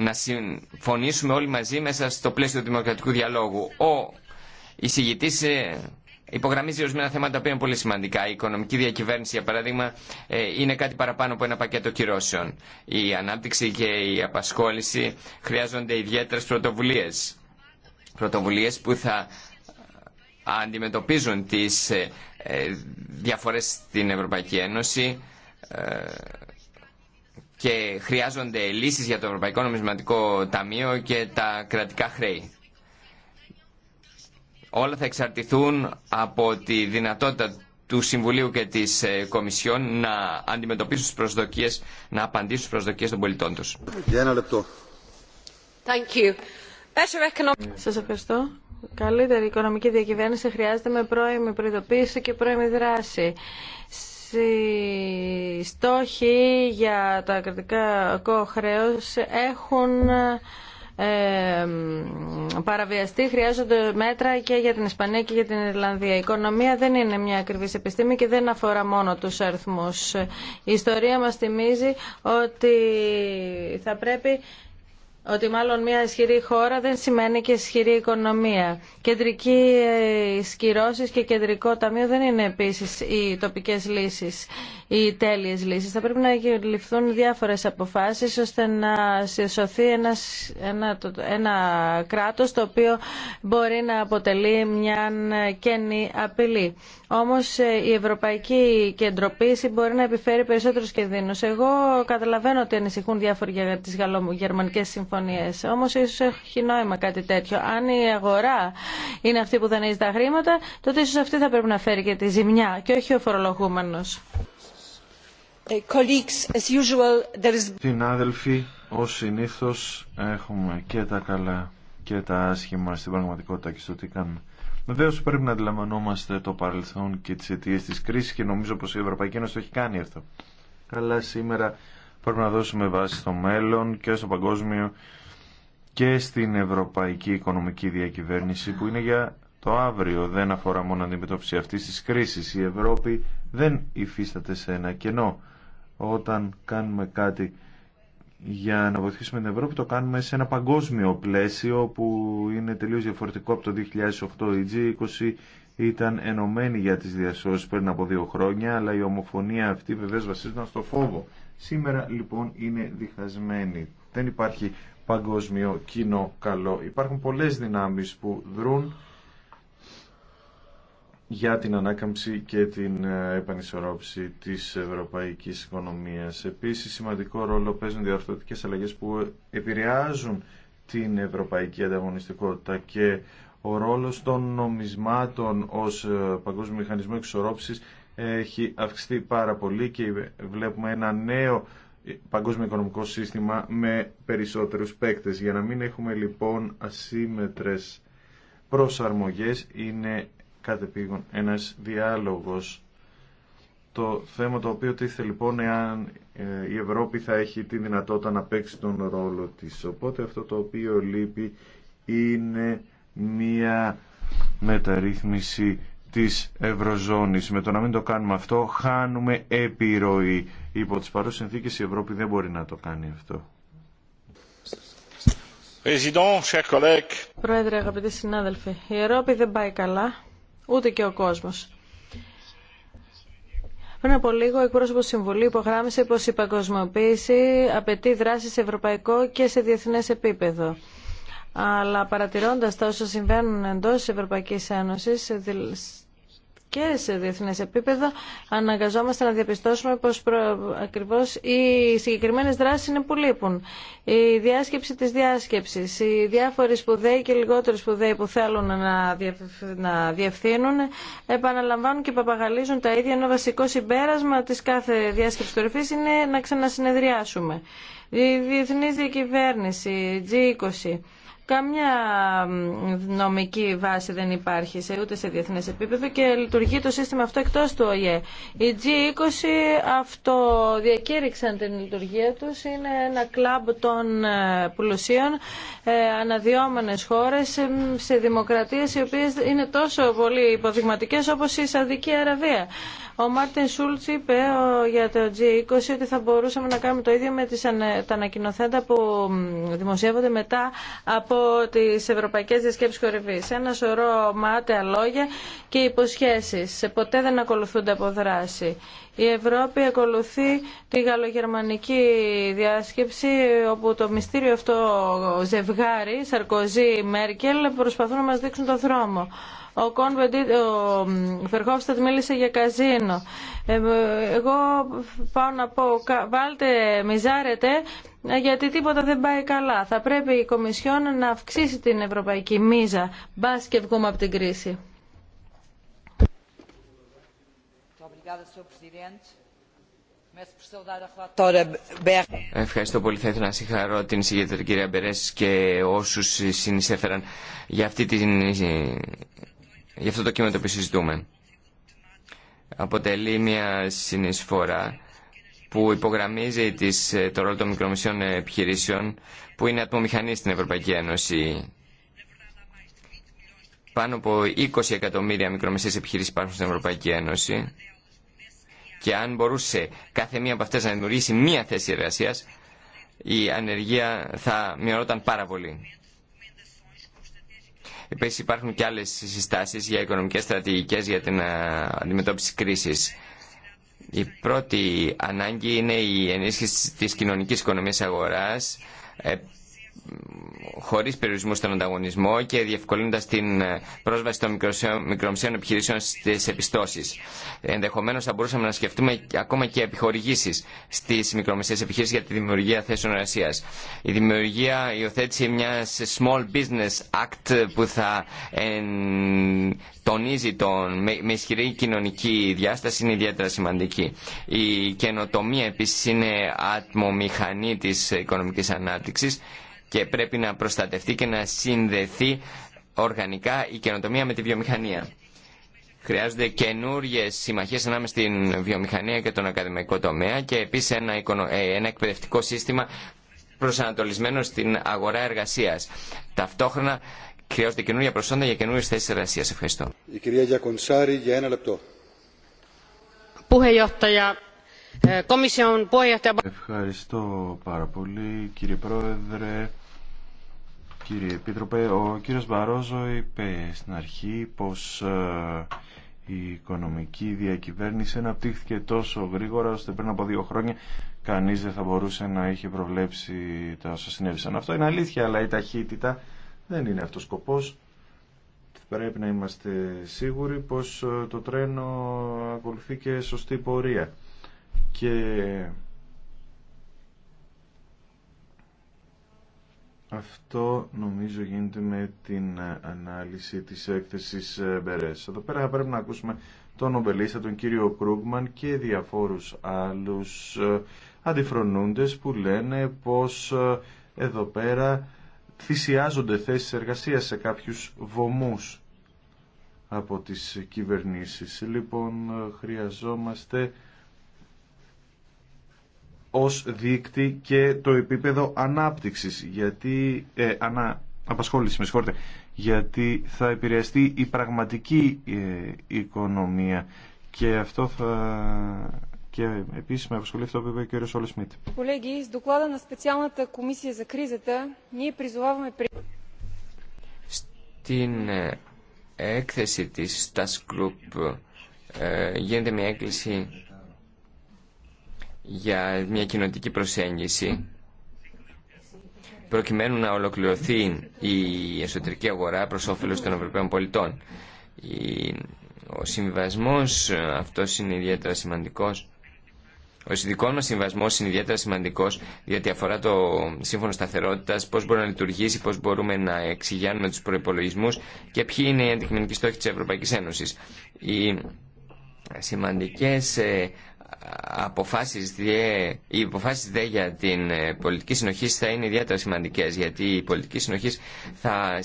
να συμφωνήσουμε όλοι μαζί μέσα στο πλαίσιο του δημοκρατικού διαλόγου. Ο εισηγητή ε, υπογραμμίζει ορισμένα θέματα που είναι πολύ σημαντικά. Η οικονομική διακυβέρνηση, για παράδειγμα, ε, είναι κάτι παραπάνω από ένα πακέτο κυρώσεων. Η ανάπτυξη και η απασχόληση χρειάζονται ιδιαίτερε πρωτοβουλίε. Πρωτοβουλίε που θα αντιμετωπίζουν τις ε, διαφορές στην Ευρωπαϊκή Ένωση και χρειάζονται λύσεις για το Ευρωπαϊκό Νομισματικό Ταμείο και τα κρατικά χρέη. Όλα θα εξαρτηθούν από τη δυνατότητα του Συμβουλίου και της ε, Κομισιόν να αντιμετωπίσουν τις προσδοκίες, να απαντήσουν στις προσδοκίες των πολιτών τους. Για ένα λεπτό. Thank you. Σας ευχαριστώ. Καλύτερη οικονομική διακυβέρνηση χρειάζεται με πρώιμη προειδοποίηση και πρώιμη δράση οι στόχοι για τα κρατικά χρέο έχουν παραβιαστεί χρειάζονται μέτρα και για την Ισπανία και για την Ιρλανδία. Η οικονομία δεν είναι μια ακριβής επιστήμη και δεν αφορά μόνο τους αριθμούς. Η ιστορία μας θυμίζει ότι θα πρέπει ότι μάλλον μια ισχυρή χώρα δεν σημαίνει και ισχυρή οικονομία. Κεντρικοί ε, σκυρώσει και κεντρικό ταμείο δεν είναι επίση οι τοπικέ λύσει, οι τέλειε λύσει. Θα πρέπει να ληφθούν διάφορε αποφάσει ώστε να σωθεί ένα, ένα, ένα κράτο το οποίο μπορεί να αποτελεί μια κέννη απειλή. Όμω ε, η ευρωπαϊκή κεντροποίηση μπορεί να επιφέρει περισσότερου κινδύνου. Εγώ καταλαβαίνω ότι ανησυχούν διάφοροι για τι γερμανικέ συμφωνίε συμφωνίες. Όμως ίσως έχει νόημα κάτι τέτοιο. Αν η αγορά είναι αυτή που δανείζει τα χρήματα, τότε ίσως αυτή θα πρέπει να φέρει και τη ζημιά και όχι ο φορολογούμενος. Ε, Συνάδελφοι, ως συνήθως έχουμε και τα καλά και τα άσχημα στην πραγματικότητα και στο τι κάνουμε. Βεβαίω πρέπει να αντιλαμβανόμαστε το παρελθόν και τι αιτίε τη κρίση και νομίζω πω η Ευρωπαϊκή Ένωση το έχει κάνει αυτό. Αλλά σήμερα πρέπει να δώσουμε βάση στο μέλλον και στο παγκόσμιο και στην ευρωπαϊκή οικονομική διακυβέρνηση που είναι για το αύριο. Δεν αφορά μόνο αντιμετώπιση αυτής της κρίσης. Η Ευρώπη δεν υφίσταται σε ένα κενό. Όταν κάνουμε κάτι για να βοηθήσουμε την Ευρώπη το κάνουμε σε ένα παγκόσμιο πλαίσιο που είναι τελείως διαφορετικό από το 2008 η G20 ήταν ενωμένη για τις διασώσεις πριν από δύο χρόνια αλλά η ομοφωνία αυτή βεβαίως βασίζονταν στο φόβο Σήμερα λοιπόν είναι διχασμένη. Δεν υπάρχει παγκόσμιο κοινό καλό. Υπάρχουν πολλές δυνάμεις που δρούν για την ανάκαμψη και την ε, επανισορρόψη της ευρωπαϊκής οικονομίας. Επίσης, σημαντικό ρόλο παίζουν διορθωτικές αλλαγές που επηρεάζουν την ευρωπαϊκή ανταγωνιστικότητα και ο ρόλος των νομισμάτων ως ε, παγκόσμιο μηχανισμό εξορρόψης έχει αυξηθεί πάρα πολύ και βλέπουμε ένα νέο παγκόσμιο οικονομικό σύστημα με περισσότερους παίκτες. Για να μην έχουμε λοιπόν ασύμετρες προσαρμογές είναι πήγον ένας διάλογος. Το θέμα το οποίο τίθε λοιπόν εάν ε, η Ευρώπη θα έχει τη δυνατότητα να παίξει τον ρόλο της. Οπότε αυτό το οποίο λείπει είναι μία μεταρρύθμιση της Ευρωζώνης. Με το να μην το κάνουμε αυτό, χάνουμε επιρροή. Υπό τις παρούσες συνθήκες η Ευρώπη δεν μπορεί να το κάνει αυτό. Πρόεδρε, αγαπητοί συνάδελφοι, η Ευρώπη δεν πάει καλά, ούτε και ο κόσμος. Πριν από λίγο, ο εκπρόσωπο Συμβουλή υπογράμμισε πω η παγκοσμιοποίηση απαιτεί δράση σε ευρωπαϊκό και σε διεθνέ επίπεδο αλλά παρατηρώντας τα όσα συμβαίνουν εντός της Ευρωπαϊκής Ένωσης και σε διεθνές επίπεδο αναγκαζόμαστε να διαπιστώσουμε πως προ... ακριβώς οι συγκεκριμένες δράσεις είναι που λείπουν. Η διάσκεψη της διάσκεψης, οι διάφοροι σπουδαίοι και λιγότεροι σπουδαίοι που θέλουν να, να διευθύνουν επαναλαμβάνουν και παπαγαλίζουν τα ίδια. ενώ βασικό συμπέρασμα της κάθε διάσκεψης κορυφής είναι να ξανασυνεδριάσουμε. Η διεθνής διακυβέρνηση, G20, Καμιά νομική βάση δεν υπάρχει σε, ούτε σε διεθνές επίπεδο και λειτουργεί το σύστημα αυτό εκτός του ΟΗΕ. Οι G20 αυτοδιακήρυξαν την λειτουργία τους. Είναι ένα κλαμπ των ε, πλουσίων, ε, αναδυόμενες χώρες ε, σε δημοκρατίες οι οποίες είναι τόσο πολύ υποδειγματικές όπως η Σαουδική Αραβία. Ο Μάρτιν Σούλτ είπε για το G20 ότι θα μπορούσαμε να κάνουμε το ίδιο με τις, τα ανακοινοθέντα που δημοσιεύονται μετά από τις ευρωπαϊκές διασκέψεις Κορυφή. Ένα σωρό μάταια λόγια και υποσχέσεις. Ποτέ δεν ακολουθούνται από δράση. Η Ευρώπη ακολουθεί τη γαλλογερμανική διάσκεψη όπου το μυστήριο αυτό ζευγάρι, Σαρκοζή, Μέρκελ, προσπαθούν να μας δείξουν το δρόμο. Ο, Φερχόφστατ μίλησε για καζίνο. Ε, εγώ πάω να πω, βάλτε, μιζάρετε, ε, γιατί τίποτα δεν πάει καλά. Θα πρέπει η Κομισιόν να αυξήσει την ευρωπαϊκή μίζα. Μπα και βγούμε από την κρίση. Ευχαριστώ πολύ. Θα ήθελα να συγχαρώ την συγκεκριμένη κυρία Μπερές και όσους συνεισέφεραν για αυτή την Γι' αυτό το κείμενο το οποίο συζητούμε. Αποτελεί μια συνεισφορά που υπογραμμίζει τις, ε, το ρόλο των μικρομεσαίων επιχειρήσεων που είναι ατμομηχανή στην Ευρωπαϊκή Ένωση. Πάνω από 20 εκατομμύρια μικρομεσαίες επιχειρήσεις υπάρχουν στην Ευρωπαϊκή Ένωση και αν μπορούσε κάθε μία από αυτές να δημιουργήσει μία θέση εργασίας η ανεργία θα μειωρόταν πάρα πολύ. Επίση, υπάρχουν και άλλες συστάσεις για οικονομικές στρατηγικές για την ε, αντιμετώπιση κρίση. Η πρώτη ανάγκη είναι η ενίσχυση της κοινωνικής οικονομίας αγοράς, ε, χωρίς περιορισμού στον ανταγωνισμό και διευκολύνοντας την ε, πρόσβαση των μικρομεσαίων επιχειρήσεων στις επιστώσεις. Ενδεχομένως θα μπορούσαμε να σκεφτούμε ακόμα και επιχορηγήσεις στις μικρομεσαίες επιχειρήσεις για τη δημιουργία θέσεων εργασίας. Η δημιουργία, η υιοθέτηση μιας Small Business Act που θα εν, τονίζει τον, με, ισχυρή κοινωνική διάσταση είναι ιδιαίτερα σημαντική. Η καινοτομία επίσης είναι μηχανή της οικονομικής ανάπτυξης και πρέπει να προστατευτεί και να συνδεθεί οργανικά η καινοτομία με τη βιομηχανία. Χρειάζονται καινούριε συμμαχίε ανάμεσα στην βιομηχανία και τον ακαδημαϊκό τομέα και επίση ε, ένα, εκπαιδευτικό σύστημα προσανατολισμένο στην αγορά εργασία. Ταυτόχρονα χρειάζονται καινούργια προσόντα για καινούριε θέσει εργασία. Ευχαριστώ. Ε, Ευχαριστώ πάρα πολύ κύριε Πρόεδρε Κύριε Επίτροπε, ο κύριος Μπαρόζο είπε στην αρχή πως ε, η οικονομική διακυβέρνηση αναπτύχθηκε τόσο γρήγορα ώστε πριν από δύο χρόνια κανείς δεν θα μπορούσε να είχε προβλέψει τα όσα συνέβησαν. Αυτό είναι αλήθεια, αλλά η ταχύτητα δεν είναι αυτός ο σκοπός. Πρέπει να είμαστε σίγουροι πως ε, το τρένο ακολουθεί και σωστή πορεία. Και Αυτό νομίζω γίνεται με την ε, ανάλυση της έκθεσης ε, Μπερές. Εδώ πέρα πρέπει να ακούσουμε τον Νομπελίστα, τον κύριο Κρούγκμαν και διαφόρους άλλους ε, αντιφρονούντες που λένε πως εδώ πέρα θυσιάζονται θέσεις εργασίας σε κάποιους βομούς από τις κυβερνήσεις. Λοιπόν, χρειαζόμαστε ως δείκτη και το επίπεδο ανάπτυξης, γιατί, ε, ανα, απασχόληση, με συγχωρείτε, γιατί θα επηρεαστεί η πραγματική ε, οικονομία και αυτό θα... Και επίσης με απασχολεί αυτό που είπε ο κ. Σόλε Σμιτ. Στην έκθεση της Task Group ε, γίνεται μια έκκληση για μια κοινωνική προσέγγιση προκειμένου να ολοκληρωθεί η εσωτερική αγορά προς όφελος των Ευρωπαίων πολιτών. Ο συμβασμός ε, αυτός είναι ιδιαίτερα σημαντικός. Ο ειδικό μα συμβασμό είναι ιδιαίτερα σημαντικό, διότι αφορά το σύμφωνο σταθερότητα, πώ μπορεί να λειτουργήσει, πώ μπορούμε να εξηγιάνουμε του προπολογισμού και ποιοι είναι οι αντικειμενικοί στόχοι τη Ευρωπαϊκή Ένωση. Οι σημαντικέ ε, αποφάσεις οι αποφάσεις δε για την ε, πολιτική συνοχή θα είναι ιδιαίτερα σημαντικές γιατί η πολιτική συνοχή θα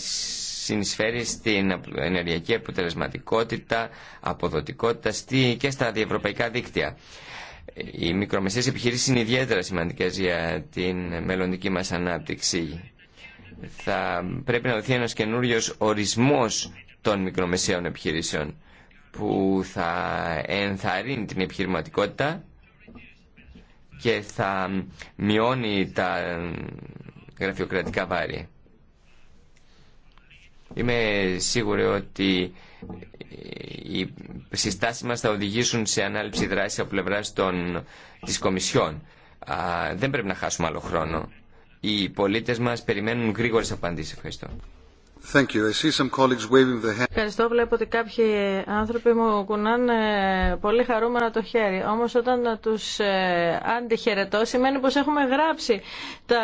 συνεισφέρει στην ενεργειακή αποτελεσματικότητα, αποδοτικότητα και στα διευρωπαϊκά δίκτυα. Οι μικρομεσαίες επιχειρήσεις είναι ιδιαίτερα σημαντικές για την μελλοντική μας ανάπτυξη. Θα πρέπει να δοθεί ένας καινούριος ορισμός των μικρομεσαίων επιχειρήσεων που θα ενθαρρύνει την επιχειρηματικότητα και θα μειώνει τα γραφειοκρατικά βάρη. Είμαι σίγουρη ότι οι συστάσεις μας θα οδηγήσουν σε ανάληψη δράση από πλευρά των, της Κομισιόν. δεν πρέπει να χάσουμε άλλο χρόνο. Οι πολίτες μας περιμένουν γρήγορες απαντήσεις. Ευχαριστώ. Ευχαριστώ. Βλέπω ότι κάποιοι άνθρωποι μου κουνάνε πολύ χαρούμενα το χέρι. Όμως όταν να τους ε, αντιχαιρετώ σημαίνει πως έχουμε γράψει τα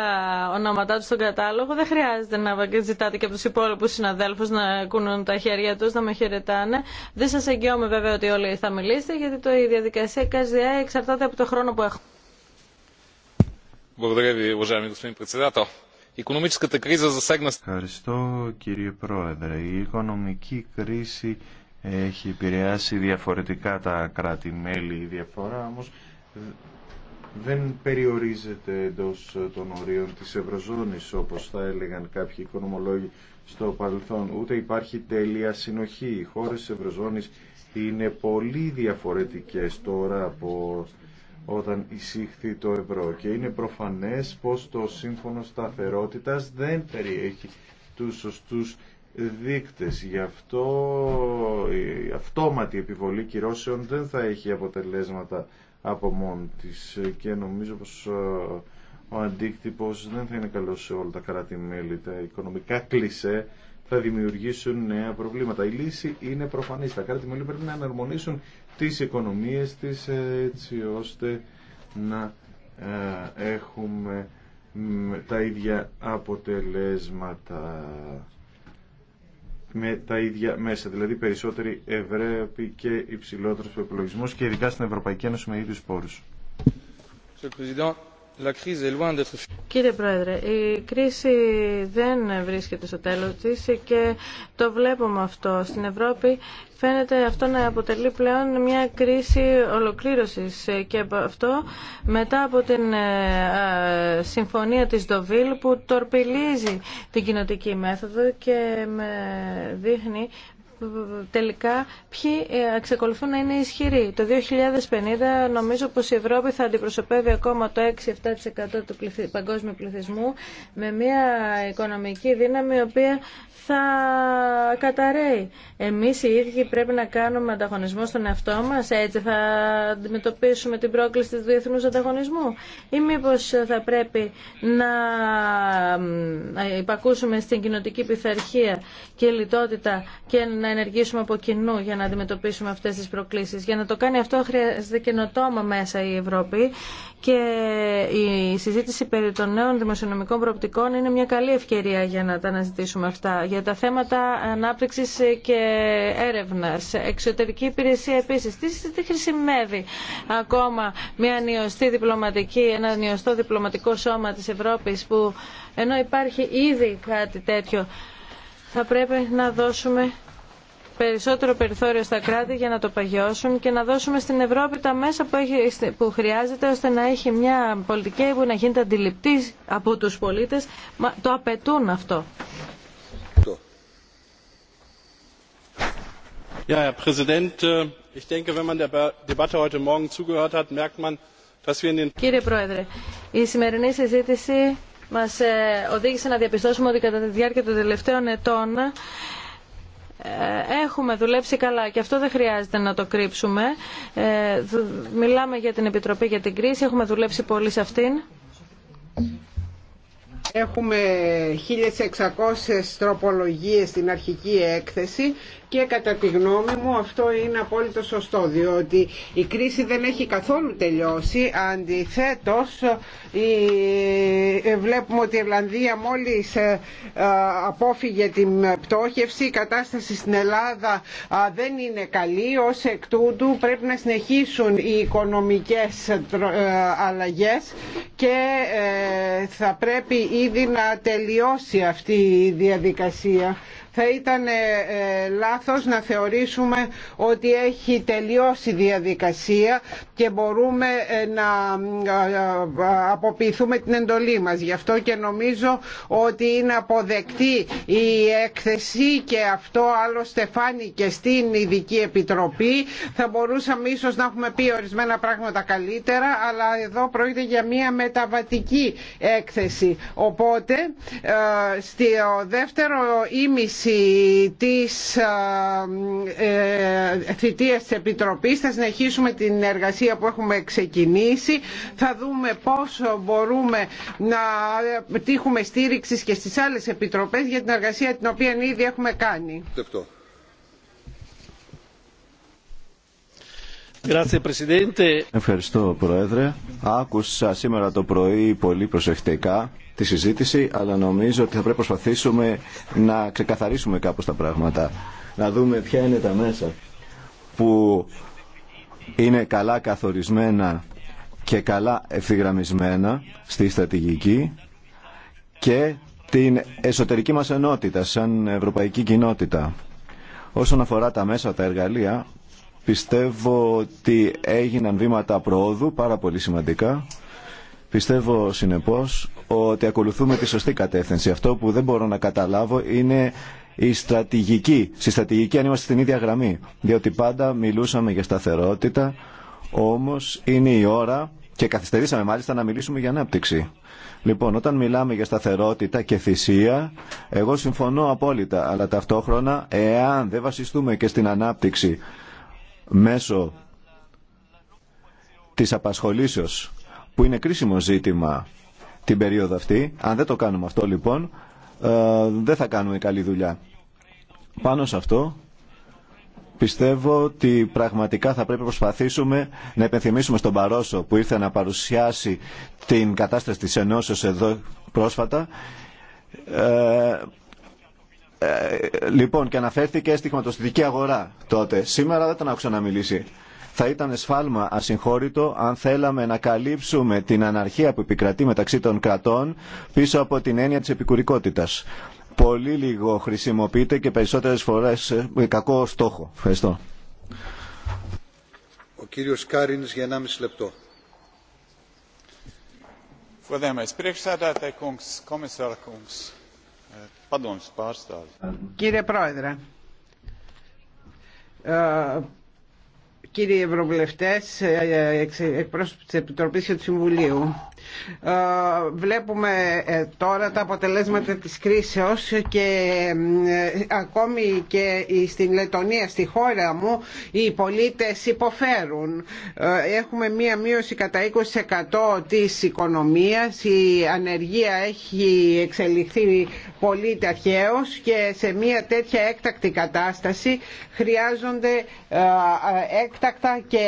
ονόματά τους στον κατάλογο. Δεν χρειάζεται να ζητάτε και από τους υπόλοιπους συναδέλφους να κουνούν τα χέρια τους, να με χαιρετάνε. Δεν σας εγγυώμαι βέβαια ότι όλοι θα μιλήσετε γιατί το, η διαδικασία ΚΑΣΔΙΑ εξαρτάται από το χρόνο που έχουμε. Ευχαριστώ κύριε Πρόεδρε. Η οικονομική κρίση έχει επηρεάσει διαφορετικά τα κράτη-μέλη. Η διαφορά όμως δεν περιορίζεται εντό των ορίων της Ευρωζώνης όπως θα έλεγαν κάποιοι οικονομολόγοι στο παρελθόν. Ούτε υπάρχει τέλεια συνοχή. Οι χώρες της Ευρωζώνης είναι πολύ διαφορετικές τώρα από όταν εισήχθη το ευρώ και είναι προφανές πως το σύμφωνο σταθερότητας δεν περιέχει τους σωστούς δείκτες. Γι' αυτό η αυτόματη επιβολή κυρώσεων δεν θα έχει αποτελέσματα από μόνη της και νομίζω πως ε, ο αντίκτυπο δεν θα είναι καλό σε όλα τα κράτη-μέλη. Τα οικονομικά κλισέ θα δημιουργήσουν νέα προβλήματα. Η λύση είναι προφανής. Τα κράτη-μέλη πρέπει να εναρμονίσουν τις οικονομίες τη, έτσι ώστε να ε, έχουμε τα ίδια αποτελέσματα με τα ίδια μέσα, δηλαδή περισσότεροι Ευρώπη και υψηλότερος προπολογισμό και ειδικά στην Ευρωπαϊκή Ένωση με ίδιους πόρους. Κύριε Πρόεδρε, η κρίση δεν βρίσκεται στο τέλος της και το βλέπουμε αυτό. Στην Ευρώπη φαίνεται αυτό να αποτελεί πλέον μια κρίση ολοκλήρωσης και αυτό μετά από την ε, ε, συμφωνία της Ντοβίλ που τορπιλίζει την κοινοτική μέθοδο και με δείχνει τελικά ποιοι ε, εξακολουθούν να είναι ισχυροί. Το 2050 νομίζω πως η Ευρώπη θα αντιπροσωπεύει ακόμα το 6-7% του παγκόσμιου πληθυσμού με μια οικονομική δύναμη η οποία θα καταραίει. Εμείς οι ίδιοι πρέπει να κάνουμε ανταγωνισμό στον εαυτό μας, έτσι θα αντιμετωπίσουμε την πρόκληση του διεθνούς ανταγωνισμού ή μήπως θα πρέπει να υπακούσουμε στην κοινοτική πειθαρχία και λιτότητα και να ενεργήσουμε από κοινού για να αντιμετωπίσουμε αυτέ τι προκλήσει Για να το κάνει αυτό χρειάζεται καινοτόμα μέσα η Ευρώπη και η συζήτηση περί των νέων δημοσιονομικών προοπτικών είναι μια καλή ευκαιρία για να τα αναζητήσουμε αυτά. Για τα θέματα ανάπτυξη και έρευνα. εξωτερική υπηρεσία επίση. Τι χρησιμεύει ακόμα μια νιωστή διπλωματική, ένα νιωστό διπλωματικό σώμα τη Ευρώπη που ενώ υπάρχει ήδη κάτι τέτοιο θα πρέπει να δώσουμε περισσότερο περιθώριο στα κράτη για να το παγιώσουν και να δώσουμε στην Ευρώπη τα μέσα που, έχει, που χρειάζεται ώστε να έχει μια πολιτική που να γίνεται αντιληπτή από τους πολίτες. Μα, το απαιτούν αυτό. Ja, Präsident, äh, ich denke, wenn man der Debatte heute Morgen zugehört hat, merkt man, dass wir in den... Κύριε Πρόεδρε, η σημερινή συζήτηση μας ε, οδήγησε να διαπιστώσουμε ότι κατά τη διάρκεια των τελευταίων ετών ε, έχουμε δουλέψει καλά και αυτό δεν χρειάζεται να το κρύψουμε. Ε, μιλάμε για την Επιτροπή για την κρίση, έχουμε δουλέψει πολύ σε αυτήν. Έχουμε 1.600 τροπολογίες στην αρχική έκθεση και κατά τη γνώμη μου αυτό είναι απόλυτο σωστό διότι η κρίση δεν έχει καθόλου τελειώσει αντιθέτως ε, βλέπουμε ότι η Ιρλανδία μόλις ε, ε, απόφυγε την πτώχευση η κατάσταση στην Ελλάδα δεν είναι καλή ως εκ τούτου πρέπει να συνεχίσουν οι οικονομικές αλλαγές και θα πρέπει ήδη να τελειώσει αυτή η διαδικασία θα ήταν ε, ε, λάθος να θεωρήσουμε ότι έχει τελειώσει η διαδικασία και μπορούμε ε, να αποποιηθούμε την εντολή μας. Γι' αυτό και νομίζω ότι είναι αποδεκτή η έκθεση και αυτό άλλωστε φάνηκε στην Ειδική Επιτροπή. Θα μπορούσαμε ίσως να έχουμε πει ορισμένα πράγματα καλύτερα, αλλά εδώ πρόκειται για μια μεταβατική έκθεση. Οπότε, στο δεύτερο ήμιση Τη της ε, ε, θητείας της Επιτροπής θα συνεχίσουμε την εργασία που έχουμε ξεκινήσει θα δούμε πόσο μπορούμε να τύχουμε στήριξη και στις άλλες επιτροπές για την εργασία την οποία ήδη έχουμε κάνει. Ευχαριστώ Πρόεδρε. Άκουσα σήμερα το πρωί πολύ προσεκτικά τη συζήτηση, αλλά νομίζω ότι θα πρέπει να προσπαθήσουμε να ξεκαθαρίσουμε κάπως τα πράγματα, να δούμε ποια είναι τα μέσα που είναι καλά καθορισμένα και καλά ευθυγραμμισμένα στη στρατηγική και την εσωτερική μας ενότητα σαν ευρωπαϊκή κοινότητα. Όσον αφορά τα μέσα, τα εργαλεία, πιστεύω ότι έγιναν βήματα προόδου πάρα πολύ σημαντικά. Πιστεύω συνεπώς ότι ακολουθούμε τη σωστή κατεύθυνση. Αυτό που δεν μπορώ να καταλάβω είναι η στρατηγική. Στη στρατηγική αν είμαστε στην ίδια γραμμή. Διότι πάντα μιλούσαμε για σταθερότητα, όμως είναι η ώρα και καθυστερήσαμε μάλιστα να μιλήσουμε για ανάπτυξη. Λοιπόν, όταν μιλάμε για σταθερότητα και θυσία, εγώ συμφωνώ απόλυτα, αλλά ταυτόχρονα εάν δεν βασιστούμε και στην ανάπτυξη μέσω της απασχολήσεως, που είναι κρίσιμο ζήτημα την περίοδο αυτή. Αν δεν το κάνουμε αυτό λοιπόν, ε, δεν θα κάνουμε καλή δουλειά. Πάνω σε αυτό, πιστεύω ότι πραγματικά θα πρέπει να προσπαθήσουμε να επενθυμίσουμε στον Παρόσο που ήρθε να παρουσιάσει την κατάσταση της ενώσεως εδώ πρόσφατα. Ε, ε, ε λοιπόν, και αναφέρθηκε στη χρηματοστητική αγορά τότε. Σήμερα δεν τον άκουσα να μιλήσει. Θα ήταν σφάλμα ασυγχώρητο αν θέλαμε να καλύψουμε την αναρχία που επικρατεί μεταξύ των κρατών πίσω από την έννοια της επικουρικότητας. Πολύ λίγο χρησιμοποιείται και περισσότερες φορές με κακό στόχο. Ευχαριστώ. Ο κύριος Κάρινς για 1,5 λεπτό. Eh, Κύριε Πρόεδρε, κύριοι ευρωβουλευτές, ε, ε, ε, εκπρόσωποι της Επιτροπής και του Συμβουλίου. Ε, βλέπουμε ε, τώρα τα αποτελέσματα της κρίσεως και ε, ακόμη και στην Λετωνία, στη χώρα μου, οι πολίτες υποφέρουν. Έχουμε μία μείωση κατά 20% της οικονομίας, η ανεργία έχει εξελιχθεί πολύ ταχαίως και σε μία τέτοια έκτακτη κατάσταση χρειάζονται έκτακτα και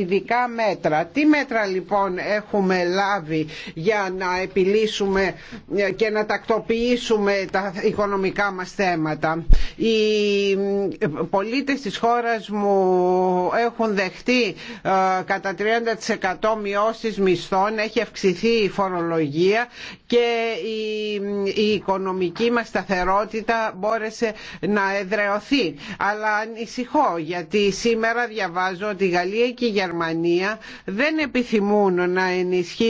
ειδικά μέτρα. Τι μέτρα λοιπόν έχουμε λάβει για να επιλύσουμε και να τακτοποιήσουμε τα οικονομικά μας θέματα. Οι πολίτες της χώρας μου έχουν δεχτεί ε, κατά 30% μειώσεις μισθών, έχει αυξηθεί η φορολογία και η οικονομική μας σταθερότητα μπόρεσε να εδρεωθεί. Αλλά ανησυχώ γιατί σήμερα διαβάζω ότι η Γαλλία και η Γερμανία δεν επιθυμούν να ενισχύσουν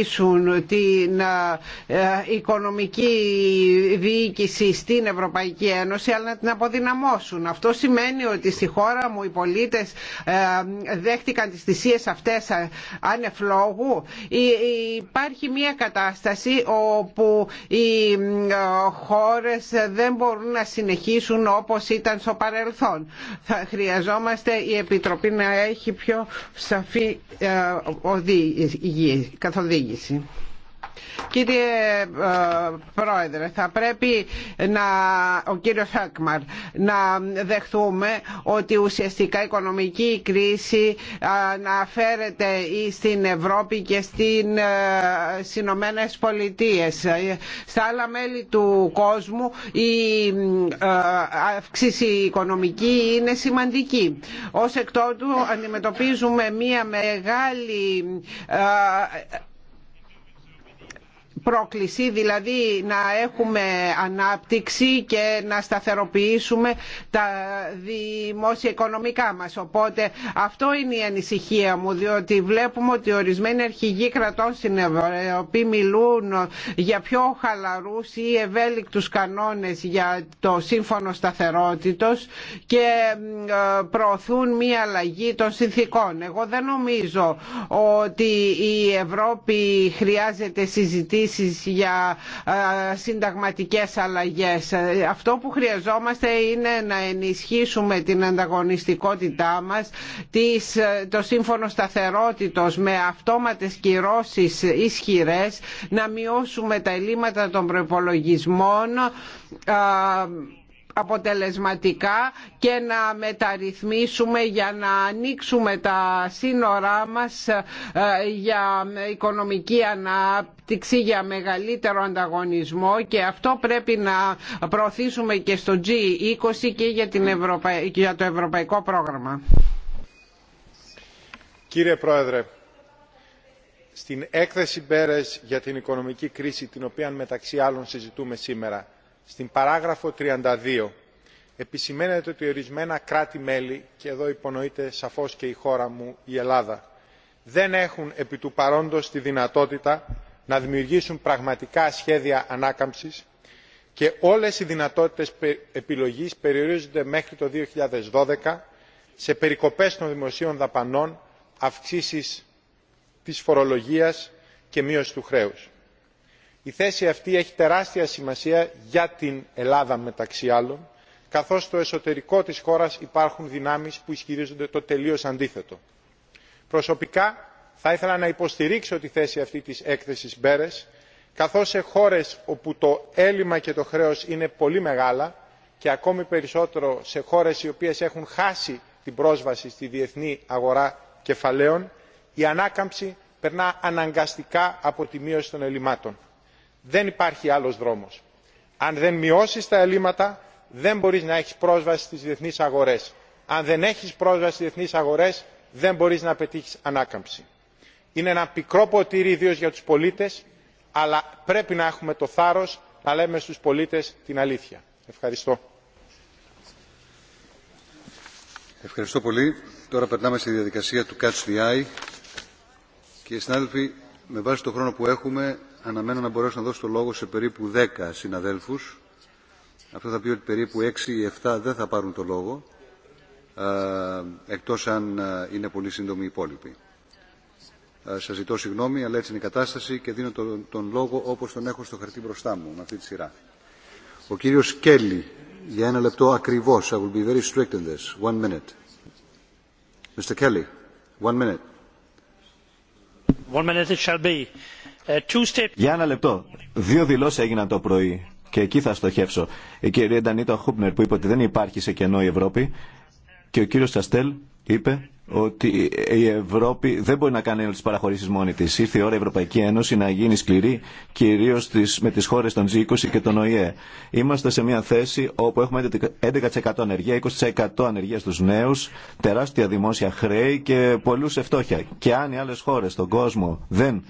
την ε, ε, οικονομική διοίκηση στην Ευρωπαϊκή Ένωση αλλά να την αποδυναμώσουν. Αυτό σημαίνει ότι στη χώρα μου οι πολίτες ε, δέχτηκαν τις θυσίες αυτές ανεφλόγου. Υπάρχει μια κατάσταση όπου οι χώρες δεν μπορούν να συνεχίσουν όπως ήταν στο παρελθόν. Θα χρειαζόμαστε η Επιτροπή να έχει πιο σαφή καθοδήγηση. Κύριε ε, Πρόεδρε, θα πρέπει να, ο κύριος Χάκμαρ να δεχθούμε ότι ουσιαστικά η οικονομική κρίση αναφέρεται στην Ευρώπη και ε, στις Ηνωμένε Πολιτείε. Στα άλλα μέλη του κόσμου η ε, αύξηση οικονομική είναι σημαντική. Ως εκ αντιμετωπίζουμε μία μεγάλη πρόκληση, δηλαδή να έχουμε ανάπτυξη και να σταθεροποιήσουμε τα δημόσια οικονομικά μας. Οπότε αυτό είναι η ανησυχία μου, διότι βλέπουμε ότι ορισμένοι αρχηγοί κρατών στην Ευρώπη μιλούν για πιο χαλαρούς ή ευέλικτους κανόνες για το σύμφωνο σταθερότητος και ε, προωθούν μία αλλαγή των συνθήκων. Εγώ δεν νομίζω ότι η Ευρώπη χρειάζεται συζητήσει για συνταγματικές αλλαγές. Ε, αυτό που χρειαζόμαστε είναι να ενισχύσουμε την ανταγωνιστικότητά μας, ε, το σύμφωνο σταθερότητος με αυτόματες κυρώσεις ισχυρές, να μειώσουμε τα ελλείμματα των προπολογισμών αποτελεσματικά και να μεταρρυθμίσουμε για να ανοίξουμε τα σύνορά μας ε, για οικονομική ανάπτυξη, για μεγαλύτερο ανταγωνισμό και αυτό πρέπει να προωθήσουμε και στο G20 και για, την για το ευρωπαϊκό πρόγραμμα. Κύριε Πρόεδρε, στην έκθεση Μπέρες για την οικονομική κρίση την οποία μεταξύ άλλων συζητούμε σήμερα στην παράγραφο 32 επισημαίνεται ότι ορισμένα κράτη μέλη και εδώ υπονοείται σαφώς και η χώρα μου η ελλάδα δεν έχουν επί του παρόντος τη δυνατότητα να δημιουργήσουν πραγματικά σχέδια ανάκαμψης και όλες οι δυνατότητες επιλογής περιορίζονται μέχρι το 2012 σε περικοπές των δημοσίων δαπανών αυξήσεις της φορολογίας και μείωση του χρέους η θέση αυτή έχει τεράστια σημασία για την ελλάδα μεταξύ άλλων καθώς στο εσωτερικό της χώρας υπάρχουν δυνάμεις που ισχυρίζονται το τελείως αντίθετο. προσωπικά θα ήθελα να υποστηρίξω τη θέση αυτή της έκθεσης μπέρες, καθώς σε χώρες όπου το έλλειμμα και το χρέος είναι πολύ μεγάλα και ακόμη περισσότερο σε χώρες οι οποίες έχουν χάσει την πρόσβαση στη διεθνή αγορά κεφαλαίων η ανάκαμψη περνά αναγκαστικά από τη μείωση των ελλημάτων δεν υπάρχει άλλος δρόμος. αν δεν μειώσεις τα ελλείμματα δεν μπορείς να έχεις πρόσβαση στις διεθνείς αγορές. αν δεν έχεις πρόσβαση στις διεθνείς αγορές δεν μπορείς να πετύχεις ανάκαμψη. είναι ένα πικρό ποτήρι ιδίω για τους πολίτες αλλά πρέπει να έχουμε το θάρρος να λέμε στους πολίτες την αλήθεια. ευχαριστώ. ευχαριστώ πολύ. τώρα περνάμε στη διαδικασία του catch the eye Κύριε με βάση το χρόνο που έχουμε αναμένω να μπορέσω να δώσω το λόγο σε περίπου 10 συναδέλφους. Αυτό θα πει ότι περίπου 6 ή 7 δεν θα πάρουν το λόγο, εκτός αν είναι πολύ σύντομοι οι υπόλοιποι. Σας ζητώ συγγνώμη, αλλά έτσι είναι η κατάσταση και δίνω τον, τον λόγο όπως τον έχω στο χαρτί μπροστά μου, με αυτή τη σειρά. Ο κύριος Κέλλη, για ένα λεπτό ακριβώς. I will be very strict in this. One minute. Mr. Kelly, one minute. One minute it shall be. Ε, Για ένα λεπτό. Δύο δηλώσει έγιναν το πρωί και εκεί θα στοχεύσω. Η κυρία Ντανίτα Χούπνερ που είπε ότι δεν υπάρχει σε κενό η Ευρώπη και ο κύριο Σαστέλ είπε ότι η Ευρώπη δεν μπορεί να κάνει όλε τι παραχωρήσει μόνη τη. Ήρθε η ώρα η Ευρωπαϊκή Ένωση να γίνει σκληρή, κυρίω με τι χώρε των G20 και των ΟΗΕ. Είμαστε σε μια θέση όπου έχουμε 11% ανεργία, 20% ανεργία στου νέου, τεράστια δημόσια χρέη και πολλού σε φτώχεια. Και αν οι άλλε χώρε στον κόσμο δεν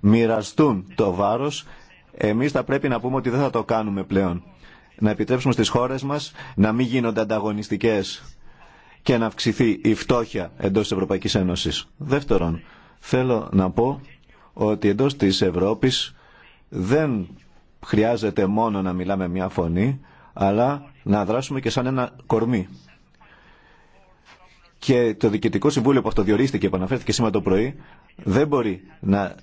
μοιραστούν το βάρος, εμείς θα πρέπει να πούμε ότι δεν θα το κάνουμε πλέον. Να επιτρέψουμε στις χώρες μας να μην γίνονται ανταγωνιστικές και να αυξηθεί η φτώχεια εντός της Ευρωπαϊκής Ένωσης. Δεύτερον, θέλω να πω ότι εντός της Ευρώπης δεν χρειάζεται μόνο να μιλάμε μια φωνή, αλλά να δράσουμε και σαν ένα κορμί. Και το Διοικητικό Συμβούλιο που αυτοδιορίστηκε και επαναφέρθηκε σήμερα το πρωί δεν μπορεί να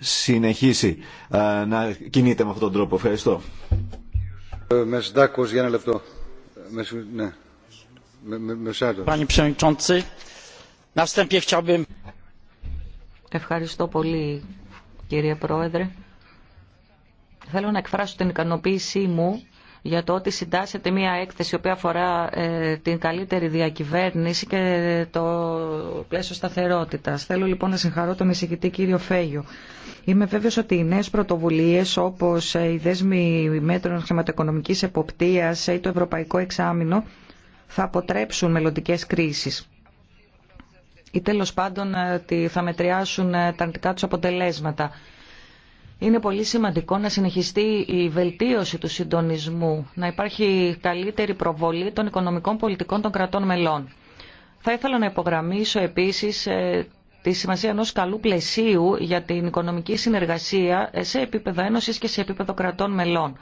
συνεχίσει ε, να κινείται με αυτόν τον τρόπο. Ευχαριστώ. Ε, για ένα λεπτό. Ναι. Ευχαριστώ πολύ κύριε Πρόεδρε. Θέλω να εκφράσω την ικανοποίησή μου για το ότι συντάσσεται μια έκθεση η οποία αφορά ε, την καλύτερη διακυβέρνηση και το πλαίσιο σταθερότητας. Θέλω λοιπόν να συγχαρώ τον εισηγητή κύριο Φέγιο. Είμαι βέβαιος ότι οι νέες πρωτοβουλίες όπως ε, οι δέσμοι μέτρων χρηματοοικονομικής εποπτείας ή το ευρωπαϊκό εξάμεινο θα αποτρέψουν μελλοντικέ κρίσεις ή τέλος πάντων ε, θα μετριάσουν τα αρνητικά τους αποτελέσματα. Είναι πολύ σημαντικό να συνεχιστεί η βελτίωση του συντονισμού, να υπάρχει καλύτερη προβολή των οικονομικών πολιτικών των κρατών μελών. Θα ήθελα να υπογραμμίσω επίσης ε, τη σημασία ενός καλού πλαισίου για την οικονομική συνεργασία ε, σε επίπεδο Ένωσης και σε επίπεδο κρατών μελών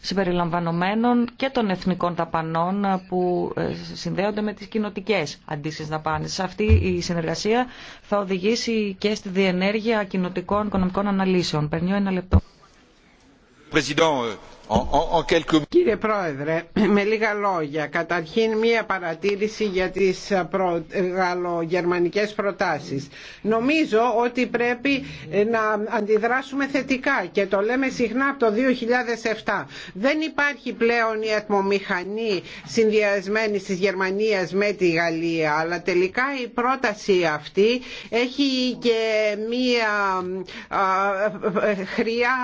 συμπεριλαμβανομένων και των εθνικών ταπανών που ε, συνδέονται με τις κοινοτικέ αντίστοιχε Σε Αυτή η συνεργασία θα οδηγήσει και στη διενέργεια κοινοτικών οικονομικών αναλύσεων. Περνιώ ένα λεπτό. Κύριε Πρόεδρε, με λίγα λόγια, καταρχήν μία παρατήρηση για τις ε, προ... Ε, γαλλογερμανικές προτάσεις. Νομίζω ότι πρέπει ε, να αντιδράσουμε θετικά και το λέμε συχνά από το 2007. Δεν υπάρχει πλέον η ατμομηχανή συνδυασμένη της Γερμανίας με τη Γαλλία, αλλά τελικά η πρόταση αυτή έχει και μία χρειά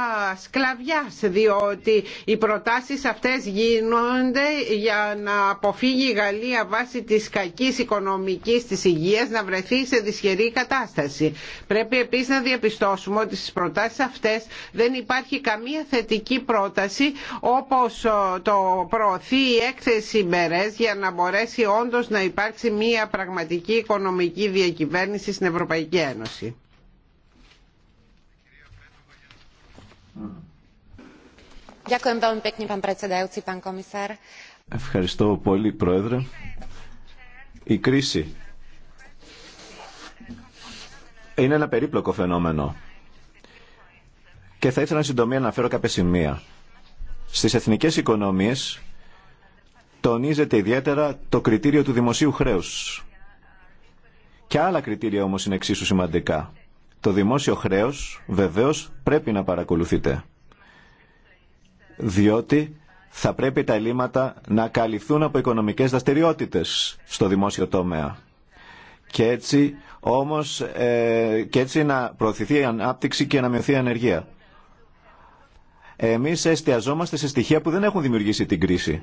σκλαβιάς, διότι οι προτάσεις αυτές γίνονται για να αποφύγει η Γαλλία βάσει της κακής οικονομικής της υγείας να βρεθεί σε δυσχερή κατάσταση. Πρέπει επίσης να διαπιστώσουμε ότι στις προτάσεις αυτές δεν υπάρχει καμία θετική πρόταση όπως ε, το προωθεί η έκθεση Μπερές για να μπορέσει όντως να υπάρξει μια πραγματική οικονομική διακυβέρνηση στην Ευρωπαϊκή Ένωση. Ευχαριστώ πολύ, Πρόεδρε. Η κρίση είναι ένα περίπλοκο φαινόμενο και θα ήθελα συντομία να αναφέρω κάποια σημεία. Στις εθνικές οικονομίες τονίζεται ιδιαίτερα το κριτήριο του δημοσίου χρέους. Και άλλα κριτήρια όμως είναι εξίσου σημαντικά. Το δημόσιο χρέος βεβαίως πρέπει να παρακολουθείτε διότι θα πρέπει τα ελλείμματα να καλυφθούν από οικονομικές δραστηριότητε στο δημόσιο τομέα. Και έτσι όμως ε, και έτσι να προωθηθεί η ανάπτυξη και να μειωθεί η ανεργία. Εμείς εστιαζόμαστε σε στοιχεία που δεν έχουν δημιουργήσει την κρίση.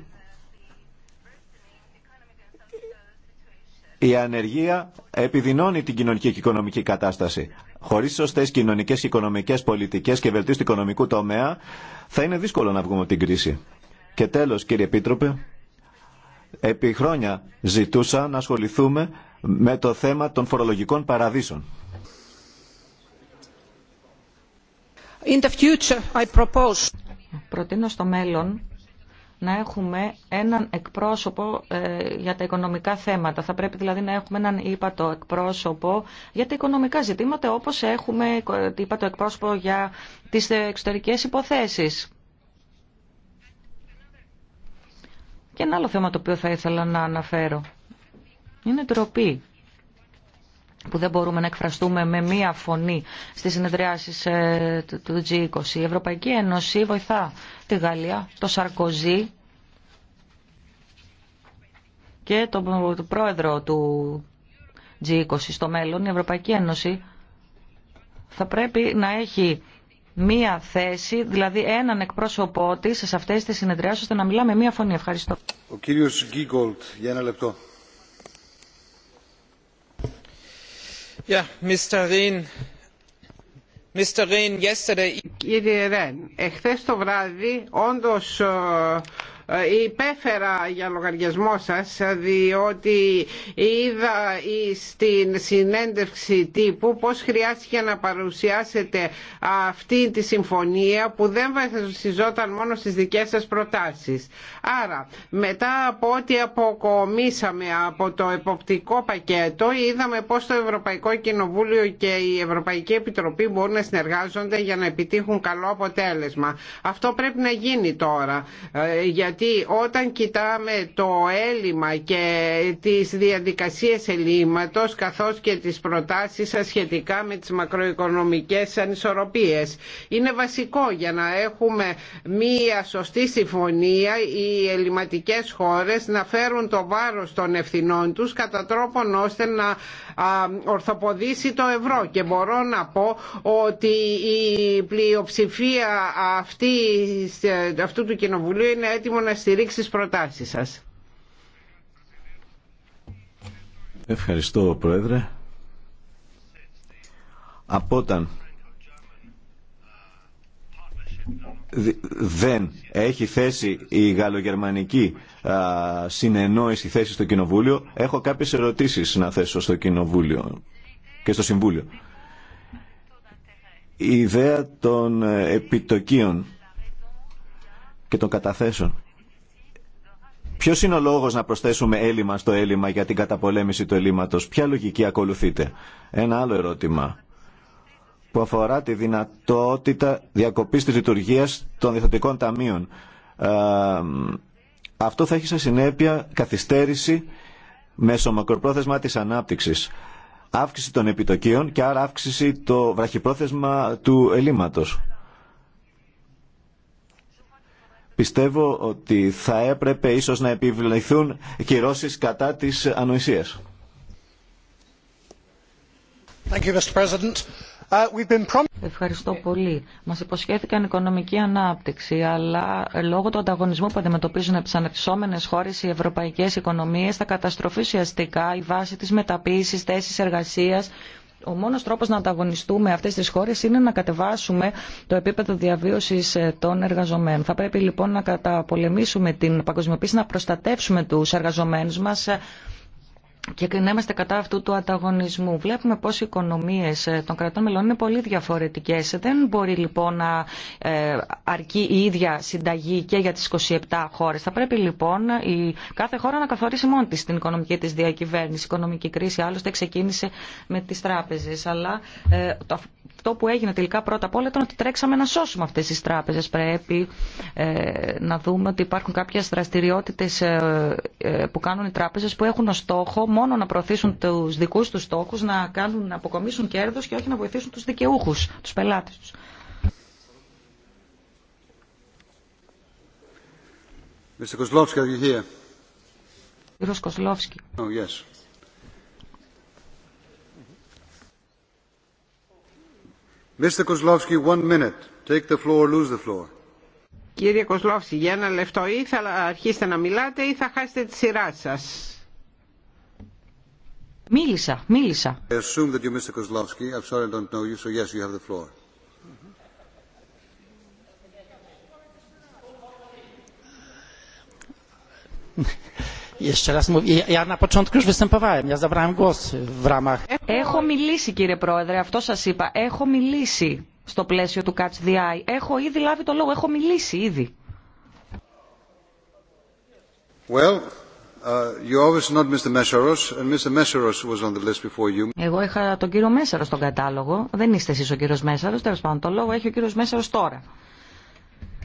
Η ανεργία επιδεινώνει την κοινωνική και οικονομική κατάσταση. Χωρί σωστέ κοινωνικέ και οικονομικέ πολιτικέ και βελτίωση του οικονομικού τομέα, θα είναι δύσκολο να βγούμε από την κρίση. Και τέλο, κύριε Επίτροπε, επί χρόνια ζητούσα να ασχοληθούμε με το θέμα των φορολογικών παραδείσων. Προτείνω στο μέλλον να έχουμε έναν εκπρόσωπο ε, για τα οικονομικά θέματα. Θα πρέπει δηλαδή να έχουμε έναν ύπατο εκπρόσωπο για τα οικονομικά ζητήματα, όπως έχουμε ύπατο εκπρόσωπο για τις εξωτερικές υποθέσεις. Και ένα άλλο θέμα το οποίο θα ήθελα να αναφέρω. Είναι τροπή που δεν μπορούμε να εκφραστούμε με μία φωνή στις συνεδριάσεις ε, του G20. Η Ευρωπαϊκή Ένωση βοηθά τη Γαλλία, το Σαρκοζή και τον πρόεδρο του G20 στο μέλλον. Η Ευρωπαϊκή Ένωση θα πρέπει να έχει μία θέση, δηλαδή έναν εκπρόσωπό τη σε αυτέ τι συνεδριάσει, ώστε να μιλάμε μία φωνή. Ευχαριστώ. Ο κύριος Γκίγκολτ, για ένα λεπτό. Κύριε Ρεν, εχθές το βράδυ όντως ε, ε, υπέφερα για λογαριασμό σας διότι είδα στην συνέντευξη τύπου πως χρειάστηκε να παρουσιάσετε αυτή τη συμφωνία που δεν βασιζόταν μόνο στις δικές σας προτάσεις. Άρα μετά από ό,τι αποκομίσαμε από το εποπτικό πακέτο είδαμε πως το Ευρωπαϊκό Κοινοβούλιο και η Ευρωπαϊκή Επιτροπή μπορούν να συνεργάζονται για να επιτύχουν καλό αποτέλεσμα. Αυτό πρέπει να γίνει τώρα ε, όταν κοιτάμε το έλλειμμα και τις διαδικασίες ελλείμματος καθώς και τις προτάσεις σας σχετικά με τις μακροοικονομικές ανισορροπίες είναι βασικό για να έχουμε μία σωστή συμφωνία οι ελληματικές χώρες να φέρουν το βάρος των ευθυνών τους κατά τρόπον ώστε να ορθοποδήσει το ευρώ και μπορώ να πω ότι η πλειοψηφία αυτή, αυτού του κοινοβουλίου είναι έτοιμο να στηρίξει τις προτάσεις σας. Ευχαριστώ Πρόεδρε. Από δεν έχει θέση η γαλλογερμανική συνεννόηση θέση στο Κοινοβούλιο, έχω κάποιες ερωτήσεις να θέσω στο Κοινοβούλιο και στο Συμβούλιο. Η ιδέα των ε, επιτοκίων και των καταθέσεων. Ποιος είναι ο λόγος να προσθέσουμε έλλειμμα στο έλλειμμα για την καταπολέμηση του έλλειμματος. Ποια λογική ακολουθείτε. Ένα άλλο ερώτημα που αφορά τη δυνατότητα διακοπής της λειτουργίας των διεθντικών ταμείων. Ε, αυτό θα έχει σαν συνέπεια καθυστέρηση μέσω μακροπρόθεσμα της ανάπτυξης, αύξηση των επιτοκίων και άρα αύξηση το βραχυπρόθεσμα του ελλείμματος. Πιστεύω ότι θα έπρεπε ίσως να επιβληθούν κυρώσεις κατά της ανοησίας. Thank you, Mr. Uh, Ευχαριστώ πολύ. Μας υποσχέθηκαν οικονομική ανάπτυξη, αλλά λόγω του ανταγωνισμού που αντιμετωπίζουν από τις αναπτυσσόμενες χώρες οι ευρωπαϊκές οικονομίες θα καταστροφεί ουσιαστικά η βάση της μεταποίησης θέσης εργασίας ο μόνο τρόπο να ανταγωνιστούμε αυτέ τι χώρε είναι να κατεβάσουμε το επίπεδο διαβίωση ε, των εργαζομένων. Θα πρέπει λοιπόν να καταπολεμήσουμε την παγκοσμιοποίηση, να προστατεύσουμε του εργαζομένου μα ε, και να είμαστε κατά αυτού του ανταγωνισμού. Βλέπουμε πως οι οικονομίες ε, των κρατών μελών είναι πολύ διαφορετικές. Δεν μπορεί λοιπόν να ε, αρκεί η ίδια συνταγή και για τις 27 χώρες. Θα πρέπει λοιπόν η κάθε χώρα να καθορίσει μόνη της την οικονομική της διακυβέρνηση. Η οικονομική κρίση άλλωστε ξεκίνησε με τις τράπεζες. Αλλά ε, αυτό που έγινε τελικά πρώτα απ' όλα ήταν ότι τρέξαμε να σώσουμε αυτές τις τράπεζες. Πρέπει να δούμε ότι υπάρχουν κάποιες δραστηριότητες που κάνουν οι τράπεζε που έχουν στόχο μόνο να προωθήσουν τους δικούς τους τόκους να, κάνουν, να αποκομίσουν κέρδος και όχι να βοηθήσουν τους δικαιούχους, τους πελάτες τους. Mr. Kozlovsky, are you here? Κύριος Κοσλόφσκι. Oh, yes. Mr. Kozlovsky, one minute. Take the floor, lose the floor. Κύριε Κοσλόφσκι, για ένα λεπτό ή θα αρχίσετε να μιλάτε ή θα χάσετε τη σειρά σας. Μίλησα, μίλησα. Έχω μιλήσει κύριε Πρόεδρε, αυτό σας είπα. Έχω μιλήσει στο πλαίσιο του Catch Έχω ήδη λάβει το λόγο, έχω μιλήσει ήδη. Uh, Εγώ είχα τον κύριο Μέσαρο στον κατάλογο. Δεν είστε εσεί ο κύριο Μέσαρο. Τέλο πάντων, το λόγο έχει ο κύριο Μέσαρο τώρα.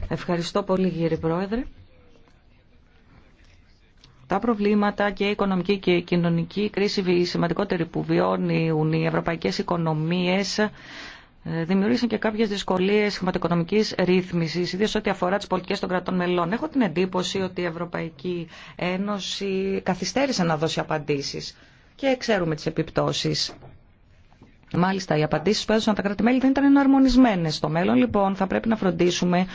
Ευχαριστώ πολύ, κύριε Πρόεδρε. Τα προβλήματα και η οικονομική και η κοινωνική κρίση, οι σημαντικότεροι που βιώνουν οι ευρωπαϊκέ οικονομίε. Ε, δημιούργησαν και κάποιε δυσκολίε χρηματοοικονομική ρύθμιση, ιδίω ό,τι αφορά τι πολιτικέ των κρατών μελών. Έχω την εντύπωση ότι η Ευρωπαϊκή Ένωση καθυστέρησε να δώσει απαντήσει και ξέρουμε τι επιπτώσει. Μάλιστα, οι απαντήσει που έδωσαν τα κράτη-μέλη δεν ήταν εναρμονισμένε. Στο μέλλον, λοιπόν, θα πρέπει να φροντίσουμε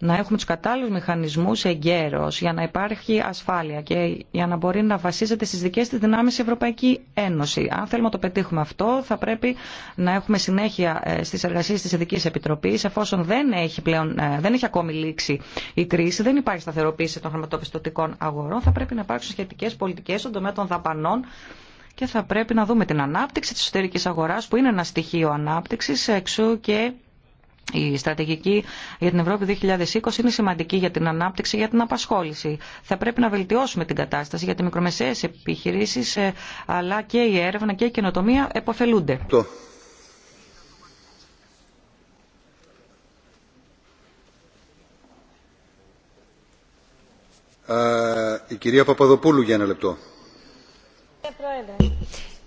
να έχουμε τους κατάλληλους μηχανισμούς εγκαίρως για να υπάρχει ασφάλεια και για να μπορεί να βασίζεται στις δικές της δυνάμεις η Ευρωπαϊκή Ένωση. Αν θέλουμε να το πετύχουμε αυτό θα πρέπει να έχουμε συνέχεια ε, στις εργασίες της Ειδικής Επιτροπής εφόσον δεν έχει, πλέον, ε, δεν έχει ακόμη λήξει η κρίση, δεν υπάρχει σταθεροποίηση των χρηματοπιστωτικών αγορών, θα πρέπει να υπάρξουν σχετικές πολιτικές στον τομέα των δαπανών και θα πρέπει να δούμε την ανάπτυξη της εσωτερικής αγοράς που είναι ένα στοιχείο ανάπτυξης εξού και η στρατηγική για την Ευρώπη 2020 είναι σημαντική για την ανάπτυξη, για την απασχόληση. Θα πρέπει να βελτιώσουμε την κατάσταση για τι μικρομεσαίε επιχείρησει, ε, αλλά και η έρευνα και η καινοτομία επωφελούνται. Ε, η κυρία Παπαδοπούλου για ένα λεπτό.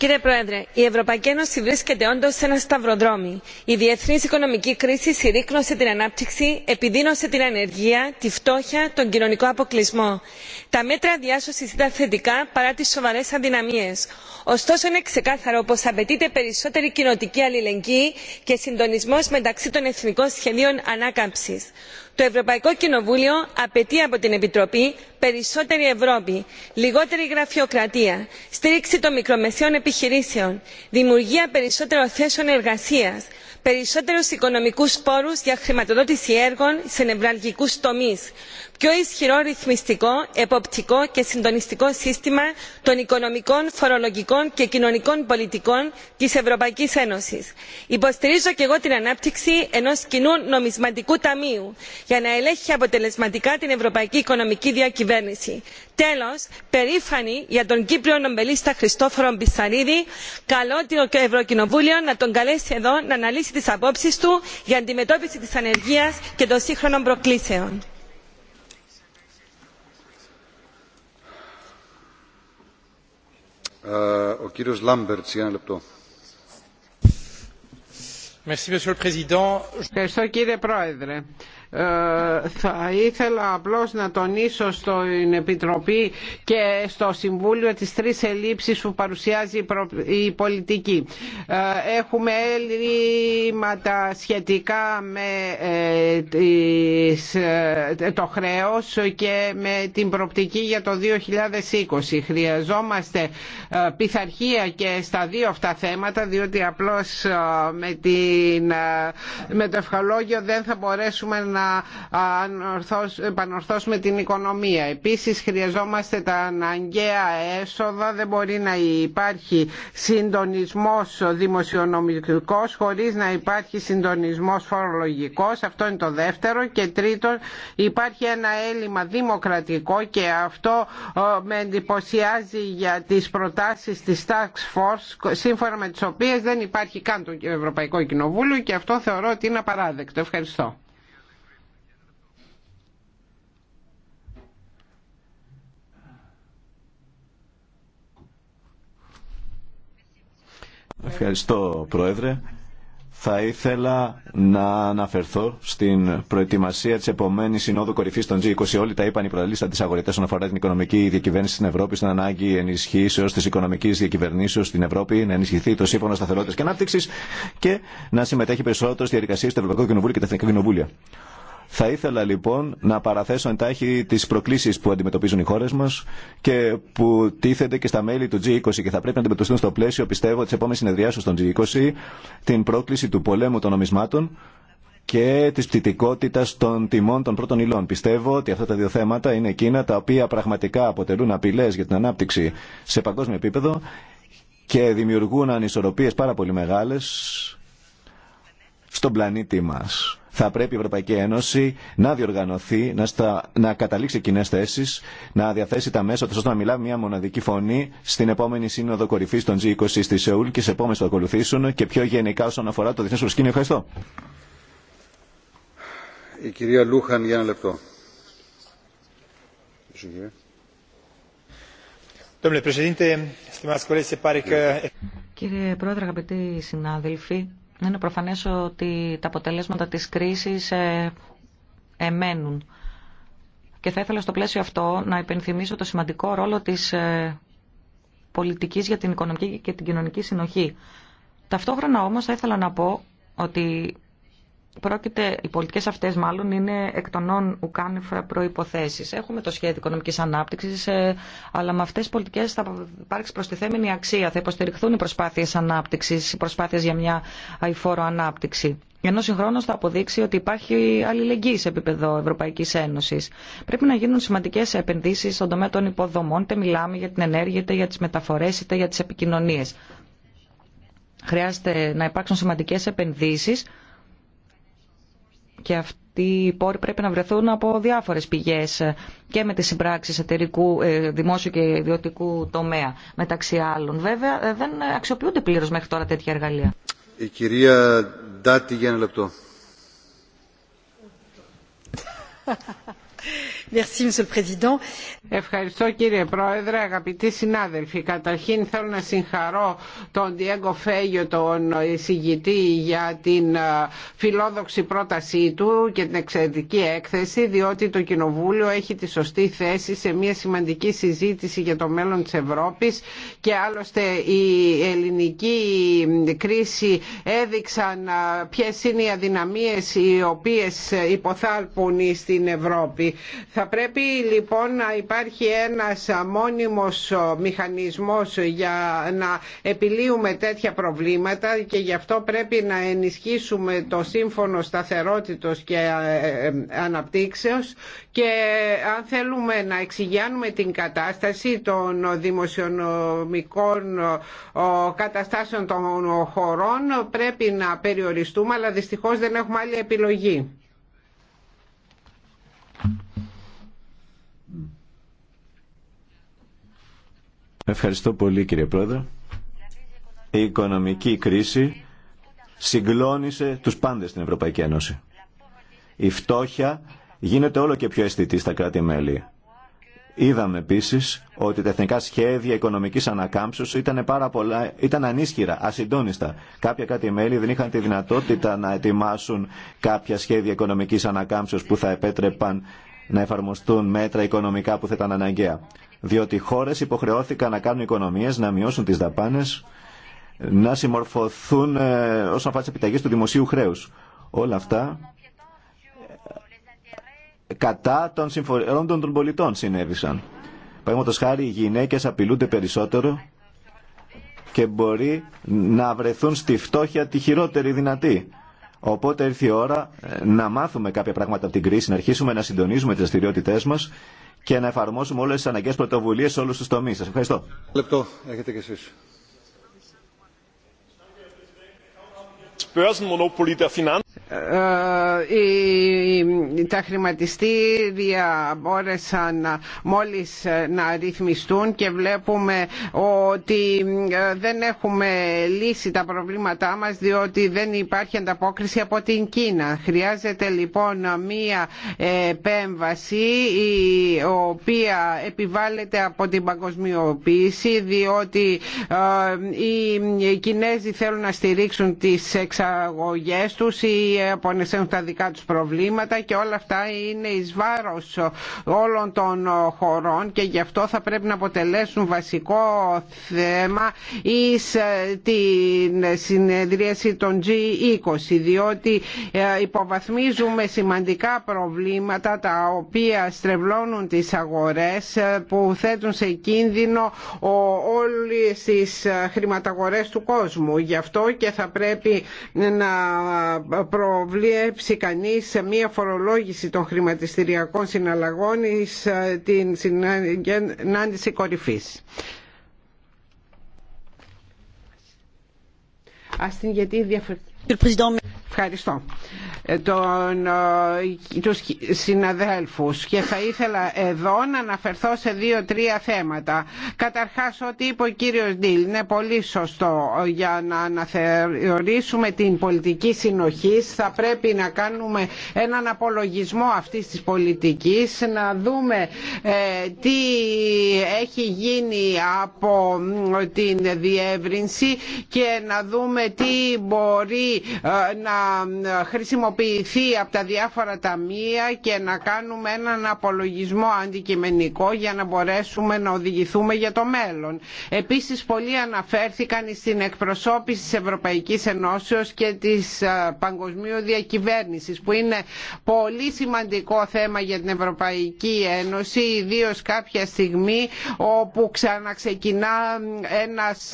Κύριε Πρόεδρε, η Ευρωπαϊκή Ένωση βρίσκεται όντω σε ένα σταυροδρόμι. Η διεθνή οικονομική κρίση συρρήκνωσε την ανάπτυξη, επιδίνωσε την ανεργία, τη φτώχεια, τον κοινωνικό αποκλεισμό. Τα μέτρα διάσωση ήταν θετικά παρά τι σοβαρέ αδυναμίε. Ωστόσο, είναι ξεκάθαρο πω απαιτείται περισσότερη κοινοτική αλληλεγγύη και συντονισμό μεταξύ των εθνικών σχεδίων ανάκαμψη το ευρωπαϊκό κοινοβούλιο απαιτεί από την επιτροπή περισσότερη ευρώπη λιγότερη γραφειοκρατία στήριξη των μικρομεσαίων επιχειρήσεων δημιουργία περισσότερων θέσεων εργασία περισσότερου οικονομικού πόρου για χρηματοδότηση έργων σε νευραλγικού τομεί πιο ισχυρό ρυθμιστικό εποπτικό και συντονιστικό σύστημα των οικονομικών φορολογικών και κοινωνικών πολιτικών τη ευρωπαϊκή ένωση. υποστηρίζω και εγώ την ανάπτυξη ενό κοινού νομισματικού ταμείου για να ελέγχει αποτελεσματικά την ευρωπαϊκή οικονομική διακυβέρνηση. τέλο περήφανη για τον κύπριο νομπελίστα χριστόφορο μπισαρίδη καλώ το ευρωκοινοβούλιο να τον καλέσει εδώ να αναλύσει τι απόψει του για αντιμετώπιση τη ανεργία και των σύγχρονων προκλήσεων. Ο κύριος Λάμπερτς, για ένα λεπτό. Ευχαριστώ κύριε Πρόεδρε ε, θα ήθελα απλώς να τονίσω στην Επιτροπή και στο Συμβούλιο τις τρεις ελλείψεις που παρουσιάζει η πολιτική. Ε, έχουμε έλλειμματα σχετικά με ε, το χρέος και με την προπτική για το 2020. Χρειαζόμαστε πειθαρχία και στα δύο αυτά θέματα διότι απλώς με, την, με το ευχαλόγιο δεν θα μπορέσουμε να να επανορθώσουμε την οικονομία. Επίσης χρειαζόμαστε τα αναγκαία έσοδα, δεν μπορεί να υπάρχει συντονισμός δημοσιονομικός χωρίς να υπάρχει συντονισμός φορολογικός, αυτό είναι το δεύτερο και τρίτον υπάρχει ένα έλλειμμα δημοκρατικό και αυτό με εντυπωσιάζει για τις προτάσεις της Tax Force σύμφωνα με τις οποίες δεν υπάρχει καν το Ευρωπαϊκό Κοινοβούλιο και αυτό θεωρώ ότι είναι απαράδεκτο. Ευχαριστώ. Ευχαριστώ, Πρόεδρε. Θα ήθελα να αναφερθώ στην προετοιμασία τη επομένη Συνόδου Κορυφή των G20. Όλοι τα είπαν οι τη αγορητέ όσον αφορά την οικονομική διακυβέρνηση στην Ευρώπη, στην ανάγκη ενισχύσεω τη οικονομική διακυβερνήσεω στην Ευρώπη, να ενισχυθεί το Σύμφωνο Σταθερότητα και Ανάπτυξη και να συμμετέχει περισσότερο στη διαδικασία του Ευρωπαϊκού Κοινοβούλου και τα Εθνικά Κοινοβούλια. Θα ήθελα λοιπόν να παραθέσω εντάχει τι προκλήσει που αντιμετωπίζουν οι χώρε μα και που τίθενται και στα μέλη του G20 και θα πρέπει να αντιμετωπιστούν στο πλαίσιο, πιστεύω, τη επόμενη συνεδριάσεω στον G20, την πρόκληση του πολέμου των νομισμάτων και τη πτυτικότητα των τιμών των πρώτων υλών. Πιστεύω ότι αυτά τα δύο θέματα είναι εκείνα τα οποία πραγματικά αποτελούν απειλέ για την ανάπτυξη σε παγκόσμιο επίπεδο και δημιουργούν ανισορροπίε πάρα πολύ μεγάλε στον πλανήτη μας θα πρέπει η Ευρωπαϊκή Ένωση να διοργανωθεί, να, να καταλήξει κοινέ θέσει, να διαθέσει τα μέσα ώστε να μιλά μια μοναδική φωνή στην επόμενη σύνοδο κορυφή των G20 στη Σεούλ και σε επόμενε που ακολουθήσουν και πιο γενικά όσον αφορά το διεθνέ προσκήνιο. Ευχαριστώ. Η κυρία Λούχαν για ένα λεπτό. Κύριε Πρόεδρε, αγαπητοί συνάδελφοι, είναι προφανές ότι τα αποτελέσματα της κρίσης ε, εμένουν. Και θα ήθελα στο πλαίσιο αυτό να υπενθυμίσω το σημαντικό ρόλο της ε, πολιτικής για την οικονομική και την κοινωνική συνοχή. Ταυτόχρονα όμως θα ήθελα να πω ότι Πρόκειται, οι πολιτικέ αυτέ μάλλον είναι εκ των όν ουκάνευρα προϋποθέσεις. Έχουμε το σχέδιο οικονομικής ανάπτυξης, ε, αλλά με αυτέ τι πολιτικέ θα υπάρξει προστιθέμενη αξία, θα υποστηριχθούν οι προσπάθειε ανάπτυξη οι προσπάθειε για μια αηφόρο ανάπτυξη. Ενώ συγχρόνω θα αποδείξει ότι υπάρχει αλληλεγγύη σε επίπεδο Ευρωπαϊκή Ένωση. Πρέπει να γίνουν σημαντικέ επενδύσει στον τομέα των υποδομών, είτε μιλάμε για την ενέργεια, είτε για τι μεταφορέ, είτε για τι επικοινωνίε. Χρειάζεται να υπάρξουν σημαντικέ επενδύσει και αυτοί οι πόροι πρέπει να βρεθούν από διάφορες πηγές και με τις συμπράξεις εταιρικού, ε, δημόσιου και ιδιωτικού τομέα μεταξύ άλλων. Βέβαια ε, δεν αξιοποιούνται πλήρως μέχρι τώρα τέτοια εργαλεία. Η κυρία Ντάτη για ένα λεπτό. Ευχαριστώ κύριε Πρόεδρε, αγαπητοί συνάδελφοι. Καταρχήν θέλω να συγχαρώ τον Διέγκο Φέγιο, τον εισηγητή για την ε, φιλόδοξη πρότασή του και την εξαιρετική έκθεση, διότι το Κοινοβούλιο έχει τη σωστή θέση σε μια σημαντική συζήτηση για το μέλλον της Ευρώπης και άλλωστε η ελληνική κρίση έδειξαν ε, ποιες είναι οι αδυναμίες οι οποίες ε, υποθάλπουν στην Ευρώπη. Θα πρέπει λοιπόν να υπάρχει ένας μόνιμος μηχανισμός για να επιλύουμε τέτοια προβλήματα και γι' αυτό πρέπει να ενισχύσουμε το σύμφωνο σταθερότητος και ε, ε, αναπτύξεως και αν θέλουμε να εξηγιάνουμε την κατάσταση των δημοσιονομικών καταστάσεων των χωρών πρέπει να περιοριστούμε αλλά δυστυχώς δεν έχουμε άλλη επιλογή. Ευχαριστώ πολύ κύριε Πρόεδρε. Η οικονομική κρίση συγκλώνησε τους πάντες στην Ευρωπαϊκή Ένωση. Η φτώχεια γίνεται όλο και πιο αισθητή στα κράτη-μέλη. Είδαμε επίση ότι τα εθνικά οικονομική οικονομικής ανακάμψεως ήταν, πάρα πολλά, ήταν ανίσχυρα, ασυντόνιστα. Κάποια κράτη-μέλη δεν είχαν τη δυνατότητα να ετοιμάσουν κάποια σχέδια οικονομική ανακάμψης που θα επέτρεπαν να εφαρμοστούν μέτρα οικονομικά που θα ήταν αναγκαία διότι οι χώρες υποχρεώθηκαν να κάνουν οικονομίες, να μειώσουν τις δαπάνες, να συμμορφωθούν ε, όσον αφορά τις επιταγές του δημοσίου χρέους. Όλα αυτά ε, κατά των συμφοριών των πολιτών συνέβησαν. Παραδείγματος χάρη, οι γυναίκε απειλούνται περισσότερο και μπορεί να βρεθούν στη φτώχεια τη χειρότερη δυνατή. Οπότε ήρθε η ώρα ε, να μάθουμε κάποια πράγματα από την κρίση, να αρχίσουμε να συντονίζουμε τις δραστηριότητέ μας και να εφαρμόσουμε όλες τις αναγκαίες πρωτοβουλίες σε όλους τους τομείς. Σας ευχαριστώ. Λεπτό, έχετε ε, τα χρηματιστήρια μπόρεσαν μόλις να ρυθμιστούν και βλέπουμε ότι ε, δεν έχουμε λύσει τα προβλήματά μας διότι δεν υπάρχει ανταπόκριση από την Κίνα. Χρειάζεται λοιπόν μία επέμβαση η οποία επιβάλλεται από την παγκοσμιοποίηση διότι ε, οι Κινέζοι θέλουν να στηρίξουν τις εξαγωγές τους, οι που τα δικά τους προβλήματα και όλα αυτά είναι εις βάρος όλων των χωρών και γι' αυτό θα πρέπει να αποτελέσουν βασικό θέμα εις ε, την συνεδρίαση των G20 διότι ε, υποβαθμίζουμε σημαντικά προβλήματα τα οποία στρεβλώνουν τις αγορές ε, που θέτουν σε κίνδυνο όλες τις χρηματαγορές του κόσμου. Γι' αυτό και θα πρέπει να προβλέψει κανείς σε μία φορολόγηση των χρηματιστηριακών συναλλαγών ε, την συνάντηση κορυφής. Ας την γιατί Ευχαριστώ ε, τον, ε, τους συναδέλφους και θα ήθελα εδώ να αναφερθώ σε δύο-τρία θέματα. Καταρχάς ό,τι είπε ο κύριος Ντίλ είναι πολύ σωστό για να αναθεωρήσουμε την πολιτική συνοχή θα πρέπει να κάνουμε έναν απολογισμό αυτής της πολιτικής να δούμε ε, τι έχει γίνει από την διεύρυνση και να δούμε τι μπορεί ε, να ε, χρησιμοποιηθεί από τα διάφορα ταμεία και να κάνουμε έναν απολογισμό αντικειμενικό για να μπορέσουμε να οδηγηθούμε για το μέλλον. Επίσης πολλοί αναφέρθηκαν στην εκπροσώπηση της Ευρωπαϊκής Ενώσεως και της ε, παγκοσμίου διακυβέρνησης που είναι πολύ σημαντικό θέμα για την Ευρωπαϊκή Ένωση ιδίω κάποια στιγμή όπου ξαναξεκινά ένας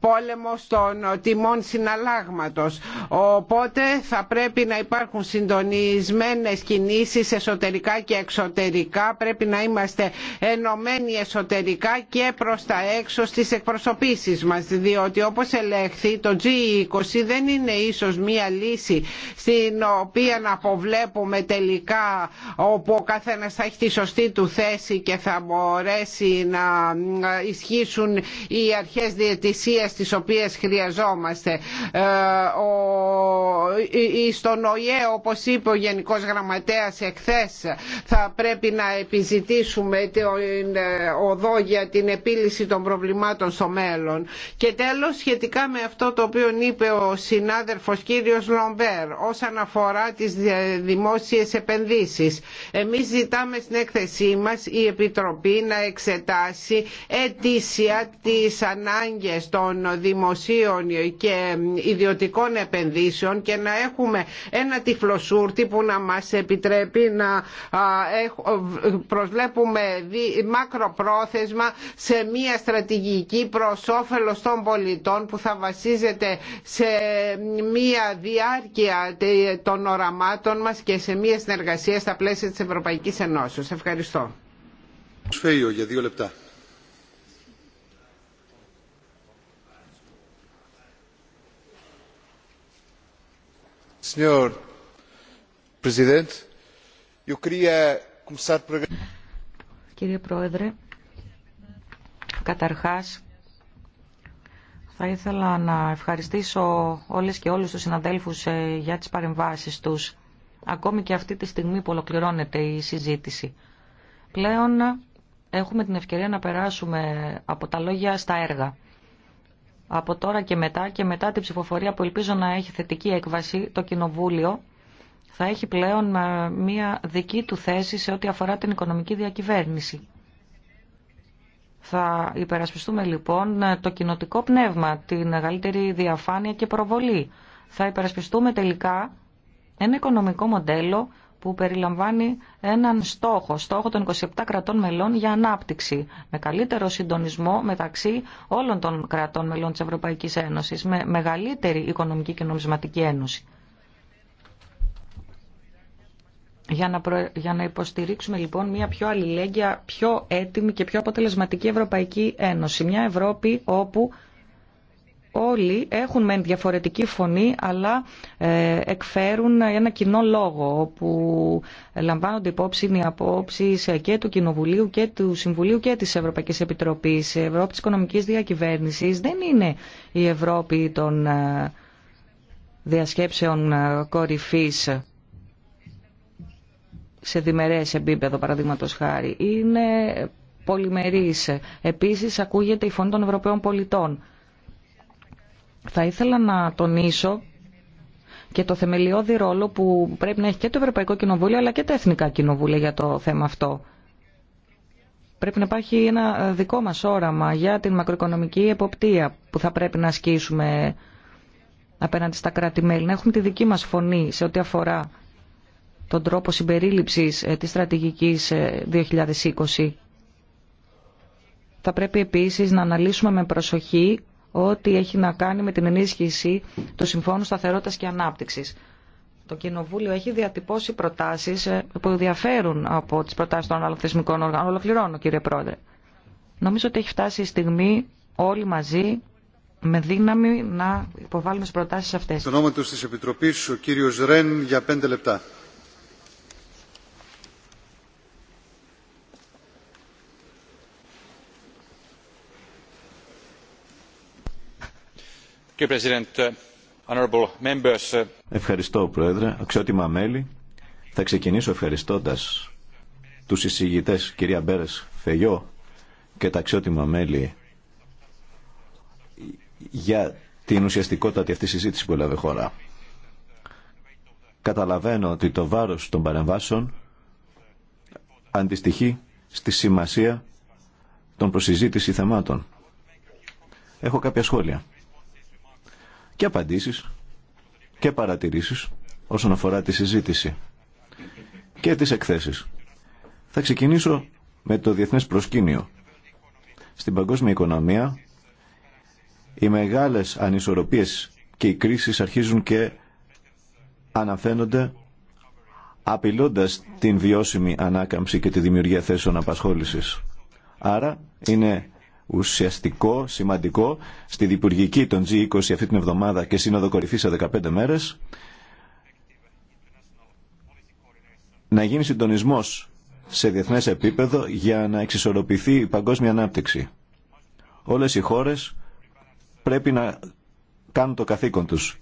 πόλεμος των τιμών συναλλάγματος Οπότε θα πρέπει να υπάρχουν συντονισμένες κινήσεις εσωτερικά και εξωτερικά. Πρέπει να είμαστε ενωμένοι εσωτερικά και προς τα έξω στις εκπροσωπήσεις μας. Διότι όπως ελέγχθη το G20 δεν είναι ίσως μία λύση στην οποία να αποβλέπουμε τελικά όπου ο καθένας θα έχει τη σωστή του θέση και θα μπορέσει να ισχύσουν οι αρχές διαιτησίας τις οποίες χρειαζόμαστε. Ε, στον ΟΗΕ όπως είπε ο Γενικός Γραμματέας εχθές θα πρέπει να επιζητήσουμε την ε, οδό για την επίλυση των προβλημάτων στο μέλλον. Και τέλος σχετικά με αυτό το οποίο είπε ο συνάδελφος κύριος Λομπέρ όσον αφορά τις δημόσιες επενδύσεις. Εμείς ζητάμε στην έκθεσή μας η Επιτροπή να εξετάσει ετήσια τις ανάγκες των δημοσίων και ε, ιδιωτικών και να έχουμε ένα τυφλοσούρτι που να μας επιτρέπει να προσβλέπουμε μακροπρόθεσμα σε μια στρατηγική προς όφελος των πολιτών που θα βασίζεται σε μια διάρκεια των οραμάτων μας και σε μια συνεργασία στα πλαίσια της Ευρωπαϊκής Ενώσεως. Ευχαριστώ. Σφέιο, για Κύριε Πρόεδρε, καταρχάς θα ήθελα να ευχαριστήσω όλες και όλους τους συναδέλφους ε, για τις παρεμβάσεις τους, ακόμη και αυτή τη στιγμή που ολοκληρώνεται η συζήτηση. Πλέον έχουμε την ευκαιρία να περάσουμε από τα λόγια στα έργα από τώρα και μετά και μετά την ψηφοφορία που ελπίζω να έχει θετική έκβαση το Κοινοβούλιο θα έχει πλέον ε, μία δική του θέση σε ό,τι αφορά την οικονομική διακυβέρνηση. Θα υπερασπιστούμε λοιπόν ε, το κοινοτικό πνεύμα, την μεγαλύτερη διαφάνεια και προβολή. Θα υπερασπιστούμε τελικά ένα οικονομικό μοντέλο που περιλαμβάνει έναν στόχο, στόχο των 27 κρατών μελών για ανάπτυξη, με καλύτερο συντονισμό μεταξύ όλων των κρατών μελών της Ευρωπαϊκής Ένωσης, με μεγαλύτερη οικονομική και νομισματική ένωση. Για να, για να υποστηρίξουμε λοιπόν μια πιο αλληλέγγυα, πιο έτοιμη και πιο αποτελεσματική Ευρωπαϊκή Ένωση. Μια Ευρώπη όπου όλοι έχουν μεν διαφορετική φωνή αλλά ε, εκφέρουν ένα κοινό λόγο όπου λαμβάνονται υπόψη οι απόψεις ε, και του Κοινοβουλίου και του Συμβουλίου και της Ευρωπαϊκής Επιτροπής. Η Ευρώπη της Οικονομικής Διακυβέρνησης δεν είναι η Ευρώπη των ε, διασκέψεων κορυφής σε διμερές επίπεδο παραδείγματος χάρη. Είναι πολυμερής. Επίσης ακούγεται η φωνή των Ευρωπαίων πολιτών θα ήθελα να τονίσω και το θεμελιώδη ρόλο που πρέπει να έχει και το Ευρωπαϊκό Κοινοβούλιο αλλά και τα Εθνικά Κοινοβούλια για το θέμα αυτό. Πρέπει να υπάρχει ένα δικό μας όραμα για την μακροοικονομική εποπτεία που θα πρέπει να ασκήσουμε απέναντι στα κράτη-μέλη. Να έχουμε τη δική μας φωνή σε ό,τι αφορά τον τρόπο συμπερίληψης ε, της στρατηγικής 2020. Ε, θα πρέπει επίσης να αναλύσουμε με προσοχή ό,τι έχει να κάνει με την ενίσχυση του Συμφώνου Σταθερότητας και ανάπτυξη. Το Κοινοβούλιο έχει διατυπώσει προτάσεις ε, που διαφέρουν από τις προτάσεις των άλλων θεσμικών οργάνων. Ολοκληρώνω κύριε Πρόεδρε. Νομίζω ότι έχει φτάσει η στιγμή όλοι μαζί με δύναμη να υποβάλουμε τι προτάσει αυτές. Στον όνομα τη Επιτροπή, ο κύριο Ρεν για πέντε λεπτά. Uh, Ευχαριστώ, Πρόεδρε. Αξιότιμα μέλη, θα ξεκινήσω ευχαριστώντας τους συζητητές κυρία Μπέρες Φεγιό και τα αξιότιμα μέλη για την ουσιαστικότητα αυτή συζήτηση που έλαβε χώρα. Καταλαβαίνω ότι το βάρος των παρεμβάσεων αντιστοιχεί στη σημασία των προσυζήτηση θεμάτων. Έχω κάποια σχόλια και απαντήσεις και παρατηρήσεις όσον αφορά τη συζήτηση και τις εκθέσεις. Θα ξεκινήσω με το διεθνές προσκήνιο. Στην παγκόσμια οικονομία οι μεγάλες ανισορροπίες και οι κρίσεις αρχίζουν και αναφαίνονται απειλώντας την βιώσιμη ανάκαμψη και τη δημιουργία θέσεων απασχόλησης. Άρα είναι ουσιαστικό, σημαντικό, στη Διπουργική των G20 αυτή την εβδομάδα και Σύνοδο Κορυφή σε 15 μέρες, να γίνει συντονισμό σε διεθνές επίπεδο για να εξισορροπηθεί η παγκόσμια ανάπτυξη. Όλες οι χώρες πρέπει να κάνουν το καθήκον τους.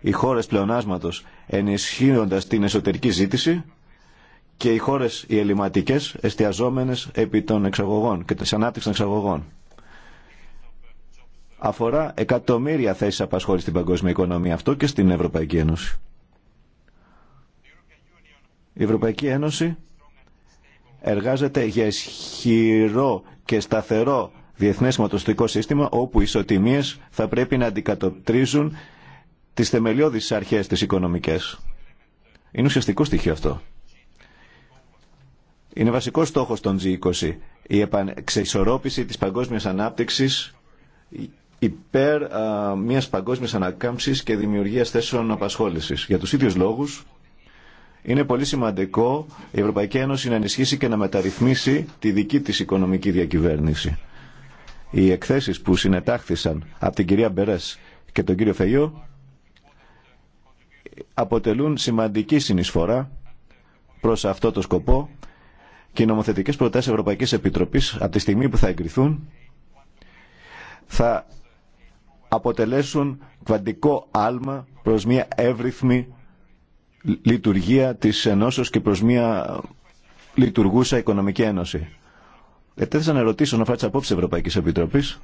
Οι χώρες πλεονάσματο, ενισχύοντας την εσωτερική ζήτηση και οι χώρες οι ελληματικέ, εστιαζόμενε επί των εξαγωγών και τη ανάπτυξη των εξαγωγών. Αφορά εκατομμύρια θέσει απασχόληση στην παγκόσμια οικονομία αυτό και στην Ευρωπαϊκή Ένωση. Η Ευρωπαϊκή Ένωση εργάζεται για ισχυρό και σταθερό διεθνές ματοστικό σύστημα όπου οι ισοτιμίες θα πρέπει να αντικατοπτρίζουν τις θεμελιώδεις αρχέ τη οικονομικέ. Είναι ουσιαστικό στοιχείο αυτό. Είναι βασικό στόχος των G20 η εξισορρόπηση της παγκόσμιας ανάπτυξης υπέρ μια μιας παγκόσμιας και δημιουργίας θέσεων απασχόλησης. Για τους ίδιους λόγους είναι πολύ σημαντικό η Ευρωπαϊκή Ένωση να ενισχύσει και να μεταρρυθμίσει τη δική της οικονομική διακυβέρνηση. Οι εκθέσεις που συνετάχθησαν από την κυρία Μπερές και τον κύριο Φεγιό αποτελούν σημαντική συνεισφορά προς αυτό το σκοπό και οι νομοθετικές προτάσεις Ευρωπαϊκής Επιτροπής από τη στιγμή που θα εγκριθούν θα αποτελέσουν κβαντικό άλμα προ μια εύρυθμη λειτουργία τη ενώσεω και προ μια λειτουργούσα οικονομική ένωση. Ετέθησα να ρωτήσω να απόψει τη Ευρωπαϊκής Επιτροπής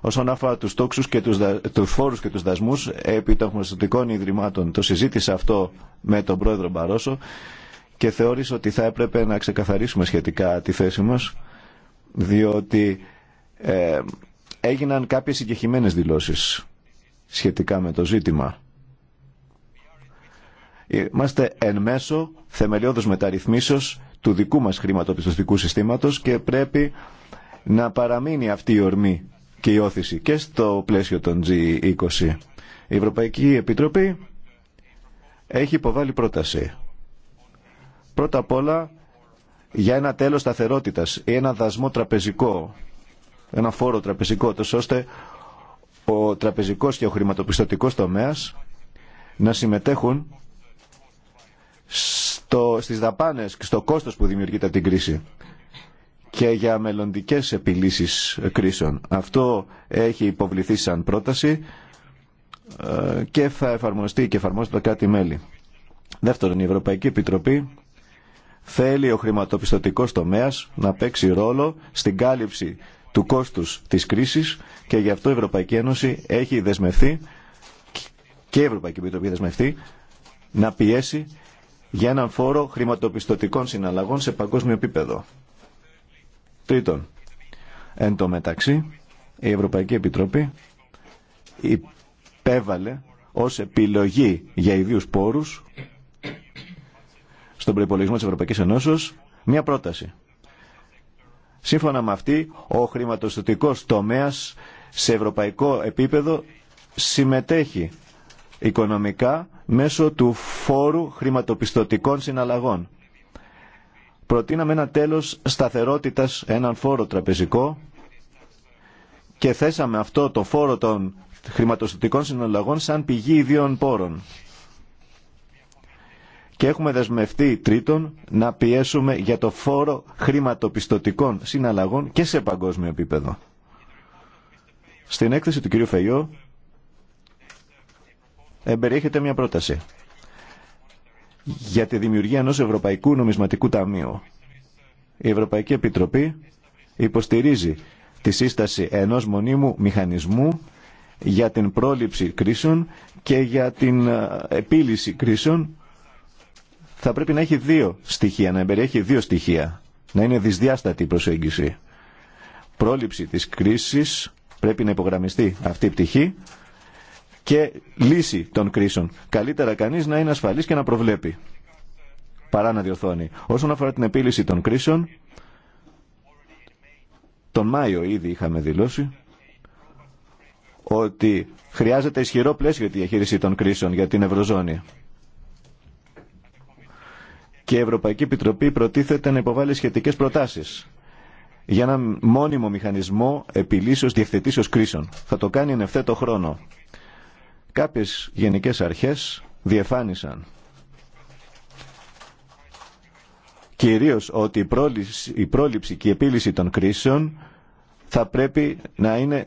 όσον αφορά του τόξου και του τους φόρους και τους δασμούς επί των χρηματοδοτικών ιδρυμάτων. Το συζήτησα αυτό με τον πρόεδρο Μπαρόσο και θεώρησε ότι θα έπρεπε να ξεκαθαρίσουμε σχετικά τη θέση μας διότι ε, έγιναν κάποιες συγκεχημένες δηλώσεις σχετικά με το ζήτημα. Είμαστε εν μέσω θεμελιώδους μεταρρυθμίσεως του δικού μας χρηματοπιστωτικού συστήματος και πρέπει να παραμείνει αυτή η ορμή και η όθηση και στο πλαίσιο των G20. Η Ευρωπαϊκή Επιτροπή έχει υποβάλει πρόταση Πρώτα απ' όλα για ένα τέλος σταθερότητας ή ένα δασμό τραπεζικό, ένα φόρο τραπεζικό, τόσο ώστε ο τραπεζικός και ο χρηματοπιστωτικός τομέας να συμμετέχουν στο, στις δαπάνες και στο κόστος που δημιουργείται από την κρίση και για μελλοντικές επιλύσεις κρίσεων. Αυτό έχει υποβληθεί σαν πρόταση ε, και θα εφαρμοστεί και εφαρμόζεται κάτι μέλη. Δεύτερον, η Ευρωπαϊκή Επιτροπή Θέλει ο χρηματοπιστωτικός τομέας να παίξει ρόλο στην κάλυψη του κόστους της κρίσης και γι' αυτό η Ευρωπαϊκή Ένωση έχει δεσμευθεί και η Ευρωπαϊκή Επιτροπή δεσμευτεί να πιέσει για έναν φόρο χρηματοπιστωτικών συναλλαγών σε παγκόσμιο επίπεδο. Τρίτον, εν τω μεταξύ η Ευρωπαϊκή Επιτροπή υπέβαλε ως επιλογή για ιδίους πόρους στον προπολογισμό τη Ευρωπαϊκή Ενώσεω μια πρόταση. Σύμφωνα με αυτή, ο χρηματοστοτικός τομέας σε ευρωπαϊκό επίπεδο συμμετέχει οικονομικά μέσω του φόρου χρηματοπιστωτικών συναλλαγών. Προτείναμε ένα τέλος σταθερότητας, έναν φόρο τραπεζικό και θέσαμε αυτό το φόρο των χρηματοστοτικών συναλλαγών σαν πηγή ιδίων πόρων και έχουμε δεσμευτεί τρίτον να πιέσουμε για το φόρο χρηματοπιστωτικών συναλλαγών και σε παγκόσμιο επίπεδο. Στην έκθεση του κ. Φεϊό εμπεριέχεται μια πρόταση για τη δημιουργία ενός Ευρωπαϊκού Νομισματικού Ταμείου. Η Ευρωπαϊκή Επιτροπή υποστηρίζει τη σύσταση ενός μονίμου μηχανισμού για την πρόληψη κρίσεων και για την ε, επίλυση κρίσεων θα πρέπει να έχει δύο στοιχεία, να εμπεριέχει δύο στοιχεία. Να είναι δυσδιάστατη η προσέγγιση. Πρόληψη της κρίσης πρέπει να υπογραμμιστεί αυτή η πτυχή και λύση των κρίσεων. Καλύτερα κανείς να είναι ασφαλής και να προβλέπει παρά να διορθώνει. Όσον αφορά την επίλυση των κρίσεων, τον Μάιο ήδη είχαμε δηλώσει ότι χρειάζεται ισχυρό πλαίσιο τη διαχείριση των κρίσεων για την Ευρωζώνη και η Ευρωπαϊκή Επιτροπή προτίθεται να υποβάλει σχετικές προτάσεις για έναν μόνιμο μηχανισμό επιλύσεως διευθετήσεως κρίσεων. Θα το κάνει εν ευθέτω χρόνο. Κάποιες γενικές αρχές διεφάνισαν. κυρίως ότι η πρόληψη, η πρόληψη και η επίλυση των κρίσεων θα πρέπει να είναι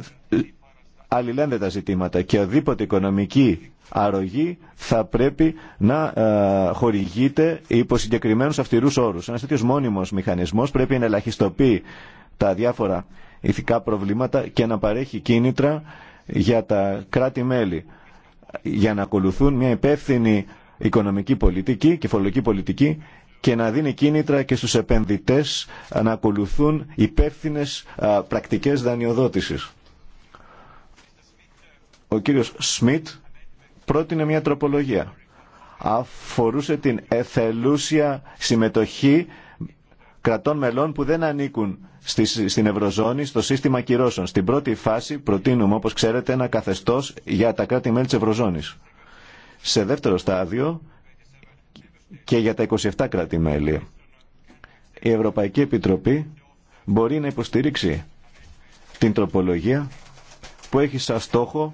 αλληλένδετα ζητήματα και οδήποτε οικονομική αρρωγή θα πρέπει να ε, χορηγείται υπό συγκεκριμένου αυτηρού όρου. Ένα τέτοιο μόνιμο μηχανισμό πρέπει να ελαχιστοποιεί τα διάφορα ηθικά προβλήματα και να παρέχει κίνητρα για τα κράτη-μέλη για να ακολουθούν μια υπεύθυνη οικονομική πολιτική και φορολογική πολιτική και να δίνει κίνητρα και στους επενδυτές να ακολουθούν υπεύθυνες πρακτικές δανειοδότησης. Ο κύριος Σμιτ πρότεινε μια τροπολογία. Αφορούσε την εθελούσια συμμετοχή κρατών μελών που δεν ανήκουν στην Ευρωζώνη στο σύστημα κυρώσεων. Στην πρώτη φάση προτείνουμε, όπως ξέρετε, ένα καθεστώς για τα κράτη-μέλη της Ευρωζώνης. Σε δεύτερο στάδιο και για τα 27 κράτη-μέλη. Η Ευρωπαϊκή Επιτροπή μπορεί να υποστηρίξει την τροπολογία που έχει σαν στόχο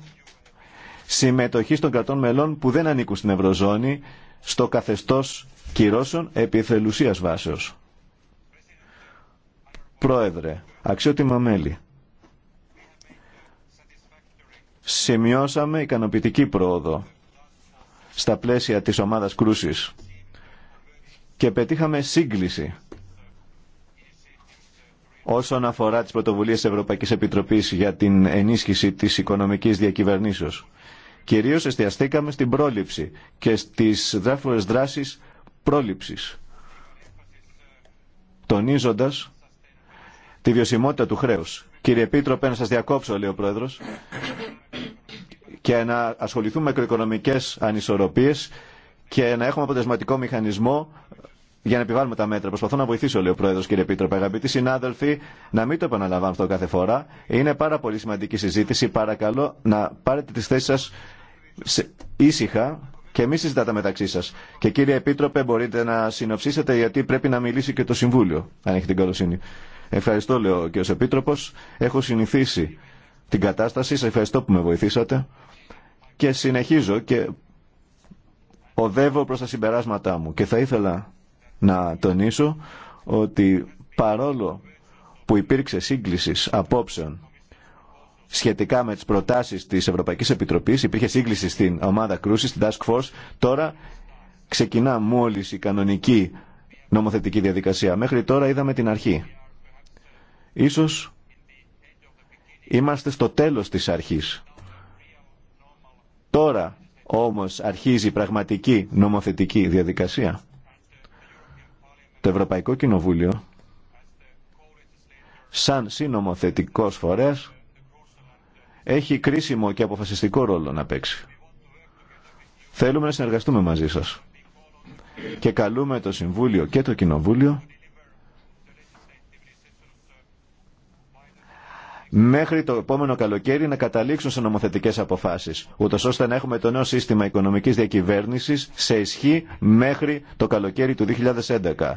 Συμμετοχή των κρατών μελών που δεν ανήκουν στην Ευρωζώνη στο καθεστώς κυρώσεων επιθελουσίας βάσεως. Πρόεδρε, αξιότιμα μέλη, σημειώσαμε ικανοποιητική πρόοδο στα πλαίσια της ομάδας κρούσης και πετύχαμε σύγκληση όσον αφορά τις πρωτοβουλίες της Ευρωπαϊκής Επιτροπής για την ενίσχυση της οικονομικής διακυβερνήσεως. Κυρίως εστιαστήκαμε στην πρόληψη και στις διάφορες δράσεις πρόληψης, τονίζοντας τη βιωσιμότητα του χρέους. Κύριε Επίτροπε, να σας διακόψω, λέει ο Πρόεδρος, και να ασχοληθούμε με μικροοικονομικές ανισορροπίες και να έχουμε αποτελεσματικό μηχανισμό για να επιβάλλουμε τα μέτρα. Προσπαθώ να βοηθήσω, λέει ο Πρόεδρο, κύριε Επίτροπε. Αγαπητοί συνάδελφοι, να μην το επαναλαμβάνω αυτό κάθε φορά. Είναι πάρα πολύ σημαντική συζήτηση. Παρακαλώ να πάρετε τι θέσει σα ήσυχα και μη συζητάτε μεταξύ σα. Και κύριε Επίτροπε, μπορείτε να συνοψίσετε, γιατί πρέπει να μιλήσει και το Συμβούλιο, αν έχει την καλοσύνη. Ευχαριστώ, λέω ο κύριο Επίτροπο. Έχω συνηθίσει την κατάσταση. Σα ευχαριστώ που με βοηθήσατε. Και συνεχίζω και οδεύω προ τα συμπεράσματά μου. Και θα ήθελα να τονίσω ότι παρόλο που υπήρξε σύγκληση απόψεων σχετικά με τις προτάσεις της Ευρωπαϊκής Επιτροπής, υπήρχε σύγκληση στην ομάδα κρούση, στην Task Force, τώρα ξεκινά μόλις η κανονική νομοθετική διαδικασία. Μέχρι τώρα είδαμε την αρχή. Ίσως είμαστε στο τέλος της αρχής. Τώρα όμως αρχίζει η πραγματική νομοθετική διαδικασία. Το Ευρωπαϊκό Κοινοβούλιο σαν συνομοθετικός φορέας έχει κρίσιμο και αποφασιστικό ρόλο να παίξει. Θέλουμε να συνεργαστούμε μαζί σας και καλούμε το Συμβούλιο και το Κοινοβούλιο μέχρι το επόμενο καλοκαίρι να καταλήξουν σε νομοθετικές αποφάσεις, ούτως ώστε να έχουμε το νέο σύστημα οικονομικής διακυβέρνησης σε ισχύ μέχρι το καλοκαίρι του 2011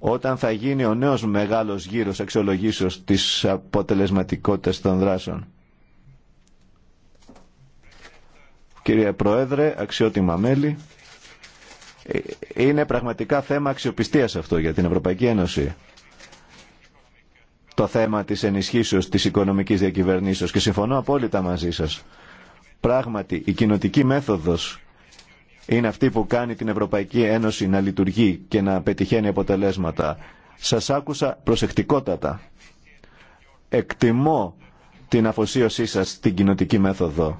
όταν θα γίνει ο νέος μεγάλος γύρος αξιολογήσεως της αποτελεσματικότητας των δράσεων. Κύριε Πρόεδρε, αξιότιμα μέλη, ε, είναι πραγματικά θέμα αξιοπιστίας αυτό για την Ευρωπαϊκή Ένωση το θέμα της ενισχύσεως της οικονομικής διακυβερνήσεως και συμφωνώ απόλυτα μαζί σας. Πράγματι, η κοινοτική μέθοδος είναι αυτή που κάνει την Ευρωπαϊκή Ένωση να λειτουργεί και να πετυχαίνει αποτελέσματα. Σας άκουσα προσεκτικότατα. Εκτιμώ την αφοσίωσή σας στην κοινοτική μέθοδο.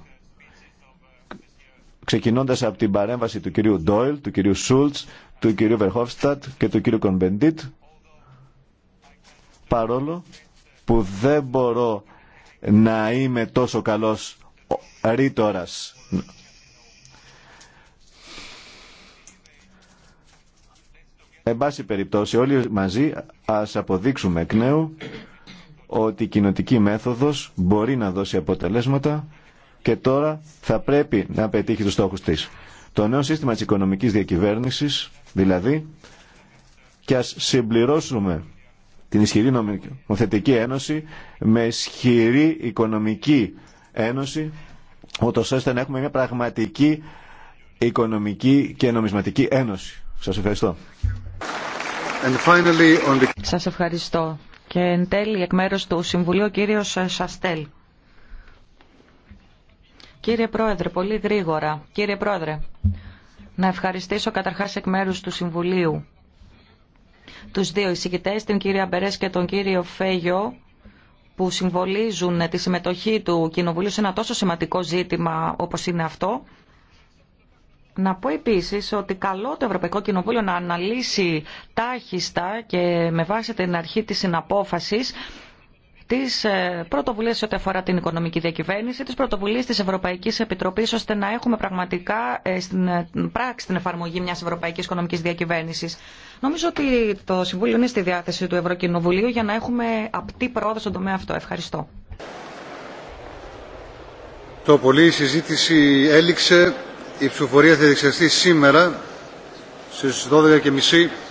Ξεκινώντας από την παρέμβαση του κυρίου Ντόιλ, του κυρίου Σούλτς, του κυρίου Βερχόφστατ και του κυρίου Κονμπεντίτ, παρόλο που δεν μπορώ να είμαι τόσο καλός ρήτορας. Εν πάση περιπτώσει όλοι μαζί ας αποδείξουμε εκ νέου ότι η κοινοτική μέθοδος μπορεί να δώσει αποτελέσματα και τώρα θα πρέπει να πετύχει τους στόχους της. Το νέο σύστημα της οικονομικής διακυβέρνησης, δηλαδή, και ας συμπληρώσουμε την ισχυρή νομοθετική ένωση με ισχυρή οικονομική ένωση, ούτως ώστε να έχουμε μια πραγματική οικονομική και νομισματική ένωση. Σας ευχαριστώ. finally the... Σας ευχαριστώ. Και εν τέλει εκ μέρους του Συμβουλίου κύριος Σαστέλ. Κύριε Πρόεδρε, πολύ γρήγορα. Κύριε Πρόεδρε, να ευχαριστήσω καταρχάς εκ μέρους του Συμβουλίου τους δύο εισηγητέ, την κυρία μπερέ και τον κύριο Φέγιο, που συμβολίζουν τη συμμετοχή του Κοινοβουλίου σε ένα τόσο σημαντικό ζήτημα όπως είναι αυτό. Να πω επίση ότι καλό το Ευρωπαϊκό Κοινοβούλιο να αναλύσει τάχιστα και με βάση την αρχή της συναπόφασης τι ε, πρωτοβουλίες ό,τι αφορά την οικονομική διακυβέρνηση, τι πρωτοβουλίε της Ευρωπαϊκής Επιτροπής, ώστε να έχουμε πραγματικά ε, στην ε, πράξη την εφαρμογή μιας Ευρωπαϊκής Οικονομικής Διακυβέρνησης. Νομίζω ότι το Συμβούλιο είναι στη διάθεση του Ευρωκοινοβουλίου για να έχουμε απτή πρόοδο στον τομέα αυτό. Ευχαριστώ. Το πολύ η συζήτηση έληξε. Η ψηφοφορία θα σήμερα στις 12.30.